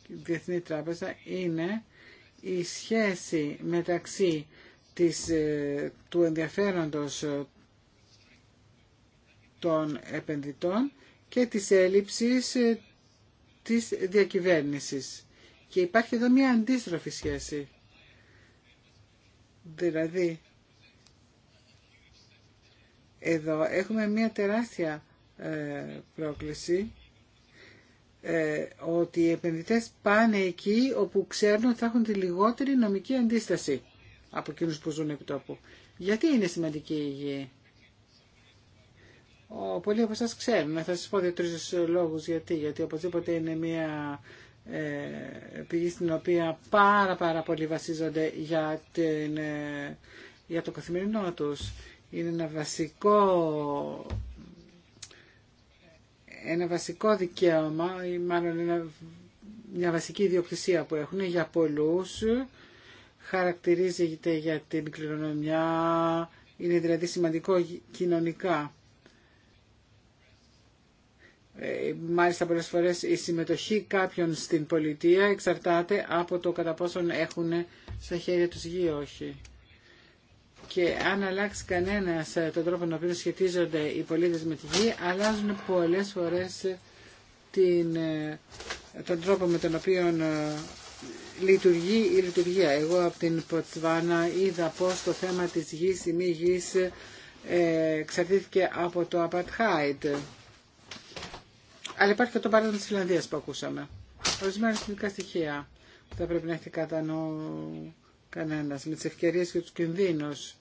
Διεθνή Τράπεζα είναι η σχέση μεταξύ της, ε, του ενδιαφέροντος ε, των επενδυτών και της έλλειψης της διακυβέρνησης. Και υπάρχει εδώ μια αντίστροφη σχέση. Δηλαδή, εδώ έχουμε μια τεράστια ε, πρόκληση ε, ότι οι επενδυτές πάνε εκεί όπου ξέρουν ότι θα έχουν τη λιγότερη νομική αντίσταση από εκείνους που ζουν επί τόπου. Γιατί είναι σημαντική η υγεία. Ο, πολλοί από εσάς ξέρουν, θα σας πω δύο-τρεις λόγους γιατί. Γιατί οπωσδήποτε είναι μια ε, πηγή στην οποία πάρα πάρα πολύ βασίζονται για, την, ε, για το καθημερινό τους είναι ένα βασικό ένα βασικό δικαίωμα ή μάλλον μια βασική ιδιοκτησία που έχουν για πολλούς χαρακτηρίζεται για την κληρονομιά είναι δηλαδή σημαντικό κοινωνικά ε, μάλιστα πολλές φορές η συμμετοχή κάποιων στην πολιτεία εξαρτάται από το κατά πόσον έχουν στα χέρια τους γη όχι και αν αλλάξει κανένα ε, τον τρόπο τον οποίο σχετίζονται οι πολίτες με τη γη, αλλάζουν πολλές φορές ε, ε, τον τρόπο με τον οποίο λειτουργεί η λειτουργία. Εγώ από την Ποτσβάνα είδα πω το θέμα τη γη ή μη γη, εξαρτήθηκε από το Απατχάιντ. Αλλά υπάρχει και το παράδειγμα της Φιλανδία που ακούσαμε. Ορισμένα σημαντικά στοιχεία που θα πρέπει να έχετε κατά νου κανένας με τις ευκαιρίες και τους κινδύνους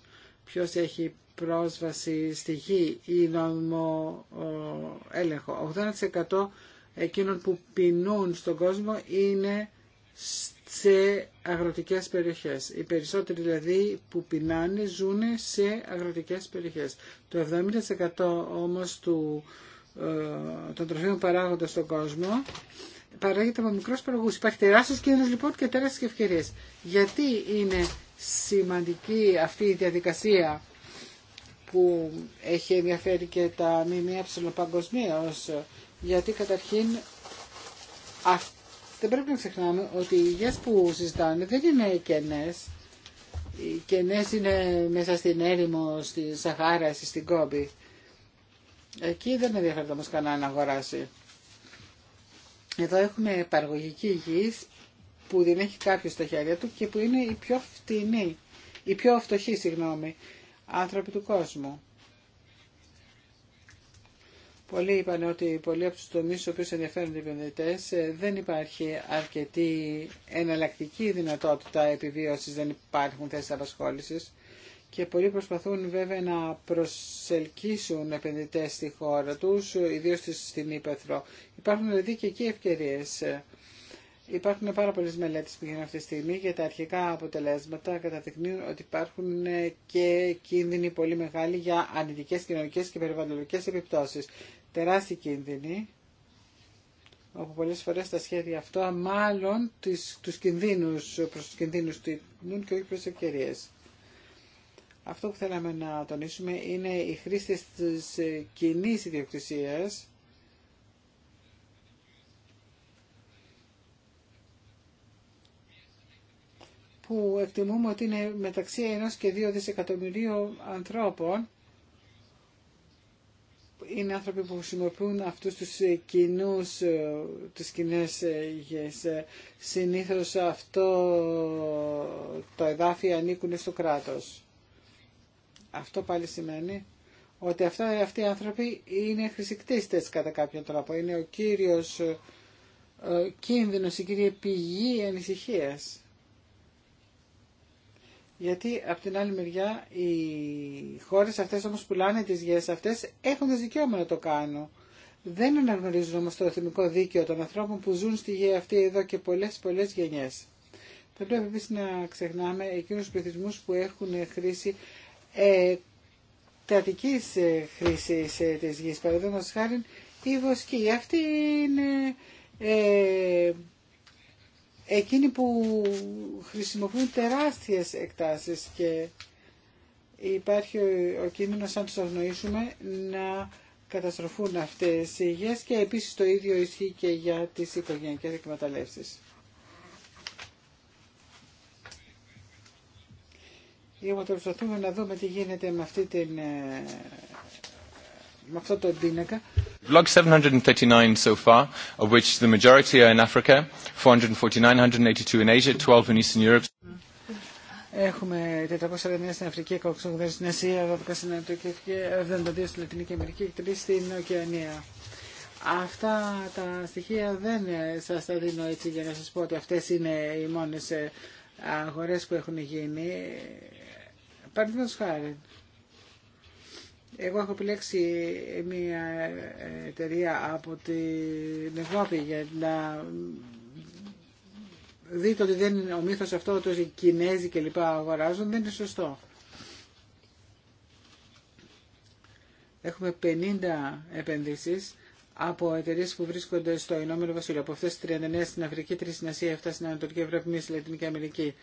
ποιος έχει πρόσβαση στη γη ή νόμιμο έλεγχο. 80% εκείνων που πεινούν στον κόσμο είναι σε αγροτικές περιοχές. Οι περισσότεροι δηλαδή που πεινάνε ζουν σε αγροτικές περιοχές. Το 70% όμως του, ε, των τροφίμων παράγοντα στον κόσμο παράγεται από μικρούς παραγωγούς. Υπάρχει τεράστιος κίνδυνος λοιπόν και τεράστιες ευκαιρίες. Γιατί είναι σημαντική αυτή η διαδικασία που έχει ενδιαφέρει και τα ΜΜΕ παγκοσμίω, γιατί καταρχήν δεν πρέπει να ξεχνάμε ότι οι υγείας που συζητάνε δεν είναι κενές. Οι κενές είναι μέσα στην έρημο, στη Σαχάρα, στην Κόμπη. Εκεί δεν ενδιαφέρεται όμως κανένα να αγοράσει. Εδώ έχουμε παραγωγική υγιής που δεν έχει κάποιο στα χέρια του και που είναι η πιο φτηνή, η πιο φτωχοί, συγγνώμη, άνθρωποι του κόσμου. Πολλοί είπαν ότι πολλοί από του τομεί στου οποίου ενδιαφέρονται οι επενδυτέ ε, δεν υπάρχει αρκετή εναλλακτική δυνατότητα επιβίωσης, δεν υπάρχουν θέσεις απασχόληση και πολλοί προσπαθούν βέβαια να προσελκύσουν επενδυτέ στη χώρα του, ιδίω στην Ήπεθρο. Υπάρχουν δηλαδή και εκεί ευκαιρίες. Υπάρχουν πάρα πολλές μελέτες που γίνονται αυτή τη στιγμή και τα αρχικά αποτελέσματα καταδεικνύουν ότι υπάρχουν ε, και κίνδυνοι πολύ μεγάλοι για ανητικές κοινωνικές και περιβαλλοντικές επιπτώσεις. Τεράστιοι κίνδυνοι, όπου πολλές φορές τα σχέδια αυτά μάλλον τις, τους κινδύνους, προς τους κινδύνους και όχι προς ευκαιρίες. Αυτό που θέλαμε να τονίσουμε είναι η χρήση της ε, κοινή ιδιοκτησίας, που εκτιμούμε ότι είναι μεταξύ ενός και δύο δισεκατομμυρίων ανθρώπων, είναι άνθρωποι που χρησιμοποιούν αυτούς τους κοινούς, τις κοινέ γης. Συνήθως αυτό το εδάφιο ανήκουν στο κράτος. Αυτό πάλι σημαίνει ότι αυτά, αυτοί οι άνθρωποι είναι χρησικτήστες κατά κάποιον τρόπο. Είναι ο κύριος ο ε, κίνδυνος, η κύρια πηγή ανησυχίας. Γιατί από την άλλη μεριά οι χώρες αυτές όμως πουλάνε τις γης αυτές έχουν δικαίωμα να το κάνουν. Δεν αναγνωρίζουν όμως το εθνικό δίκαιο των ανθρώπων που ζουν στη γη αυτή εδώ και πολλές πολλές γενιές. Θα πρέπει επίση να ξεχνάμε εκείνους τους πληθυσμούς που έχουν χρήση ε, κρατικής ε, χρήσης ε, της γης. Παραδείγματος χάρη η βοσκή. Αυτή είναι... Ε, εκείνοι που χρησιμοποιούν τεράστιες εκτάσεις και υπάρχει ο, ο αν τους αγνοήσουμε να καταστροφούν αυτές οι υγιές και επίσης το ίδιο ισχύει και για τις οικογενειακές εκμεταλλεύσεις. Για να προσπαθούμε να δούμε τι γίνεται με αυτή την ε, με αυτό το πίνακα. Vlog 739 so far, of which the majority are in Africa, 449, 182 in Asia, 12 in Eastern Europe. Έχουμε 409 στην Αφρική, 180 στην Ασία, 12 στην Ανατολική, 72 στην Λατινική Αμερική και 3 στην Οκεανία. Αυτά τα στοιχεία δεν σας τα δίνω έτσι για να σας πω ότι αυτές είναι οι μόνες ε, αγορές που έχουν γίνει. Παραδείγματος χάρη, εγώ έχω επιλέξει μια εταιρεία από την Ευρώπη για να δείτε ότι δεν είναι ο μύθος αυτό ότι οι Κινέζοι και λοιπά αγοράζουν δεν είναι σωστό. Έχουμε 50 επενδύσεις από εταιρείε που βρίσκονται στο Ηνωμένο Βασίλειο. Από αυτέ 39 στην Αφρική, 3 στην Ασία, 7 στην Ανατολική Ευρώπη, 1 στην Λατινική Αμερική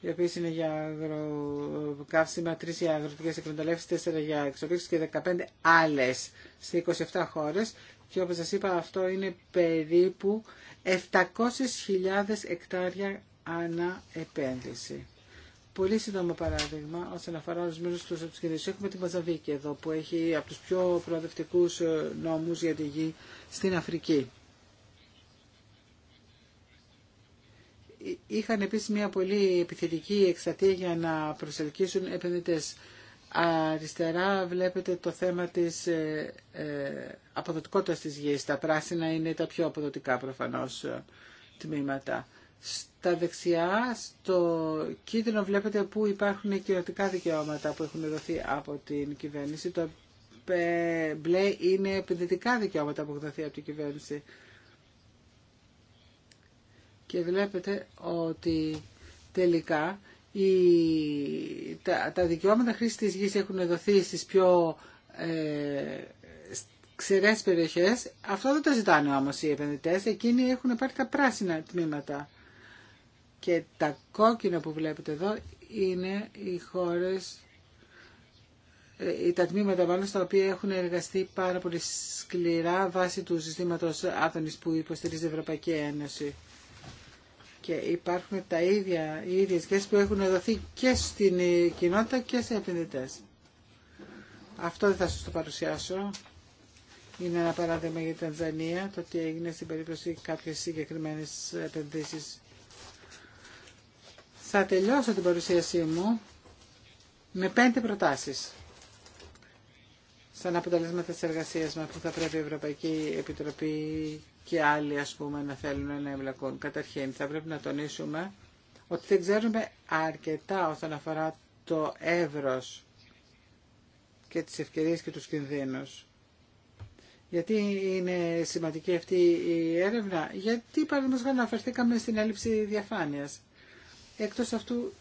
οι οποίε είναι για αγροκαύσιμα, 3 για αγροτικέ εκμεταλλεύσει, 4 για εξοπλίσει και 15 άλλε σε 27 χώρε. Και όπω σα είπα, αυτό είναι περίπου 700.000 εκτάρια ανά επένδυση. Πολύ σύντομο παράδειγμα όσον αφορά μήνε του επικοινωνίου. Έχουμε τη Μαζαβίκη εδώ που έχει από του πιο προοδευτικού ε, νόμου για τη γη στην Αφρική. είχαν επίσης μια πολύ επιθετική εξατία για να προσελκύσουν επενδυτές. Αριστερά βλέπετε το θέμα της ε, ε, αποδοτικότητας της γης. Τα πράσινα είναι τα πιο αποδοτικά προφανώς ε, τμήματα. Στα δεξιά, στο κίτρινο βλέπετε που υπάρχουν κοινωτικά δικαιώματα που έχουν δοθεί από την κυβέρνηση. Το μπλε είναι επενδυτικά δικαιώματα που έχουν δοθεί από την κυβέρνηση και βλέπετε ότι τελικά η, τα, τα δικαιώματα χρήση της γης έχουν δοθεί στις πιο ε, ξερές περιοχές. Αυτό δεν το ζητάνε όμως οι επενδυτές. Εκείνοι έχουν πάρει τα πράσινα τμήματα. Και τα κόκκινα που βλέπετε εδώ είναι οι χώρες, ε, τα τμήματα μάλλον στα οποία έχουν εργαστεί πάρα πολύ σκληρά βάσει του συστήματος Άθωνης που υποστηρίζει η Ευρωπαϊκή Ένωση και υπάρχουν τα ίδια, οι ίδιες σχέσεις που έχουν δοθεί και στην κοινότητα και σε επενδυτέ. Αυτό δεν θα σας το παρουσιάσω. Είναι ένα παράδειγμα για την Τανζανία, το τι έγινε στην περίπτωση κάποιες συγκεκριμένες επενδύσεις. Θα τελειώσω την παρουσίασή μου με πέντε προτάσεις σαν αποτελέσματα της εργασίας μας που θα πρέπει η Ευρωπαϊκή Επιτροπή και άλλοι ας πούμε να θέλουν να εμπλακούν. Καταρχήν θα πρέπει να τονίσουμε ότι δεν ξέρουμε αρκετά όσον αφορά το εύρος και τις ευκαιρίες και τους κινδύνους. Γιατί είναι σημαντική αυτή η έρευνα, γιατί παραδείγματος αναφερθήκαμε στην έλλειψη διαφάνειας. Εκτός αυτού,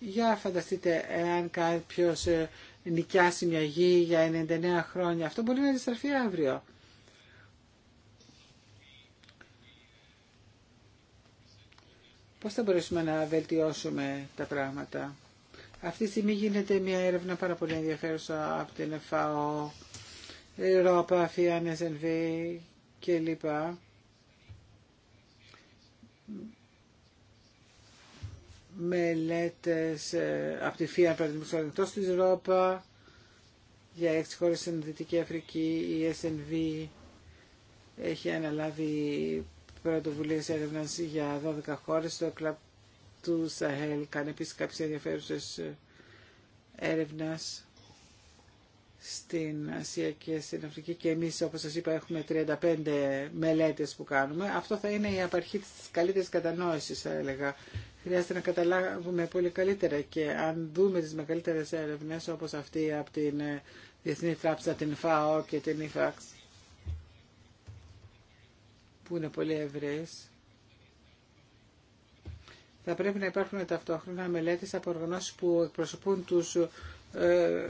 για φανταστείτε, εάν κάποιος ε, νοικιάσει μια γη για 99 χρόνια, αυτό μπορεί να αντιστραφεί αύριο. Πώς θα μπορέσουμε να βελτιώσουμε τα πράγματα. Αυτή τη στιγμή γίνεται μια έρευνα πάρα πολύ ενδιαφέρουσα από την ΕΦΑΟ, Ευρώπα, ΦΙΑΝ, SNV και λοιπά. Μελέτες ε, από τη ΦΙΑ, παραδείγματος εκτός της Ευρώπα, για έξι χώρες στην Δυτική Αφρική, η SNV έχει αναλάβει πρωτοβουλίε έρευνα για 12 χώρε. Το κλαπ του Σαχέλ κάνει επίση κάποιε ενδιαφέρουσε ε, έρευνε στην Ασία και στην Αφρική και εμείς όπως σας είπα έχουμε 35 μελέτες που κάνουμε. Αυτό θα είναι η απαρχή της καλύτερης κατανόησης θα έλεγα. Χρειάζεται να καταλάβουμε πολύ καλύτερα και αν δούμε τις μεγαλύτερες έρευνες όπως αυτή από την ε, Διεθνή Τράπεζα, την ΦΑΟ και την ΙΦΑΞ που είναι πολύ ευρύς, θα πρέπει να υπάρχουν ταυτόχρονα μελέτες από οργανώσεις που εκπροσωπούν τους ε,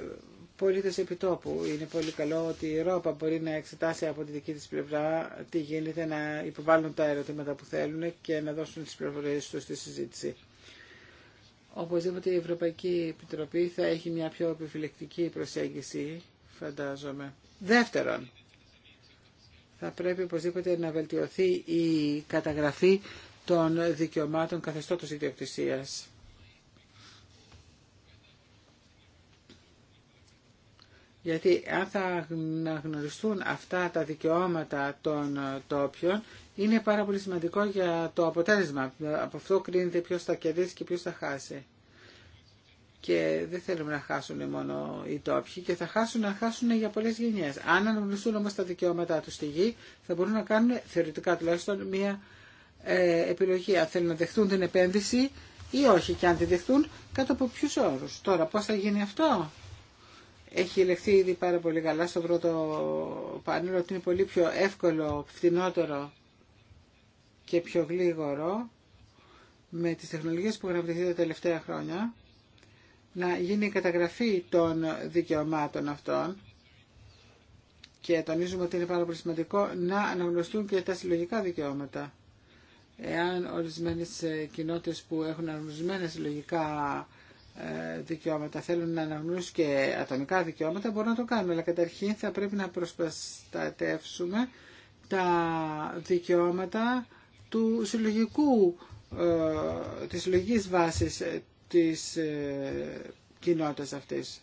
πολίτες επιτόπου. Είναι πολύ καλό ότι η Ευρώπη μπορεί να εξετάσει από τη δική της πλευρά τι γίνεται, να υποβάλουν τα ερωτήματα που θέλουν και να δώσουν τις πληροφορίες τους στη συζήτηση. Οπωσδήποτε η Ευρωπαϊκή Επιτροπή θα έχει μια πιο επιφυλεκτική προσέγγιση, φαντάζομαι. Δεύτερον, θα πρέπει οπωσδήποτε να βελτιωθεί η καταγραφή των δικαιωμάτων καθεστώτος ιδιοκτησίας. Γιατί αν θα γνωριστούν αυτά τα δικαιώματα των τόπιων, είναι πάρα πολύ σημαντικό για το αποτέλεσμα. Από αυτό κρίνεται ποιος θα κερδίσει και ποιος θα χάσει και δεν θέλουμε να χάσουν μόνο οι τόπιοι και θα χάσουν να χάσουν για πολλέ γενιέ. Αν αναγνωριστούν όμω τα δικαιώματά του στη γη θα μπορούν να κάνουν θεωρητικά τουλάχιστον μια ε, επιλογή αν θέλουν να δεχτούν την επένδυση ή όχι και αν τη δεχτούν κάτω από ποιου όρου. Τώρα πώ θα γίνει αυτό. Έχει ελεγχθεί ήδη πάρα πολύ καλά στο πρώτο πάνελ ότι είναι πολύ πιο εύκολο, φτηνότερο και πιο γλίγορο με τις τεχνολογίες που γραφτεί τα τελευταία χρόνια να γίνει η καταγραφή των δικαιωμάτων αυτών και τονίζουμε ότι είναι πάρα πολύ σημαντικό να αναγνωστούν και τα συλλογικά δικαιώματα. Εάν ορισμένες ε, κοινότητες που έχουν αναγνωσμένα συλλογικά ε, δικαιώματα θέλουν να αναγνωρίσουν και ατομικά δικαιώματα μπορούν να το κάνουν, αλλά καταρχήν θα πρέπει να προσπαστατεύσουμε τα δικαιώματα του συλλογικού, ε, της συλλογικής βάσης της ε, κοινότητας αυτής.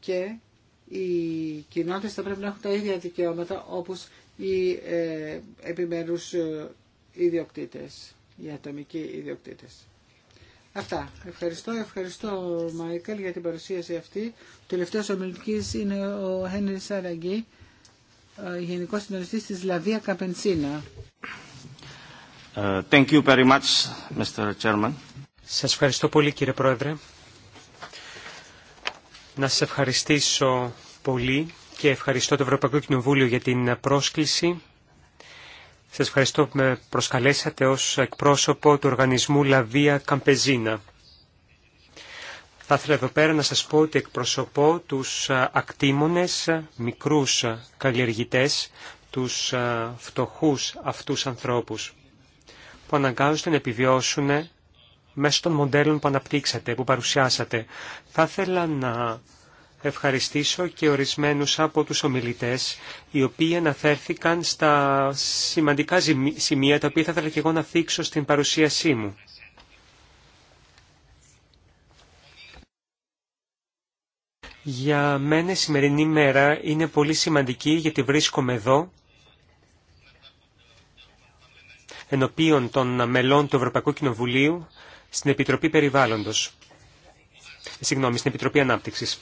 Και οι κοινότητες θα πρέπει να έχουν τα ίδια δικαιώματα όπως οι ε, επιμέρους ε, ιδιοκτήτες, οι ατομικοί ιδιοκτήτες. Αυτά. Ευχαριστώ, ευχαριστώ Μάικλ για την παρουσίαση αυτή. Ο τελευταίο ομιλητή είναι ο Χένρι Σαραγκή, ε, γενικός συντονιστής της Λαβία Καπενσίνα. Uh, thank Σας ευχαριστώ πολύ κύριε Πρόεδρε. Να σας ευχαριστήσω πολύ και ευχαριστώ το Ευρωπαϊκό Κοινοβούλιο για την πρόσκληση. Σας ευχαριστώ που με προσκαλέσατε ως εκπρόσωπο του οργανισμού Λαβία Καμπεζίνα. Θα ήθελα εδώ πέρα να σας πω ότι εκπροσωπώ τους ακτήμονες, μικρούς καλλιεργητές, τους ε, φτωχούς αυτούς ανθρώπους που αναγκάζονται να επιβιώσουν μέσω των μοντέλων που αναπτύξατε, που παρουσιάσατε. Θα ήθελα να ευχαριστήσω και ορισμένους από τους ομιλητές, οι οποίοι αναφέρθηκαν στα σημαντικά σημεία, τα οποία θα ήθελα και εγώ να θίξω στην παρουσίασή μου. Για μένα η σημερινή μέρα είναι πολύ σημαντική γιατί βρίσκομαι εδώ ενωπίων των μελών του Ευρωπαϊκού Κοινοβουλίου στην Επιτροπή Περιβάλλοντος. Συγγνώμη, στην Επιτροπή Ανάπτυξης.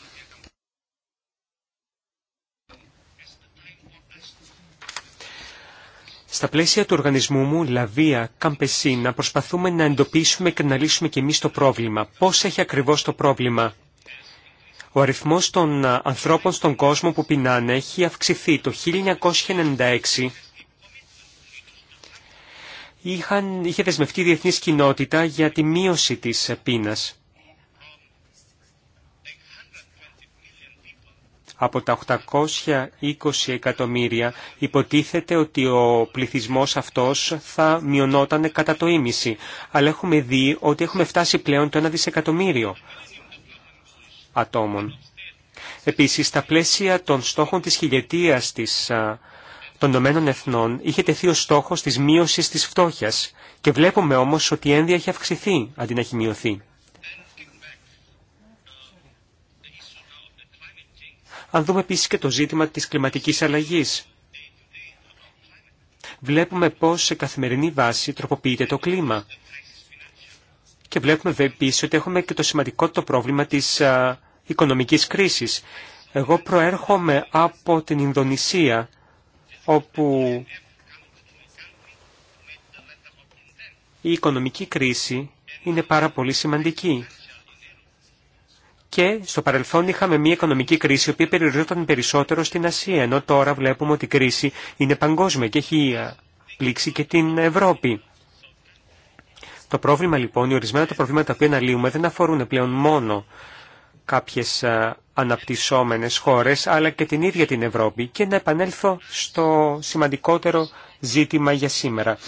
Στα πλαίσια του οργανισμού μου, Λαβία, Καμπεσίνα, προσπαθούμε να εντοπίσουμε και να λύσουμε και εμείς το πρόβλημα. Πώς έχει ακριβώς το πρόβλημα. Ο αριθμός των ανθρώπων στον κόσμο που πεινάνε έχει αυξηθεί. Το 1996 είχαν, είχε δεσμευτεί η διεθνής κοινότητα για τη μείωση της πείνας. από τα 820 εκατομμύρια υποτίθεται ότι ο πληθυσμός αυτός θα μειωνόταν κατά το ίμιση. Αλλά έχουμε δει ότι έχουμε φτάσει πλέον το 1 δισεκατομμύριο ατόμων. Επίσης, στα πλαίσια των στόχων της χιλιετίας της των Ηνωμένων Εθνών είχε τεθεί ο στόχος της μείωσης της φτώχειας και βλέπουμε όμως ότι η ένδια έχει αυξηθεί αντί να έχει μειωθεί. Αν δούμε επίσης και το ζήτημα της κλιματικής αλλαγής. Βλέπουμε πώς σε καθημερινή βάση τροποποιείται το κλίμα. Και βλέπουμε επίσης ότι έχουμε και το σημαντικό το πρόβλημα της οικονομικής κρίσης. Εγώ προέρχομαι από την Ινδονησία όπου η οικονομική κρίση είναι πάρα πολύ σημαντική. Και στο παρελθόν είχαμε μια οικονομική κρίση η οποία περιοριζόταν περισσότερο στην Ασία, ενώ τώρα βλέπουμε ότι η κρίση είναι παγκόσμια και έχει πλήξει και την Ευρώπη. Το πρόβλημα λοιπόν, οι ορισμένα τα προβλήματα που αναλύουμε δεν αφορούν πλέον μόνο κάποιες αναπτυσσόμενες χώρες αλλά και την ίδια την Ευρώπη και να επανέλθω στο σημαντικότερο ζήτημα για σήμερα.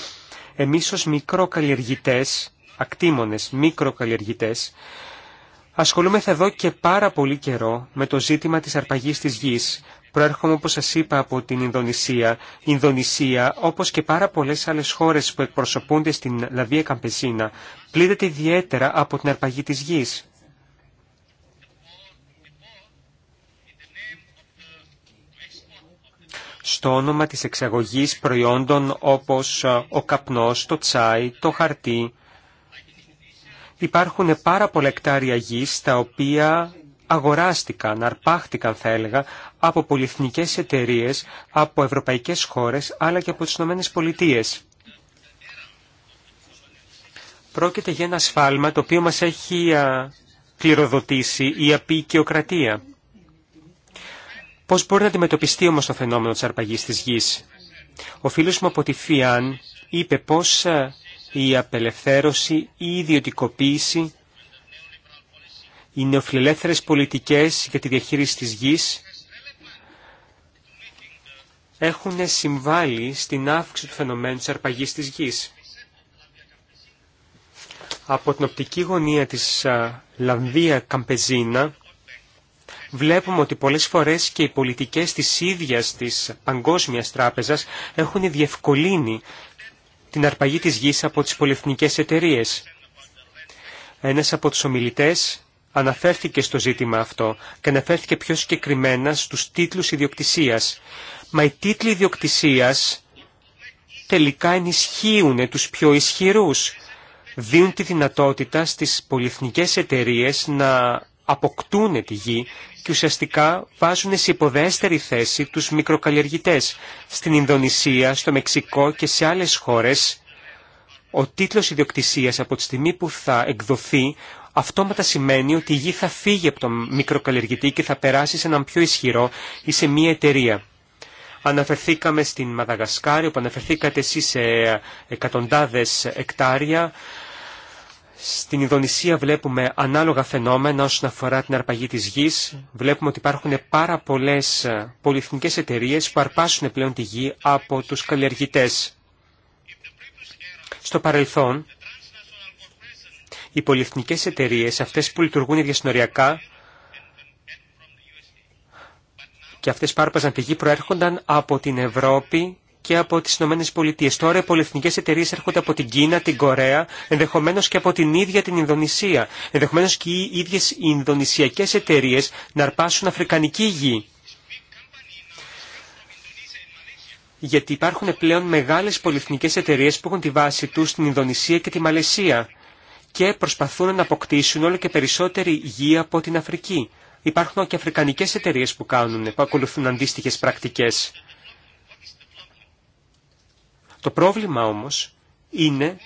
Εμείς ως μικροκαλλιεργητές, ακτήμονες μικροκαλλιεργητές, ασχολούμεθα εδώ και πάρα πολύ καιρό με το ζήτημα της αρπαγής της γης. Προέρχομαι, όπως σας είπα, από την Ινδονησία. Η Ινδονησία, όπως και πάρα πολλές άλλες χώρες που εκπροσωπούνται στην Λαβία Καμπεσίνα, πλήττεται ιδιαίτερα από την αρπαγή της γης. στο όνομα της εξαγωγής προϊόντων όπως ε, ο καπνός, το τσάι, το χαρτί. Υπάρχουν πάρα πολλά εκτάρια γης τα οποία αγοράστηκαν, αρπάχτηκαν θα έλεγα, από πολυεθνικές εταιρείες, από ευρωπαϊκές χώρες, αλλά και από τις Ηνωμένες Πολιτείες. Πρόκειται για ένα σφάλμα το οποίο μας έχει ε, κληροδοτήσει η απεικιοκρατία. Πώς μπορεί να αντιμετωπιστεί όμως το φαινόμενο της αρπαγής της γης. Ο φίλος μου από τη ΦΙΑΝ είπε πως ε, η απελευθέρωση ή η ιδιωτικοποίηση, οι νεοφιλελεύθερες πολιτικές για τη διαχείριση της γης έχουν συμβάλει στην αύξηση του φαινομένου της αρπαγής της γης. Από την οπτική γωνία της ε, Λανδία Καμπεζίνα βλέπουμε ότι πολλές φορές και οι πολιτικές της ίδιας της Παγκόσμιας Τράπεζας έχουν διευκολύνει την αρπαγή της γης από τις πολυεθνικές εταιρείε. Ένας από τους ομιλητές αναφέρθηκε στο ζήτημα αυτό και αναφέρθηκε πιο συγκεκριμένα στους τίτλους ιδιοκτησίας. Μα οι τίτλοι ιδιοκτησίας τελικά ενισχύουν τους πιο ισχυρούς. Δίνουν τη δυνατότητα στις πολυεθνικές εταιρείε να αποκτούν τη γη και ουσιαστικά βάζουν σε υποδέστερη θέση τους μικροκαλλιεργητές. Στην Ινδονησία, στο Μεξικό και σε άλλες χώρες, ο τίτλος ιδιοκτησίας από τη στιγμή που θα εκδοθεί αυτόματα σημαίνει ότι η γη θα φύγει από τον μικροκαλλιεργητή και θα περάσει σε έναν πιο ισχυρό ή σε μία εταιρεία. Αναφερθήκαμε στην Μαδαγασκάρη, όπου αναφερθήκατε εσείς σε εκατοντάδες εκτάρια. Στην Ινδονησία βλέπουμε ανάλογα φαινόμενα όσον αφορά την αρπαγή της γης. Βλέπουμε ότι υπάρχουν πάρα πολλές ε, πολυεθνικές εταιρείες που αρπάσουν πλέον τη γη από τους καλλιεργητές. Στο παρελθόν, οι πολυεθνικές εταιρείες, αυτές που λειτουργούν διασυνοριακά και αυτές που άρπαζαν τη γη προέρχονταν από την Ευρώπη και από τι Ηνωμένε Πολιτείε. Τώρα οι πολυεθνικέ εταιρείε έρχονται από την Κίνα, την Κορέα, ενδεχομένω και από την ίδια την Ινδονησία. ενδεχομένω και οι ίδιε οι Ινδονησιακέ εταιρείε να αρπάσουν αφρικανική γη. Γιατί υπάρχουν πλέον μεγάλε πολυεθνικέ εταιρείε που έχουν τη βάση του στην Ινδονησία και τη Μαλαισία και προσπαθούν να αποκτήσουν όλο και περισσότερη γη από την Αφρική. Υπάρχουν και αφρικανικές εταιρείες που, κάνουν, που ακολουθούν αντίστοιχες πρακτικές. Το πρόβλημα όμως είναι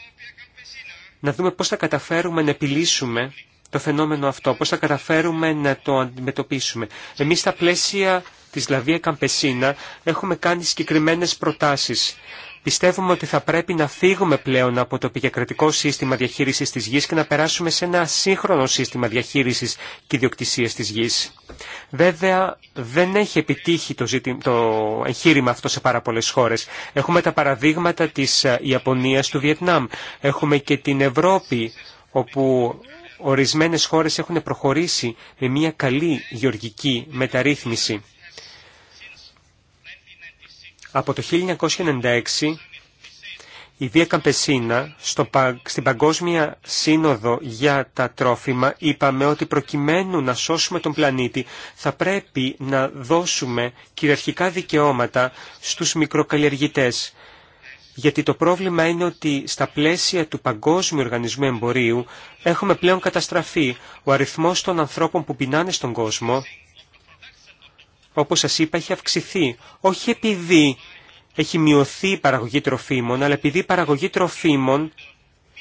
να δούμε πώς θα καταφέρουμε να επιλύσουμε το φαινόμενο αυτό, πώς θα καταφέρουμε να το αντιμετωπίσουμε. Εμείς στα πλαίσια της Λαβία Καμπεσίνα έχουμε κάνει συγκεκριμένες προτάσεις. Πιστεύουμε ότι θα πρέπει να φύγουμε πλέον από το επικεκρατικό σύστημα διαχείρισης της γης και να περάσουμε σε ένα σύγχρονο σύστημα διαχείρισης και ιδιοκτησίας της γης. Βέβαια, δεν έχει επιτύχει το, το εγχείρημα αυτό σε πάρα πολλές χώρες. Έχουμε τα παραδείγματα της ε, Ιαπωνίας, του Βιετνάμ. Έχουμε και την Ευρώπη, όπου ορισμένες χώρες έχουν προχωρήσει με μια καλή γεωργική μεταρρύθμιση. Από το 1996 η Δία Καμπεσίνα στην Παγκόσμια Σύνοδο για τα Τρόφιμα είπαμε ότι προκειμένου να σώσουμε τον πλανήτη θα πρέπει να δώσουμε κυριαρχικά δικαιώματα στους μικροκαλλιεργητές. Γιατί το πρόβλημα είναι ότι στα πλαίσια του Παγκόσμιου Οργανισμού Εμπορίου έχουμε πλέον καταστραφεί. Ο αριθμός των ανθρώπων που πεινάνε στον κόσμο όπως σας είπα, έχει αυξηθεί. Όχι επειδή έχει μειωθεί η παραγωγή τροφίμων, αλλά επειδή η παραγωγή τροφίμων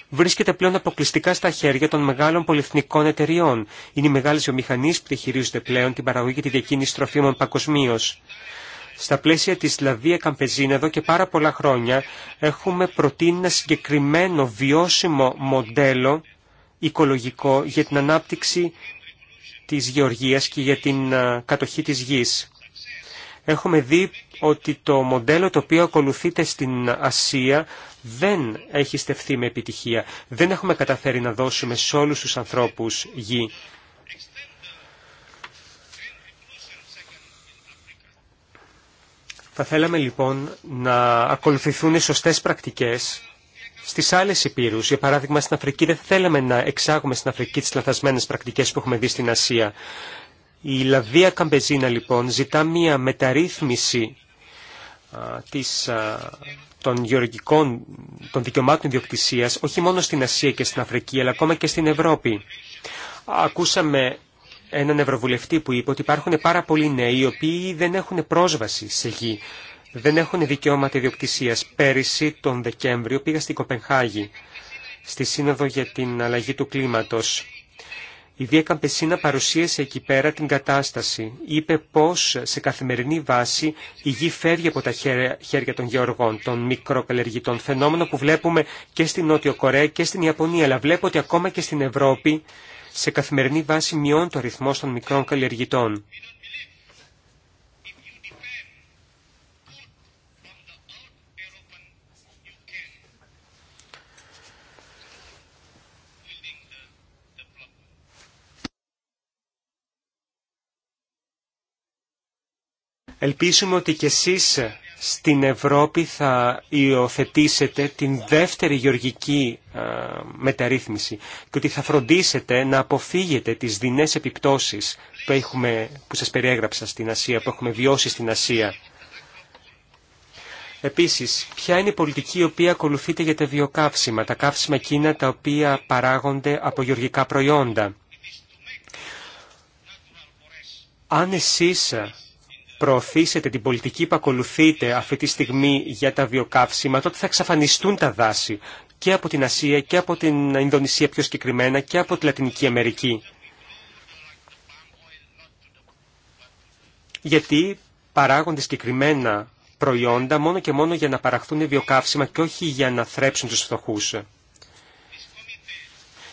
βρίσκεται πλέον αποκλειστικά στα χέρια των μεγάλων πολυεθνικών εταιριών. Είναι οι μεγάλες βιομηχανίες που διαχειρίζονται πλέον την παραγωγή και τη διακίνηση τροφίμων παγκοσμίω. Στα πλαίσια της Λαβία Καμπεζίνα εδώ και πάρα πολλά χρόνια έχουμε προτείνει ένα συγκεκριμένο βιώσιμο μοντέλο οικολογικό για την ανάπτυξη της γεωργίας και για την ε, κατοχή της γης. Έχουμε δει ότι το μοντέλο το οποίο ακολουθείται στην Ασία δεν έχει στεφθεί με επιτυχία. Δεν έχουμε καταφέρει να δώσουμε σε όλους τους ανθρώπους γη. Θα θέλαμε λοιπόν να ακολουθηθούν οι σωστές πρακτικές στι άλλε υπήρου. Για παράδειγμα, στην Αφρική δεν θέλαμε να εξάγουμε στην Αφρική τι λαθασμένες πρακτικέ που έχουμε δει στην Ασία. Η Λαβία Καμπεζίνα λοιπόν ζητά μία μεταρρύθμιση της, των γεωργικών, των δικαιωμάτων ιδιοκτησίας, όχι μόνο στην Ασία και στην Αφρική, αλλά ακόμα και στην Ευρώπη. Ακούσαμε έναν Ευρωβουλευτή που είπε ότι υπάρχουν πάρα πολλοί νέοι οι οποίοι δεν έχουν πρόσβαση σε γη δεν έχουν δικαιώματα ιδιοκτησία. Πέρυσι, τον Δεκέμβριο, πήγα στην Κοπενχάγη, στη Σύνοδο για την Αλλαγή του Κλίματος. Η Δία Καμπεσίνα παρουσίασε εκεί πέρα την κατάσταση. Είπε πως σε καθημερινή βάση η γη φεύγει από τα χέρια των γεωργών, των μικροκαλλιεργητών. Φαινόμενο που βλέπουμε και στην Νότιο Κορέα και στην Ιαπωνία. Αλλά βλέπω ότι ακόμα και στην Ευρώπη σε καθημερινή βάση μειώνει το αριθμό των μικρών καλλιεργητών. Ελπίζουμε ότι και εσείς στην Ευρώπη θα υιοθετήσετε την δεύτερη γεωργική ε, μεταρρύθμιση και ότι θα φροντίσετε να αποφύγετε τις δεινές επιπτώσεις που, έχουμε, που σας περιέγραψα στην Ασία, που έχουμε βιώσει στην Ασία. Επίσης, ποια είναι η πολιτική η οποία ακολουθείται για τα βιοκαύσιμα, τα καύσιμα εκείνα τα οποία παράγονται από γεωργικά προϊόντα. Αν εσείς προωθήσετε την πολιτική που ακολουθείτε αυτή τη στιγμή για τα βιοκαύσιμα, τότε θα εξαφανιστούν τα δάση και από την Ασία και από την Ινδονησία πιο συγκεκριμένα και από τη Λατινική Αμερική. Γιατί παράγονται συγκεκριμένα προϊόντα μόνο και μόνο για να παραχθούν βιοκαύσιμα και όχι για να θρέψουν τους φτωχούς.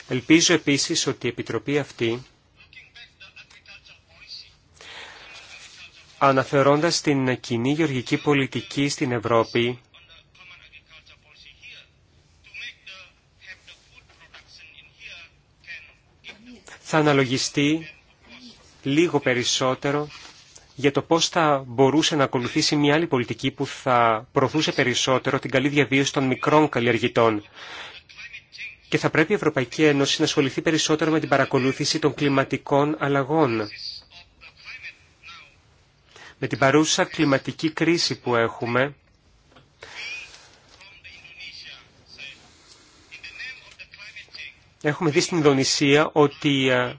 Ελπίζω επίσης ότι η Επιτροπή αυτή αναφερόντας την κοινή γεωργική πολιτική στην Ευρώπη θα αναλογιστεί λίγο περισσότερο για το πώς θα μπορούσε να ακολουθήσει μια άλλη πολιτική που θα προωθούσε περισσότερο την καλή διαβίωση των μικρών καλλιεργητών. Και θα πρέπει η Ευρωπαϊκή Ένωση να ασχοληθεί περισσότερο με την παρακολούθηση των κλιματικών αλλαγών με την παρούσα κλιματική κρίση που έχουμε, έχουμε δει στην Ινδονησία ότι ε,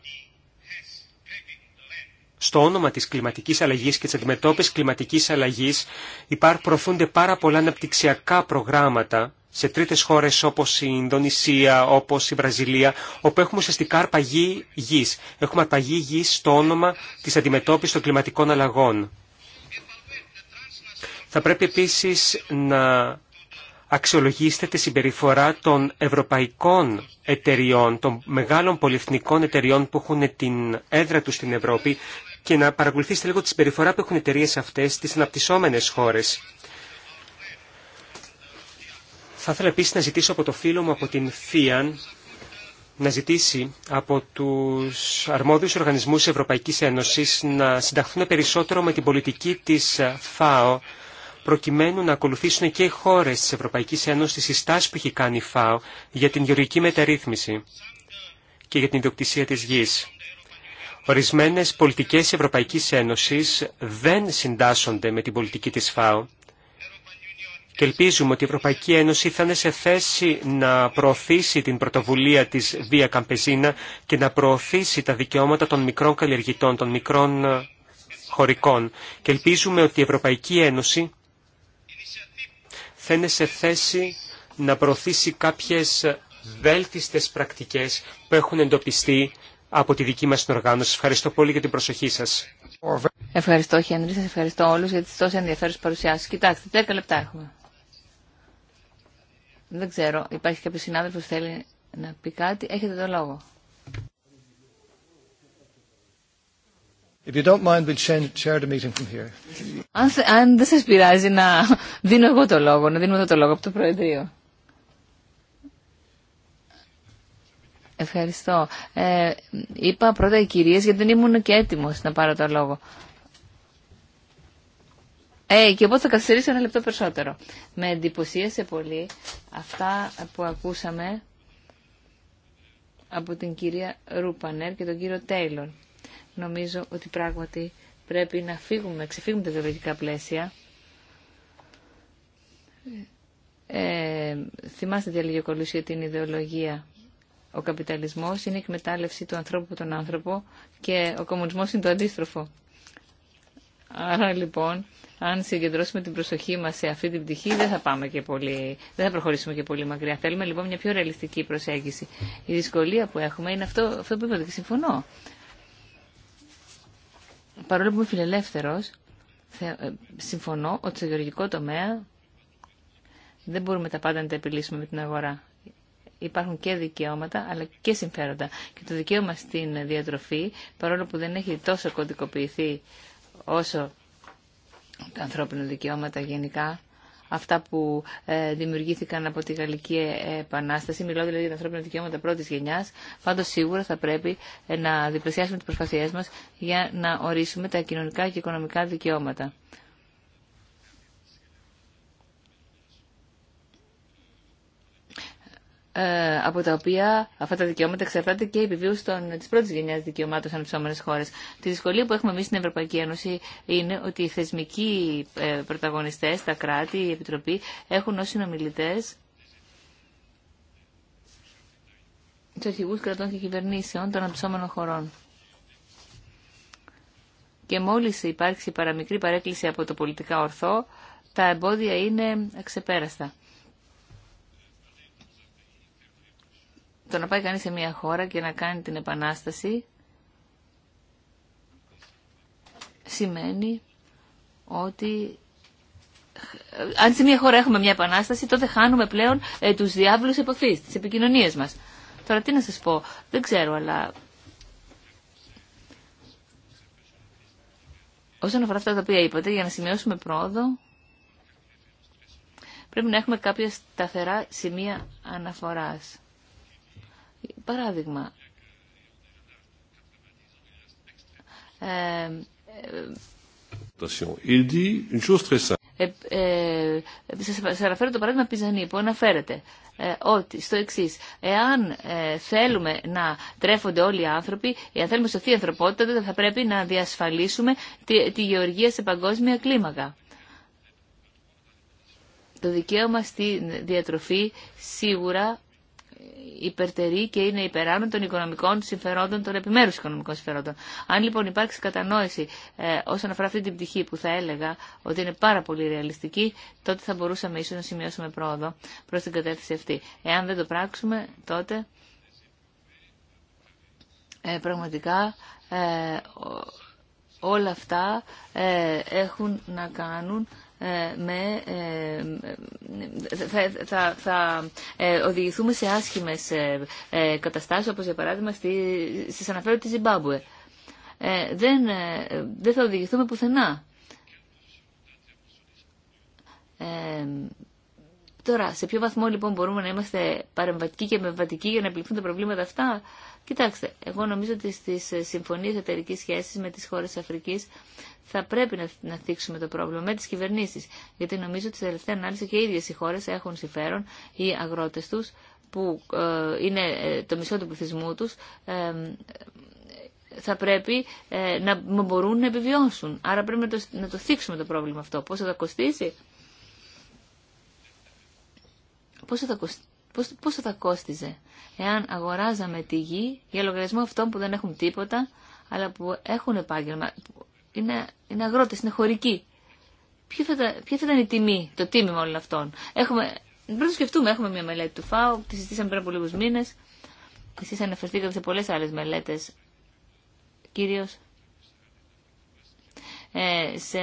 στο όνομα της κλιματικής αλλαγής και της αντιμετώπισης κλιματικής αλλαγής υπάρχουν προωθούνται πάρα πολλά αναπτυξιακά προγράμματα σε τρίτες χώρες όπως η Ινδονησία, όπως η Βραζιλία, όπου έχουμε ουσιαστικά αρπαγή γης. Έχουμε αρπαγή γης στο όνομα της αντιμετώπισης των κλιματικών αλλαγών. Θα πρέπει επίσης να αξιολογήσετε τη συμπεριφορά των ευρωπαϊκών εταιριών, των μεγάλων πολυεθνικών εταιριών που έχουν την έδρα τους στην Ευρώπη και να παρακολουθήσετε λίγο τη συμπεριφορά που έχουν εταιρείε αυτές στις αναπτυσσόμενες χώρες. Θα ήθελα επίσης να ζητήσω από το φίλο μου από την ΦΙΑΝ, να ζητήσει από τους αρμόδιους οργανισμούς Ευρωπαϊκής Ένωσης να συνταχθούν περισσότερο με την πολιτική της ΦΑΟ προκειμένου να ακολουθήσουν και οι χώρες της Ευρωπαϊκής Ένωσης τη συστάση που έχει κάνει η ΦΑΟ για την γεωργική μεταρρύθμιση και για την ιδιοκτησία της γης. Ορισμένες πολιτικές Ευρωπαϊκή Ένωση δεν συντάσσονται με την πολιτική τη ΦΑΟ και ελπίζουμε ότι η Ευρωπαϊκή Ένωση θα είναι σε θέση να προωθήσει την πρωτοβουλία της Βία Καμπεζίνα και να προωθήσει τα δικαιώματα των μικρών καλλιεργητών, των μικρών ε, χωρικών. Και ελπίζουμε ότι η Ευρωπαϊκή Ένωση θα είναι σε θέση να προωθήσει κάποιες βέλτιστες πρακτικές που έχουν εντοπιστεί από τη δική μας οργάνωση. Ευχαριστώ πολύ για την προσοχή σας. Ευχαριστώ Χένρι, σας ευχαριστώ όλους για τις τόσο ενδιαφέρουσες παρουσιάσεις. Κοιτάξτε, 10 λεπτά έχουμε. Δεν ξέρω, υπάρχει κάποιος συνάδελφος που θέλει να πει κάτι. Έχετε το λόγο. Αν, δεν σας πειράζει να δίνω εγώ το λόγο, να δίνουμε εδώ το λόγο από το Προεδρείο. Ευχαριστώ. Ε, είπα πρώτα οι κυρίες γιατί δεν ήμουν και έτοιμος να πάρω το λόγο. Ε, και οπότε θα καθυστερήσω ένα λεπτό περισσότερο. Με εντυπωσίασε πολύ αυτά που ακούσαμε από την κυρία Ρούπανερ και τον κύριο Τέιλον νομίζω ότι πράγματι πρέπει να φύγουμε, να ξεφύγουμε τα ιδεολογικά πλαίσια. Ε, θυμάστε τι έλεγε ο την ιδεολογία. Ο καπιταλισμός είναι η εκμετάλλευση του ανθρώπου από τον άνθρωπο και ο κομμουνισμός είναι το αντίστροφο. Άρα λοιπόν, αν συγκεντρώσουμε την προσοχή μας σε αυτή την πτυχή, δεν θα πάμε και πολύ, δεν θα προχωρήσουμε και πολύ μακριά. Θέλουμε λοιπόν μια πιο ρεαλιστική προσέγγιση. Η δυσκολία που έχουμε είναι αυτό, αυτό που είπατε και συμφωνώ παρόλο που είμαι φιλελεύθερος, ε, συμφωνώ ότι στο γεωργικό τομέα δεν μπορούμε τα πάντα να τα επιλύσουμε με την αγορά. Υπάρχουν και δικαιώματα αλλά και συμφέροντα. Και το δικαίωμα στην διατροφή, παρόλο που δεν έχει τόσο κωδικοποιηθεί όσο τα ανθρώπινα δικαιώματα γενικά, αυτά που ε, δημιουργήθηκαν από τη Γαλλική Επανάσταση. μιλάω δηλαδή για τα ανθρώπινα δικαιώματα πρώτη γενιά. Πάντω σίγουρα θα πρέπει ε, να διπλασιάσουμε τι προσπαθίε μα για να ορίσουμε τα κοινωνικά και οικονομικά δικαιώματα. Ε, από τα οποία αυτά τα δικαιώματα εξαρτάται και η επιβίωση τη πρώτη γενιά δικαιωμάτων σε αναπτυσσόμενε χώρε. Τη δυσκολία που έχουμε εμεί στην Ευρωπαϊκή Ένωση είναι ότι οι θεσμικοί ε, πρωταγωνιστέ, τα κράτη, η Επιτροπή έχουν ω συνομιλητέ του αρχηγού κρατών και κυβερνήσεων των αναπτυσσόμενων χωρών. Και μόλις υπάρξει παραμικρή παρέκκληση από το πολιτικά ορθό, τα εμπόδια είναι ξεπέραστα. Το να πάει κανείς σε μια χώρα και να κάνει την επανάσταση σημαίνει ότι αν σε μια χώρα έχουμε μια επανάσταση, τότε χάνουμε πλέον ε, τους διάβλους επαφής, τις επικοινωνίες μας. Τώρα τι να σας πω, δεν ξέρω, αλλά όσον αφορά αυτά τα οποία είπατε, για να σημειώσουμε πρόοδο, πρέπει να έχουμε κάποια σταθερά σημεία αναφοράς. Παράδειγμα, ε, ε, ε σας αναφέρω το παράδειγμα Πιζανή που αναφέρεται ε, ότι στο εξή, εάν θέλουμε να τρέφονται όλοι οι άνθρωποι, εάν θέλουμε σωθεί η ανθρωπότητα, θα πρέπει να διασφαλίσουμε τη, τη γεωργία σε παγκόσμια κλίμακα. Το δικαίωμα στη διατροφή σίγουρα υπερτερεί και είναι υπεράνω των οικονομικών συμφερόντων, των επιμέρους οικονομικών συμφερόντων. Αν λοιπόν υπάρξει κατανόηση ε, όσον αφορά αυτή την πτυχή που θα έλεγα ότι είναι πάρα πολύ ρεαλιστική, τότε θα μπορούσαμε ίσως να σημειώσουμε πρόοδο προς την κατεύθυνση αυτή. Εάν δεν το πράξουμε, τότε ε, πραγματικά ε, όλα αυτά ε, έχουν να κάνουν ε, με, ε, θα, θα, θα ε, οδηγηθούμε σε άσχημες καταστάσεις, όπως για παράδειγμα στη, στις αναφέρω τη Ζιμπάμπουε. δεν, δεν θα οδηγηθούμε πουθενά. Ε, τώρα, σε ποιο βαθμό λοιπόν μπορούμε να είμαστε παρεμβατικοί και μεμβατικοί για να επιληθούν τα προβλήματα αυτά. Κοιτάξτε, εγώ νομίζω ότι στις ε, συμφωνίες εταιρική σχέσης με τις χώρες Αφρικής θα πρέπει να, να θίξουμε το πρόβλημα με τι κυβερνήσει. Γιατί νομίζω ότι σε τελευταία ανάλυση και οι ίδιε οι χώρε έχουν συμφέρον, οι αγρότες τους, που ε, είναι ε, το μισό του πληθυσμού τους, θα πρέπει να μπορούν να επιβιώσουν. Άρα πρέπει να το, να το θίξουμε το πρόβλημα αυτό. Πόσο θα κοστίσει? Πόσο θα κοστίσει? Πώς, πώς θα κόστιζε εάν αγοράζαμε τη γη για λογαριασμό αυτών που δεν έχουν τίποτα, αλλά που έχουν επάγγελμα, είναι, είναι αγρότες, είναι χωρικοί. Ποια θα, ποια ήταν η τιμή, το τίμημα όλων αυτών. Έχουμε, πρέπει να σκεφτούμε, έχουμε μια μελέτη του ΦΑΟ, τη συζητήσαμε πριν από λίγους μήνες. Εσείς αναφερθήκατε σε πολλές άλλες μελέτες, κυρίως ε, σε,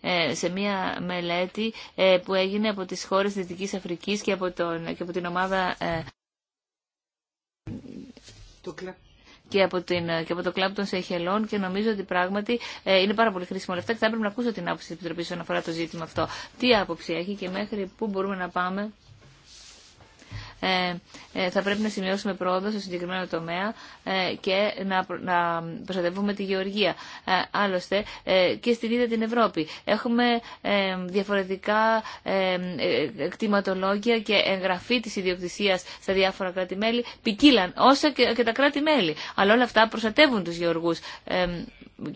ε, σε μία μελέτη ε, που έγινε από τις χώρες της Δυτικής Αφρικής και από, τον, και από την ομάδα... Το και από, την, και από το κλαμπ των Σεχελών και νομίζω ότι πράγματι είναι πάρα πολύ χρήσιμο λεφτά και θα έπρεπε να ακούσω την άποψη τη Επιτροπής όσον αφορά το ζήτημα αυτό. Τι άποψη έχει και μέχρι πού μπορούμε να πάμε ε, ε, θα πρέπει να σημειώσουμε πρόοδο στο συγκεκριμένο τομέα ε, και να προστατεύουμε τη γεωργία. Άλλωστε, και στην ίδια την Ευρώπη. Έχουμε διαφορετικά κτηματολόγια και εγγραφή της ιδιοκτησίας στα διάφορα κράτη-μέλη ποικίλαν, όσα και τα κράτη-μέλη. Αλλά όλα αυτά προστατεύουν τους γεωργούς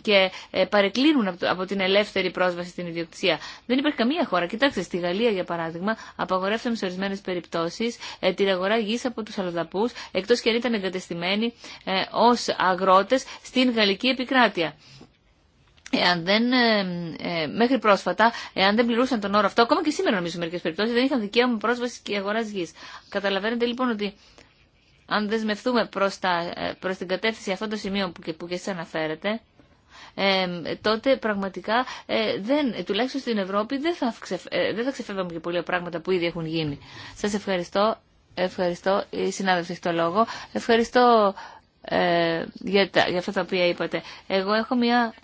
και ε, παρεκκλίνουν από την ελεύθερη πρόσβαση στην ιδιοκτησία. Δεν υπάρχει καμία χώρα. Κοιτάξτε, στη Γαλλία, για παράδειγμα, απαγορεύσαμε σε ορισμένε περιπτώσει ε, την αγορά γη από του αλλοδαπού, εκτό και αν ήταν εγκατεστημένοι ε, ω αγρότε στην γαλλική επικράτεια. Εάν δεν, μέχρι πρόσφατα, εάν δεν πληρούσαν τον όρο αυτό, ακόμα και σήμερα νομίζω μερικέ περιπτώσει, δεν είχαν δικαίωμα πρόσβαση και αγορά γη. Καταλαβαίνετε λοιπόν ότι αν δεσμευτούμε προς, τα, προς την κατεύθυνση αυτών των σημείων που και, που και αναφέρετε, τότε πραγματικά ε, δεν, τουλάχιστον στην Ευρώπη δεν θα, ξεφ, ε, ξεφεύγαμε και πολλά πράγματα που ήδη έχουν γίνει. Σας ευχαριστώ. Ευχαριστώ. Η συνάδελφη έχει το λόγο. Ευχαριστώ ε, για, τα, για αυτά τα οποία είπατε. Εγώ έχω μια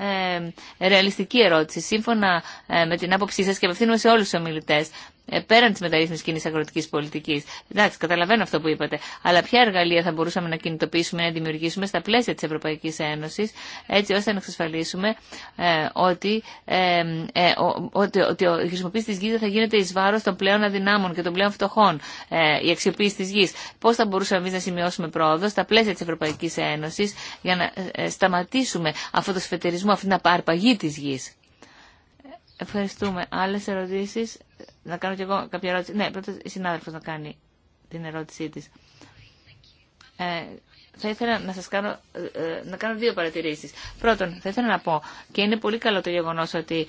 ε, ρεαλιστική ερώτηση. Σύμφωνα με την άποψή σας και απευθύνουμε σε όλους τους ομιλητές. Ε, πέραν τη μεταρρύθμιση κοινή αγροτική πολιτική. Εντάξει, καταλαβαίνω αυτό που είπατε. Αλλά ποια εργαλεία θα μπορούσαμε να κινητοποιήσουμε, να δημιουργήσουμε στα πλαίσια τη Ευρωπαϊκή Ένωση, έτσι ώστε να εξασφαλίσουμε ε, ε, ότι, ότι, ότι η χρησιμοποίηση τη γη θα γίνεται ει βάρο των πλέον αδυνάμων και των πλέον φτωχών. η αξιοποίηση τη γη. Πώ θα μπορούσαμε εμεί να σημειώσουμε πρόοδο στα πλαίσια τη Ευρωπαϊκή Ένωση για να σταματήσουμε αυτό το σφετερισμό, αυτή την απαρπαγή τη γη. Ευχαριστούμε. Άλλες ερωτήσεις. Να κάνω κι εγώ κάποια ερώτηση. Ναι, πρώτα η συνάδελφος να κάνει την ερώτησή τη. Ε, θα ήθελα να σας κάνω, ε, ε, να κάνω δύο παρατηρήσεις. Πρώτον, θα ήθελα να πω και είναι πολύ καλό το γεγονός ότι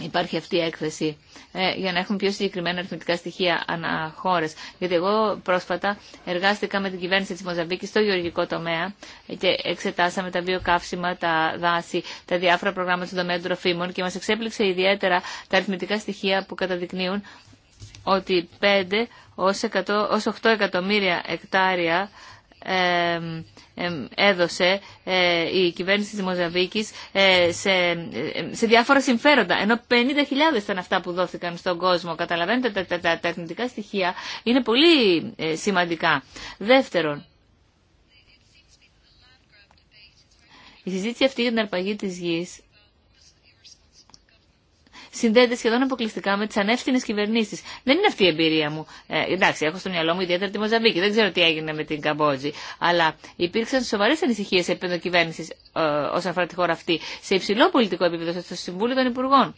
υπάρχει αυτή η έκθεση ε, για να έχουμε πιο συγκεκριμένα αριθμητικά στοιχεία αναχώρε. Γιατί εγώ πρόσφατα εργάστηκα με την κυβέρνηση τη Μοζαμπίκη στο γεωργικό τομέα και εξετάσαμε τα βιοκαύσιμα, τα δάση, τα διάφορα προγράμματα στον τομέα των τροφίμων και μα εξέπληξε ιδιαίτερα τα αριθμητικά στοιχεία που καταδεικνύουν ότι 5 ως 8 εκατομμύρια εκτάρια έδωσε ε, η κυβέρνηση της Μοζαβίκης ε, σε, σε διάφορα συμφέροντα. Ενώ 50.000 ήταν αυτά που δόθηκαν στον κόσμο. Καταλαβαίνετε τα, τα, στοιχεία είναι πολύ ε, σημαντικά. Δεύτερον, η συζήτηση αυτή για την αρπαγή της γης συνδέεται σχεδόν αποκλειστικά με τι ανεύθυνε κυβερνήσει. Δεν είναι αυτή η εμπειρία μου. Ε, εντάξει, έχω στο μυαλό μου ιδιαίτερα τη Μοζαμπίκη. Δεν ξέρω τι έγινε με την Καμπότζη. Αλλά υπήρξαν σοβαρέ ανησυχίε σε επίπεδο κυβέρνηση ε, όσον αφορά τη χώρα αυτή. Σε υψηλό πολιτικό επίπεδο, στο Συμβούλιο των Υπουργών.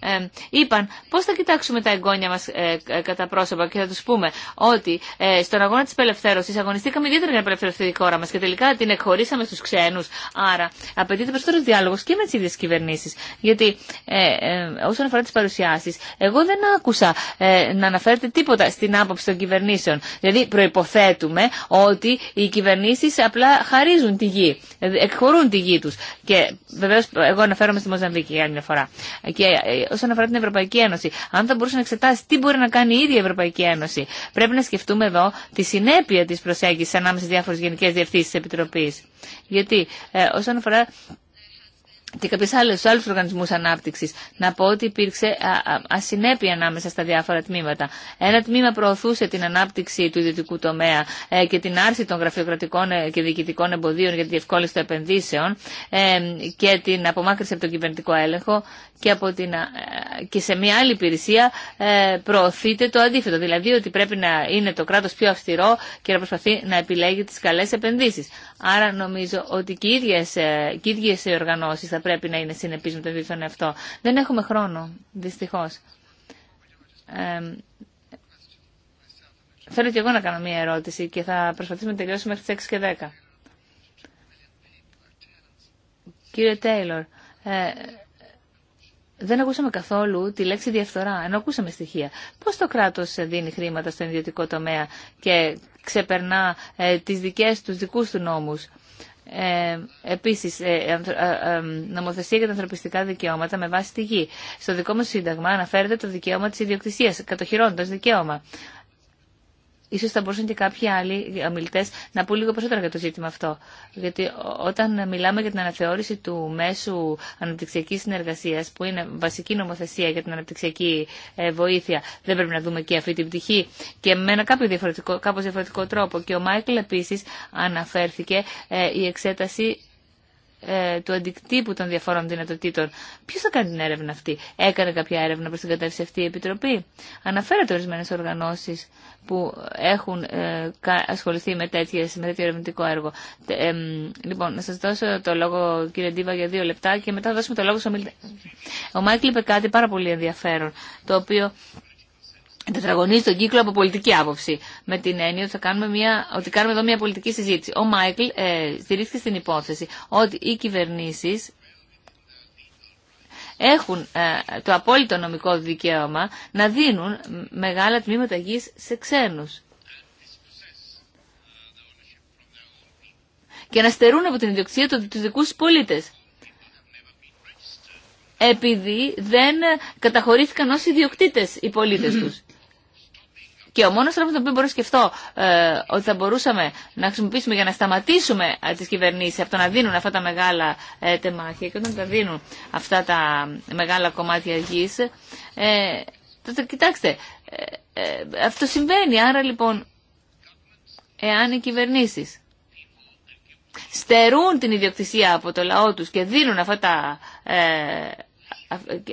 Ε, είπαν πώ θα κοιτάξουμε τα εγγόνια μα ε, ε, κατά πρόσωπα και θα του πούμε ότι ε, στον αγώνα τη απελευθέρωση αγωνιστήκαμε ιδιαίτερα για να απελευθερωθεί η χώρα μα και τελικά την εκχωρήσαμε στου ξένου. Άρα απαιτείται περισσότερο διάλογο και με τι ίδιε κυβερνήσει. Γιατί ε, ε, όσον αφορά τι παρουσιάσει, εγώ δεν άκουσα ε, να αναφέρεται τίποτα στην άποψη των κυβερνήσεων. Δηλαδή, προποθέτουμε ότι οι κυβερνήσει απλά χαρίζουν τη γη, ε, εκχωρούν τη γη του. Και βεβαίω, εγώ αναφέρομαι στη Μοζαμβίκη για άλλη μια φορά. Και ε, όσον αφορά την Ευρωπαϊκή Ένωση, αν θα μπορούσε να εξετάσει τι μπορεί να κάνει η ίδια η Ευρωπαϊκή Ένωση, πρέπει να σκεφτούμε εδώ τη συνέπεια τη προσέγγιση ανάμεσα στι διάφορε γενικέ διευθύνσει τη Επιτροπή. Γιατί ε, όσον αφορά και κάποιες άλλες, στους άλλους οργανισμούς ανάπτυξης. Να πω ότι υπήρξε ασυνέπεια ανάμεσα στα διάφορα τμήματα. Ένα τμήμα προωθούσε την ανάπτυξη του ιδιωτικού τομέα ε, και την άρση των γραφειοκρατικών ε, και διοικητικών εμποδίων για τη διευκόλυνση των επενδύσεων ε, και την απομάκρυνση από τον κυβερνητικό έλεγχο και, από την, και σε μια άλλη υπηρεσία προωθείται το αντίθετο. Δηλαδή ότι πρέπει να είναι το κράτος πιο αυστηρό και να προσπαθεί να επιλέγει τις καλές επενδύσεις. Άρα νομίζω ότι και οι ίδιες, και οργανώσεις πρέπει να είναι συνεπής με το ίδιο τον Δεν έχουμε χρόνο, δυστυχώς. Ε, θέλω και εγώ να κάνω μία ερώτηση και θα προσπαθήσουμε να τελειώσουμε μέχρι τις 6 και 10. Κύριε Τέιλορ, ε, δεν ακούσαμε καθόλου τη λέξη διαφθορά, ενώ ακούσαμε στοιχεία. Πώς το κράτος δίνει χρήματα στον ιδιωτικό τομέα και ξεπερνά ε, τις δικές τους δικούς του νόμους. Ε, επίσης, ε, ε, ε, νομοθεσία για τα ανθρωπιστικά δικαιώματα με βάση τη γη. Στο δικό μου σύνταγμα αναφέρεται το δικαίωμα της ιδιοκτησίας, κατοχυρώνοντας δικαίωμα. Ίσως θα μπορούσαν και κάποιοι άλλοι ομιλητέ να πούν λίγο περισσότερο για το ζήτημα αυτό. Γιατί όταν μιλάμε για την αναθεώρηση του μέσου αναπτυξιακή συνεργασία, που είναι βασική νομοθεσία για την αναπτυξιακή ε, βοήθεια, δεν πρέπει να δούμε και αυτή την πτυχή και με ένα κάποιο διαφορετικό, κάπως διαφορετικό τρόπο. Και ο Μάικλ επίση αναφέρθηκε ε, η εξέταση ε, του αντικτύπου των διαφόρων δυνατοτήτων. Ποιο θα κάνει την έρευνα αυτή. Έκανε κάποια έρευνα προ την κατεύθυνση αυτή η Επιτροπή. Αναφέρατε ορισμένε οργανώσει που έχουν ε, ασχοληθεί με, τέτοιες, με τέτοιο ερευνητικό έργο. Ε, λοιπόν, να σα δώσω το λόγο, κύριε Ντίβα, για δύο λεπτά και μετά θα δώσουμε το λόγο στο Μίλτερ. Ο Μάικλ είπε κάτι πάρα πολύ ενδιαφέρον, το οποίο τετραγωνίζει τον κύκλο από πολιτική άποψη. Με την έννοια ότι, θα κάνουμε, μια, ότι κάνουμε εδώ μια πολιτική συζήτηση. Ο Μάικλ ε, στηρίχθηκε στην υπόθεση ότι οι κυβερνήσει έχουν ε, το απόλυτο νομικό δικαίωμα να δίνουν μεγάλα τμήματα γης σε ξένους. Και να στερούν από την ιδιοκτησία του δικού τους πολίτες. Επειδή δεν καταχωρήθηκαν ως ιδιοκτήτες οι πολίτες τους. Και ο μόνο τρόπο τον οποίο μπορώ να σκεφτώ ε, ότι θα μπορούσαμε να χρησιμοποιήσουμε για να σταματήσουμε ε, τι κυβερνήσει από το να δίνουν αυτά τα μεγάλα ε, τεμάχια και όταν τα δίνουν αυτά τα μεγάλα κομμάτια γη. Ε, τότε κοιτάξτε, ε, αυτό συμβαίνει. Άρα λοιπόν, εάν οι κυβερνήσει στερούν την ιδιοκτησία από το λαό τους και δίνουν αυτά τα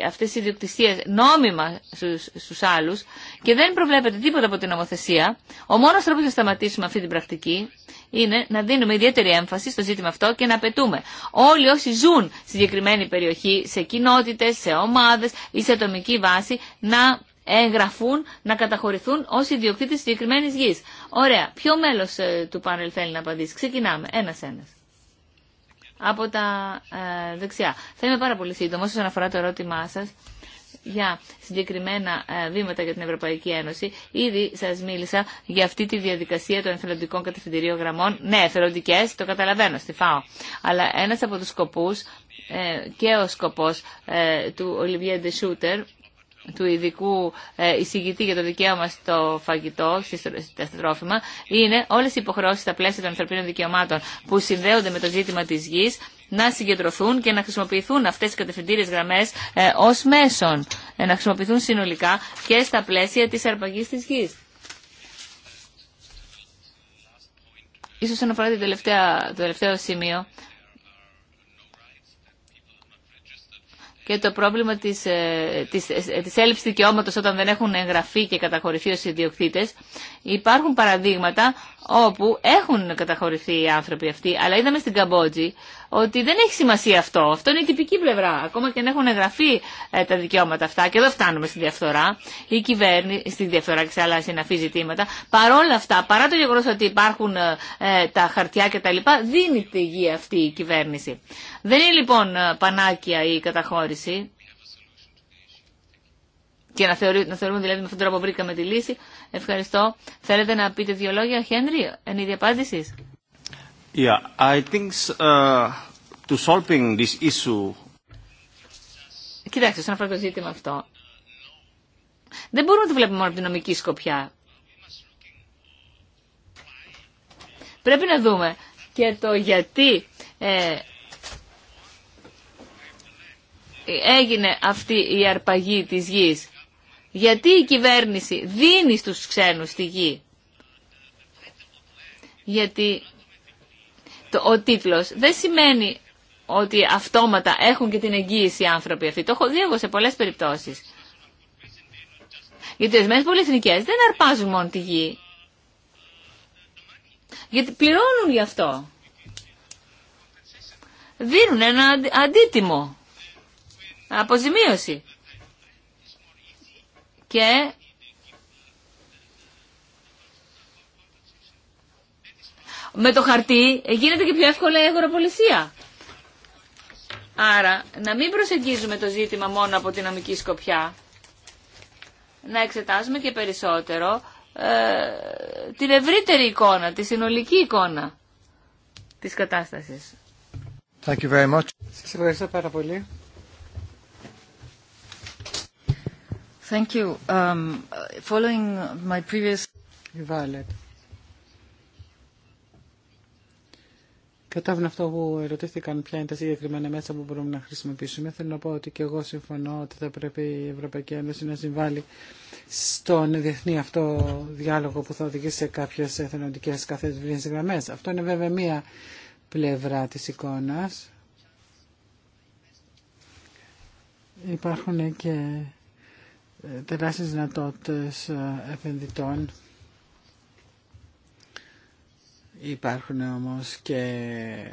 αυτές οι ιδιοκτησίε νόμιμα στους, στους άλλους και δεν προβλέπεται τίποτα από την νομοθεσία, ο μόνος τρόπος να σταματήσουμε αυτή την πρακτική είναι να δίνουμε ιδιαίτερη έμφαση στο ζήτημα αυτό και να απαιτούμε όλοι όσοι ζουν στη συγκεκριμένη περιοχή, σε κοινότητες, σε ομάδες ή σε ατομική βάση, να εγγραφούν, να καταχωρηθούν ως ιδιοκτήτες συγκεκριμένη γης. Ωραία. Ποιο μέλος ε, του πάνελ θέλει να απαντήσει. Ξεκινάμε. Ένας-ένας από τα ε, δεξιά. Θα είμαι πάρα πολύ σύντομο όσον αφορά το ερώτημά σα, για συγκεκριμένα ε, βήματα για την Ευρωπαϊκή Ένωση. Ήδη σα μίλησα για αυτή τη διαδικασία των εθελοντικών κατευθυντηρίων γραμμών. Ναι, εθελοντικέ, το καταλαβαίνω, στη ΦΑΟ. Αλλά ένα από του σκοπού ε, και ο σκοπό του Ολιβιέ Σούτερ του ειδικού ε, εισηγητή για το δικαίωμα στο φαγητό, στα τρόφιμα, είναι όλες οι υποχρεώσει στα πλαίσια των ανθρωπίνων δικαιωμάτων που συνδέονται με το ζήτημα της γη να συγκεντρωθούν και να χρησιμοποιηθούν αυτές οι κατευθυντήριες γραμμές ε, ως μέσον, ε, να χρησιμοποιηθούν συνολικά και στα πλαίσια της αρπαγής της γης. Ίσως αναφορά το τελευταίο σημείο, και το πρόβλημα της, ε, της, ε, της έλλειψης δικαιώματος όταν δεν έχουν εγγραφεί και καταχωρηθεί ως ιδιοκτήτες. Υπάρχουν παραδείγματα όπου έχουν καταχωρηθεί οι άνθρωποι αυτοί, αλλά είδαμε στην Καμπότζη ότι δεν έχει σημασία αυτό. Αυτό είναι η τυπική πλευρά. Ακόμα και αν έχουν εγγραφεί ε, τα δικαιώματα αυτά, και εδώ φτάνουμε στη διαφθορά, η κυβέρνηση, στη διαφθορά και σε άλλα συναφή ζητήματα, παρόλα αυτά, παρά το γεγονό ότι υπάρχουν ε, ε, τα χαρτιά κτλ., δίνει τη γη αυτή η κυβέρνηση. Δεν είναι λοιπόν πανάκια η καταχώρηση. Και να, θεωρούμε, να θεωρούμε δηλαδή με αυτόν τον τρόπο βρήκαμε τη λύση. Ευχαριστώ. Θέλετε να πείτε δύο λόγια, Χένρι, εν είδη I think uh, to solving this issue. Κοιτάξτε, σαν αυτό το ζήτημα αυτό, δεν μπορούμε να το βλέπουμε μόνο από την νομική σκοπιά. Πρέπει να δούμε και το γιατί ε, έγινε αυτή η αρπαγή της γης. Γιατί η κυβέρνηση δίνει στους ξένους τη γη. Γιατί ο τίτλος δεν σημαίνει ότι αυτόματα έχουν και την εγγύηση οι άνθρωποι αυτοί. Το έχω δει εγώ σε πολλές περιπτώσεις. Γιατί ορισμένε πολυεθνικές δεν αρπάζουν μόνο τη γη. Γιατί πληρώνουν γι' αυτό. Δίνουν ένα αντίτιμο. Αποζημίωση. Και με το χαρτί ε, γίνεται και πιο εύκολα η αγοραπολισία. Άρα, να μην προσεγγίζουμε το ζήτημα μόνο από την νομική σκοπιά, να εξετάζουμε και περισσότερο ε, την ευρύτερη εικόνα, τη συνολική εικόνα της κατάστασης. Thank you very much. Σας ευχαριστώ πάρα πολύ. Thank you. Um, following my previous... Κατάβουν αυτό που ερωτήθηκαν ποια είναι τα συγκεκριμένα μέσα που μπορούμε να χρησιμοποιήσουμε. Θέλω να πω ότι και εγώ συμφωνώ ότι θα πρέπει η Ευρωπαϊκή Ένωση να συμβάλλει στον διεθνή αυτό διάλογο που θα οδηγήσει σε κάποιε εθελοντικέ καθεσβήνες γραμμέ. Αυτό είναι βέβαια μία πλευρά τη εικόνα. Υπάρχουν και τεράστιες δυνατότητες επενδυτών Υπάρχουν όμως και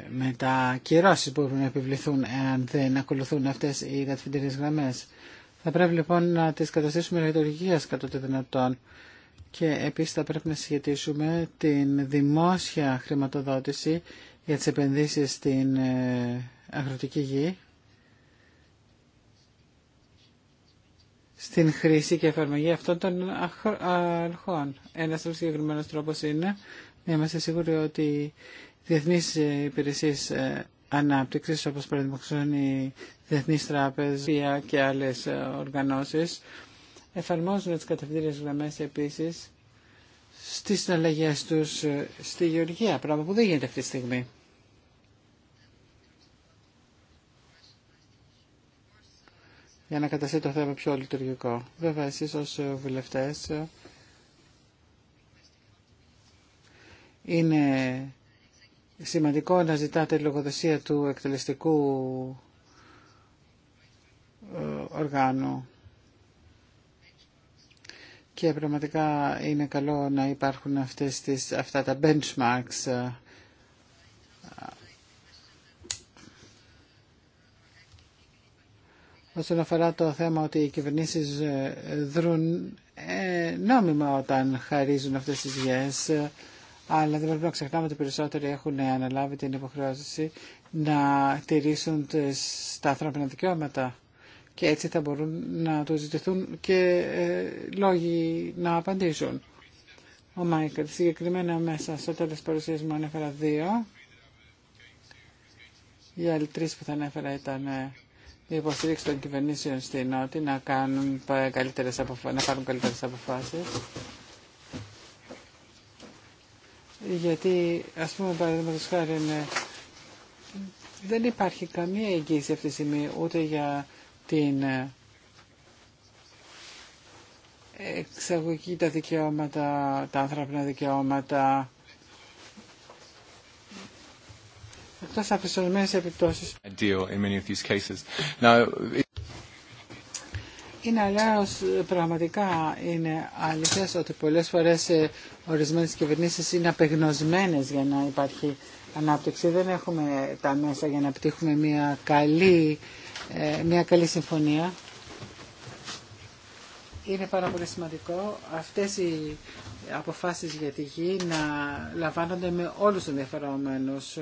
μετά κυρώσεις που πρέπει να επιβληθούν εάν δεν ακολουθούν αυτές οι κατευθυντήριες γραμμές. Θα πρέπει λοιπόν να τις καταστήσουμε λειτουργία κατά το δυνατόν και επίσης θα πρέπει να σχετίσουμε την δημόσια χρηματοδότηση για τις επενδύσεις στην ε, αγροτική γη στην χρήση και εφαρμογή αυτών των αρχών. Ένας συγκεκριμένο τρόπος είναι είμαστε σίγουροι ότι οι διεθνείς υπηρεσίες ε, ανάπτυξης, όπως οι η Διεθνή Τράπεζα και άλλες ε, οργανώσεις, εφαρμόζουν τις κατευθύνσει γραμμέ επίσης στις συναλλαγές του ε, στη Γεωργία, πράγμα που δεν γίνεται αυτή τη στιγμή. για να καταστεί το θέμα πιο λειτουργικό. Βέβαια, εσείς ως βουλευτές είναι σημαντικό να ζητάτε λογοδοσία του εκτελεστικού ε, οργάνου. Και πραγματικά είναι καλό να υπάρχουν αυτές τις, αυτά τα benchmarks. Ε, όσον αφορά το θέμα ότι οι κυβερνήσεις ε, δρούν νόμιμα όταν χαρίζουν αυτές τις γιές, αλλά δεν πρέπει να ξεχνάμε ότι περισσότεροι έχουν αναλάβει την υποχρεώση να τηρήσουν τα ανθρώπινα δικαιώματα και έτσι θα μπορούν να το ζητηθούν και ε, λόγοι να απαντήσουν. Ο Μάικλ, συγκεκριμένα μέσα στο τέλος παρουσίας μου ανέφερα δύο. Οι άλλοι τρει που θα ανέφερα ήταν ε, η υποστήριξη των κυβερνήσεων στην Νότη να, κάνουν ε, καλύτερες να πάρουν καλύτερες αποφάσεις γιατί, ας πούμε, παραδείγματο, χάρη, ναι, δεν υπάρχει καμία εγγύηση αυτή τη στιγμή ούτε για την ε, εξαγωγή τα δικαιώματα, τα ανθρώπινα δικαιώματα, Εκτό από τις ορισμένες επιπτώσεις. Είναι αλλιώς πραγματικά είναι αληθές ότι πολλές φορές ε, ορισμένες κυβερνήσεις είναι απεγνωσμένες για να υπάρχει ανάπτυξη. Δεν έχουμε τα μέσα για να πετύχουμε μια καλή, ε, μια καλή συμφωνία. Είναι πάρα πολύ σημαντικό αυτές οι αποφάσεις για τη γη να λαμβάνονται με όλους τους ενδιαφερόμενους.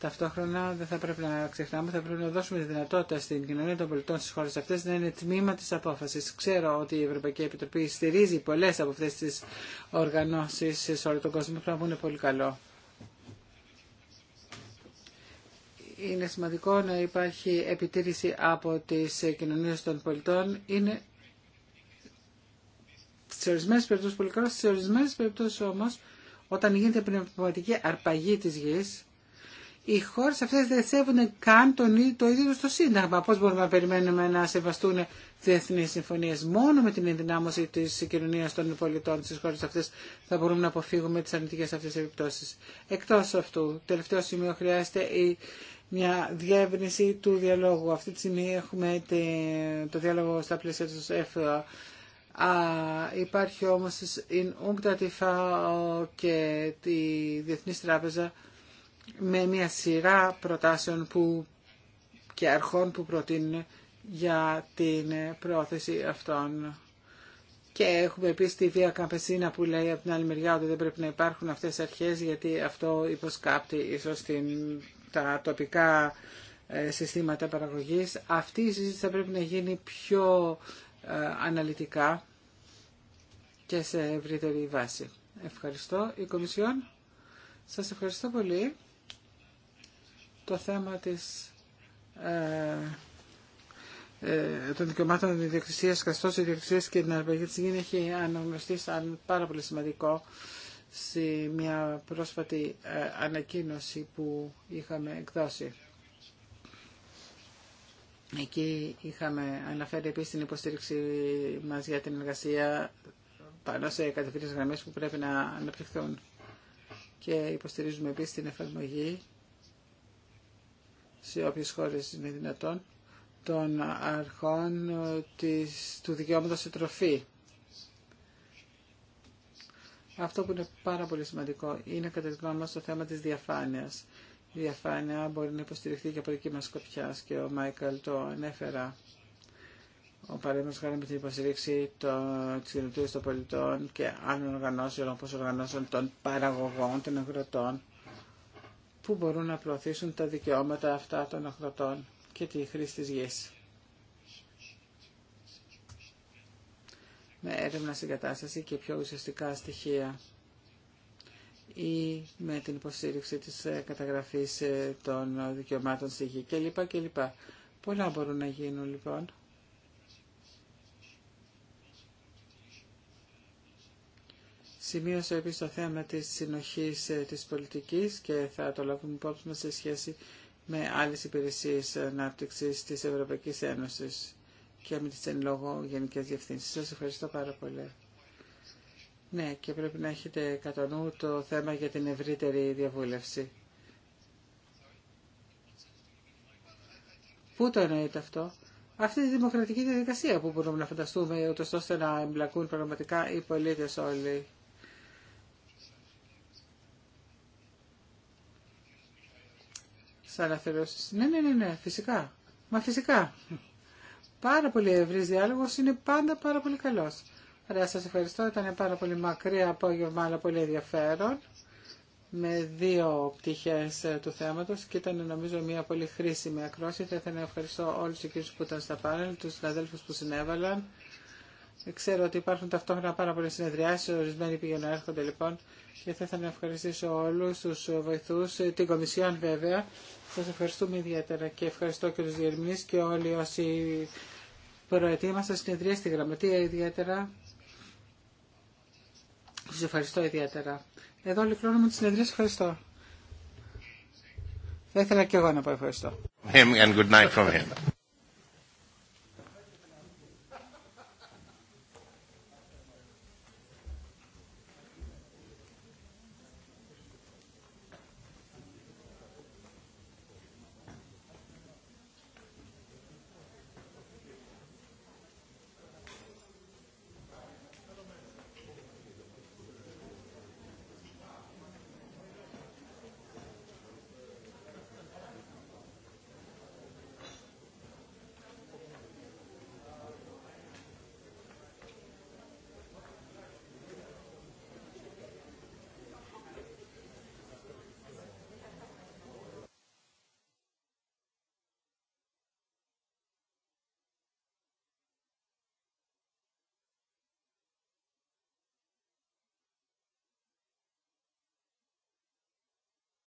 Ταυτόχρονα δεν θα πρέπει να ξεχνάμε, θα πρέπει να δώσουμε τη δυνατότητα στην κοινωνία των πολιτών στις χώρες αυτές να είναι τμήμα της απόφασης. Ξέρω ότι η Ευρωπαϊκή Επιτροπή στηρίζει πολλές από αυτές τις οργανώσεις σε όλο τον κόσμο, πράγμα που είναι πολύ καλό. Είναι σημαντικό να υπάρχει επιτήρηση από τις κοινωνίες των πολιτών. Είναι σε ορισμένες περιπτώσεις πολύ καλό, σε ορισμένες περιπτώσεις όμως όταν γίνεται πνευματική αρπαγή της γης, οι χώρε αυτέ δεν σέβουν καν τον, το ίδιο το Σύνταγμα. Πώ μπορούμε να περιμένουμε να σεβαστούν διεθνεί συμφωνίε. Μόνο με την ενδυνάμωση τη κοινωνία των πολιτών στι χώρε αυτέ θα μπορούμε να αποφύγουμε τι αρνητικέ αυτέ επιπτώσει. Εκτό αυτού, τελευταίο σημείο χρειάζεται η, μια διεύρυνση του διαλόγου. Αυτή τη στιγμή έχουμε το διάλογο στα πλαίσια του Α, υπάρχει όμως η UNCTAD και τη Διεθνής Τράπεζα με μια σειρά προτάσεων που και αρχών που προτείνουν για την πρόθεση αυτών. Και έχουμε επίση τη Βία Καμπεσίνα που λέει από την άλλη μεριά ότι δεν πρέπει να υπάρχουν αυτές αρχές γιατί αυτό υποσκάπτει ίσως την, τα τοπικά ε, συστήματα παραγωγής. Αυτή η συζήτηση θα πρέπει να γίνει πιο ε, αναλυτικά και σε ευρύτερη βάση. Ευχαριστώ. Η Κομισιόν. Σας ευχαριστώ πολύ το θέμα της, ε, ε, των δικαιωμάτων ιδιοκτησία, καθώ η ιδιοκτησία και την αρπαγή τη γη έχει αναγνωστεί σαν πάρα πολύ σημαντικό σε μια πρόσφατη ε, ανακοίνωση που είχαμε εκδώσει. Εκεί είχαμε αναφέρει επίσης την υποστήριξη μας για την εργασία πάνω σε κατευθύνες γραμμές που πρέπει να αναπτυχθούν. Και υποστηρίζουμε επίσης την εφαρμογή σε όποιες χώρες είναι δυνατόν των αρχών της, του δικαιώματος σε τροφή. Αυτό που είναι πάρα πολύ σημαντικό είναι κατά τη γνώμη μας το θέμα της διαφάνειας. Η διαφάνεια μπορεί να υποστηριχθεί και από εκεί μας σκοπιά και ο Μάικαλ το ανέφερα. Ο παρέμβαση χάρη με την υποστηρίξη τη κοινωνία των πολιτών και άλλων οργανώσεων, όπω οργανώσεων των παραγωγών, των αγροτών, που μπορούν να προωθήσουν τα δικαιώματα αυτά των αγροτών και τη χρήση της γης. Με έρευνα συγκατάσταση και πιο ουσιαστικά στοιχεία ή με την υποστήριξη της ε, καταγραφής ε, των ε, δικαιωμάτων στη γη κλπ. Πολλά μπορούν να γίνουν λοιπόν. Σημείωσα επίσης το θέμα της συνοχής ε, της πολιτικής και θα το λάβουμε υπόψη μας σε σχέση με άλλες υπηρεσίες ανάπτυξη της Ευρωπαϊκής Ένωσης και με τις εν λόγω γενικές διευθύνσεις. Σας ευχαριστώ πάρα πολύ. Ναι, και πρέπει να έχετε κατά νου το θέμα για την ευρύτερη διαβούλευση. Πού το εννοείται αυτό? Αυτή τη δημοκρατική διαδικασία που το εννοειται αυτο αυτη η δημοκρατικη διαδικασια που μπορουμε να φανταστούμε, ούτως ώστε να εμπλακούν πραγματικά οι πολίτες όλοι. Ναι, ναι, ναι, ναι, φυσικά. Μα φυσικά. Πάρα πολύ ευρύ διάλογο είναι πάντα πάρα πολύ καλό. Άρα σα ευχαριστώ. Ήταν πάρα πολύ μακρύ απόγευμα, αλλά πολύ ενδιαφέρον. Με δύο πτυχέ ε, του θέματο και ήταν νομίζω μια πολύ χρήσιμη ακρόση. Θα ήθελα να ευχαριστώ όλου του που ήταν στα πάνελ, του συναδέλφου που συνέβαλαν. Ξέρω ότι υπάρχουν ταυτόχρονα πάρα πολλέ συνεδριάσει, ορισμένοι πηγαίνουν έρχονται λοιπόν και θα ήθελα να ευχαριστήσω όλου του βοηθού, την Κομισιόν βέβαια. Σα ευχαριστούμε ιδιαίτερα και ευχαριστώ και του διερμηνεί και όλοι όσοι προετοίμασαν συνεδρία στη Γραμματεία ιδιαίτερα. Σα ευχαριστώ ιδιαίτερα. Εδώ ολοκληρώνουμε τη συνεδρία. Ευχαριστώ. Θα ήθελα και εγώ να πω ευχαριστώ. and good night from him.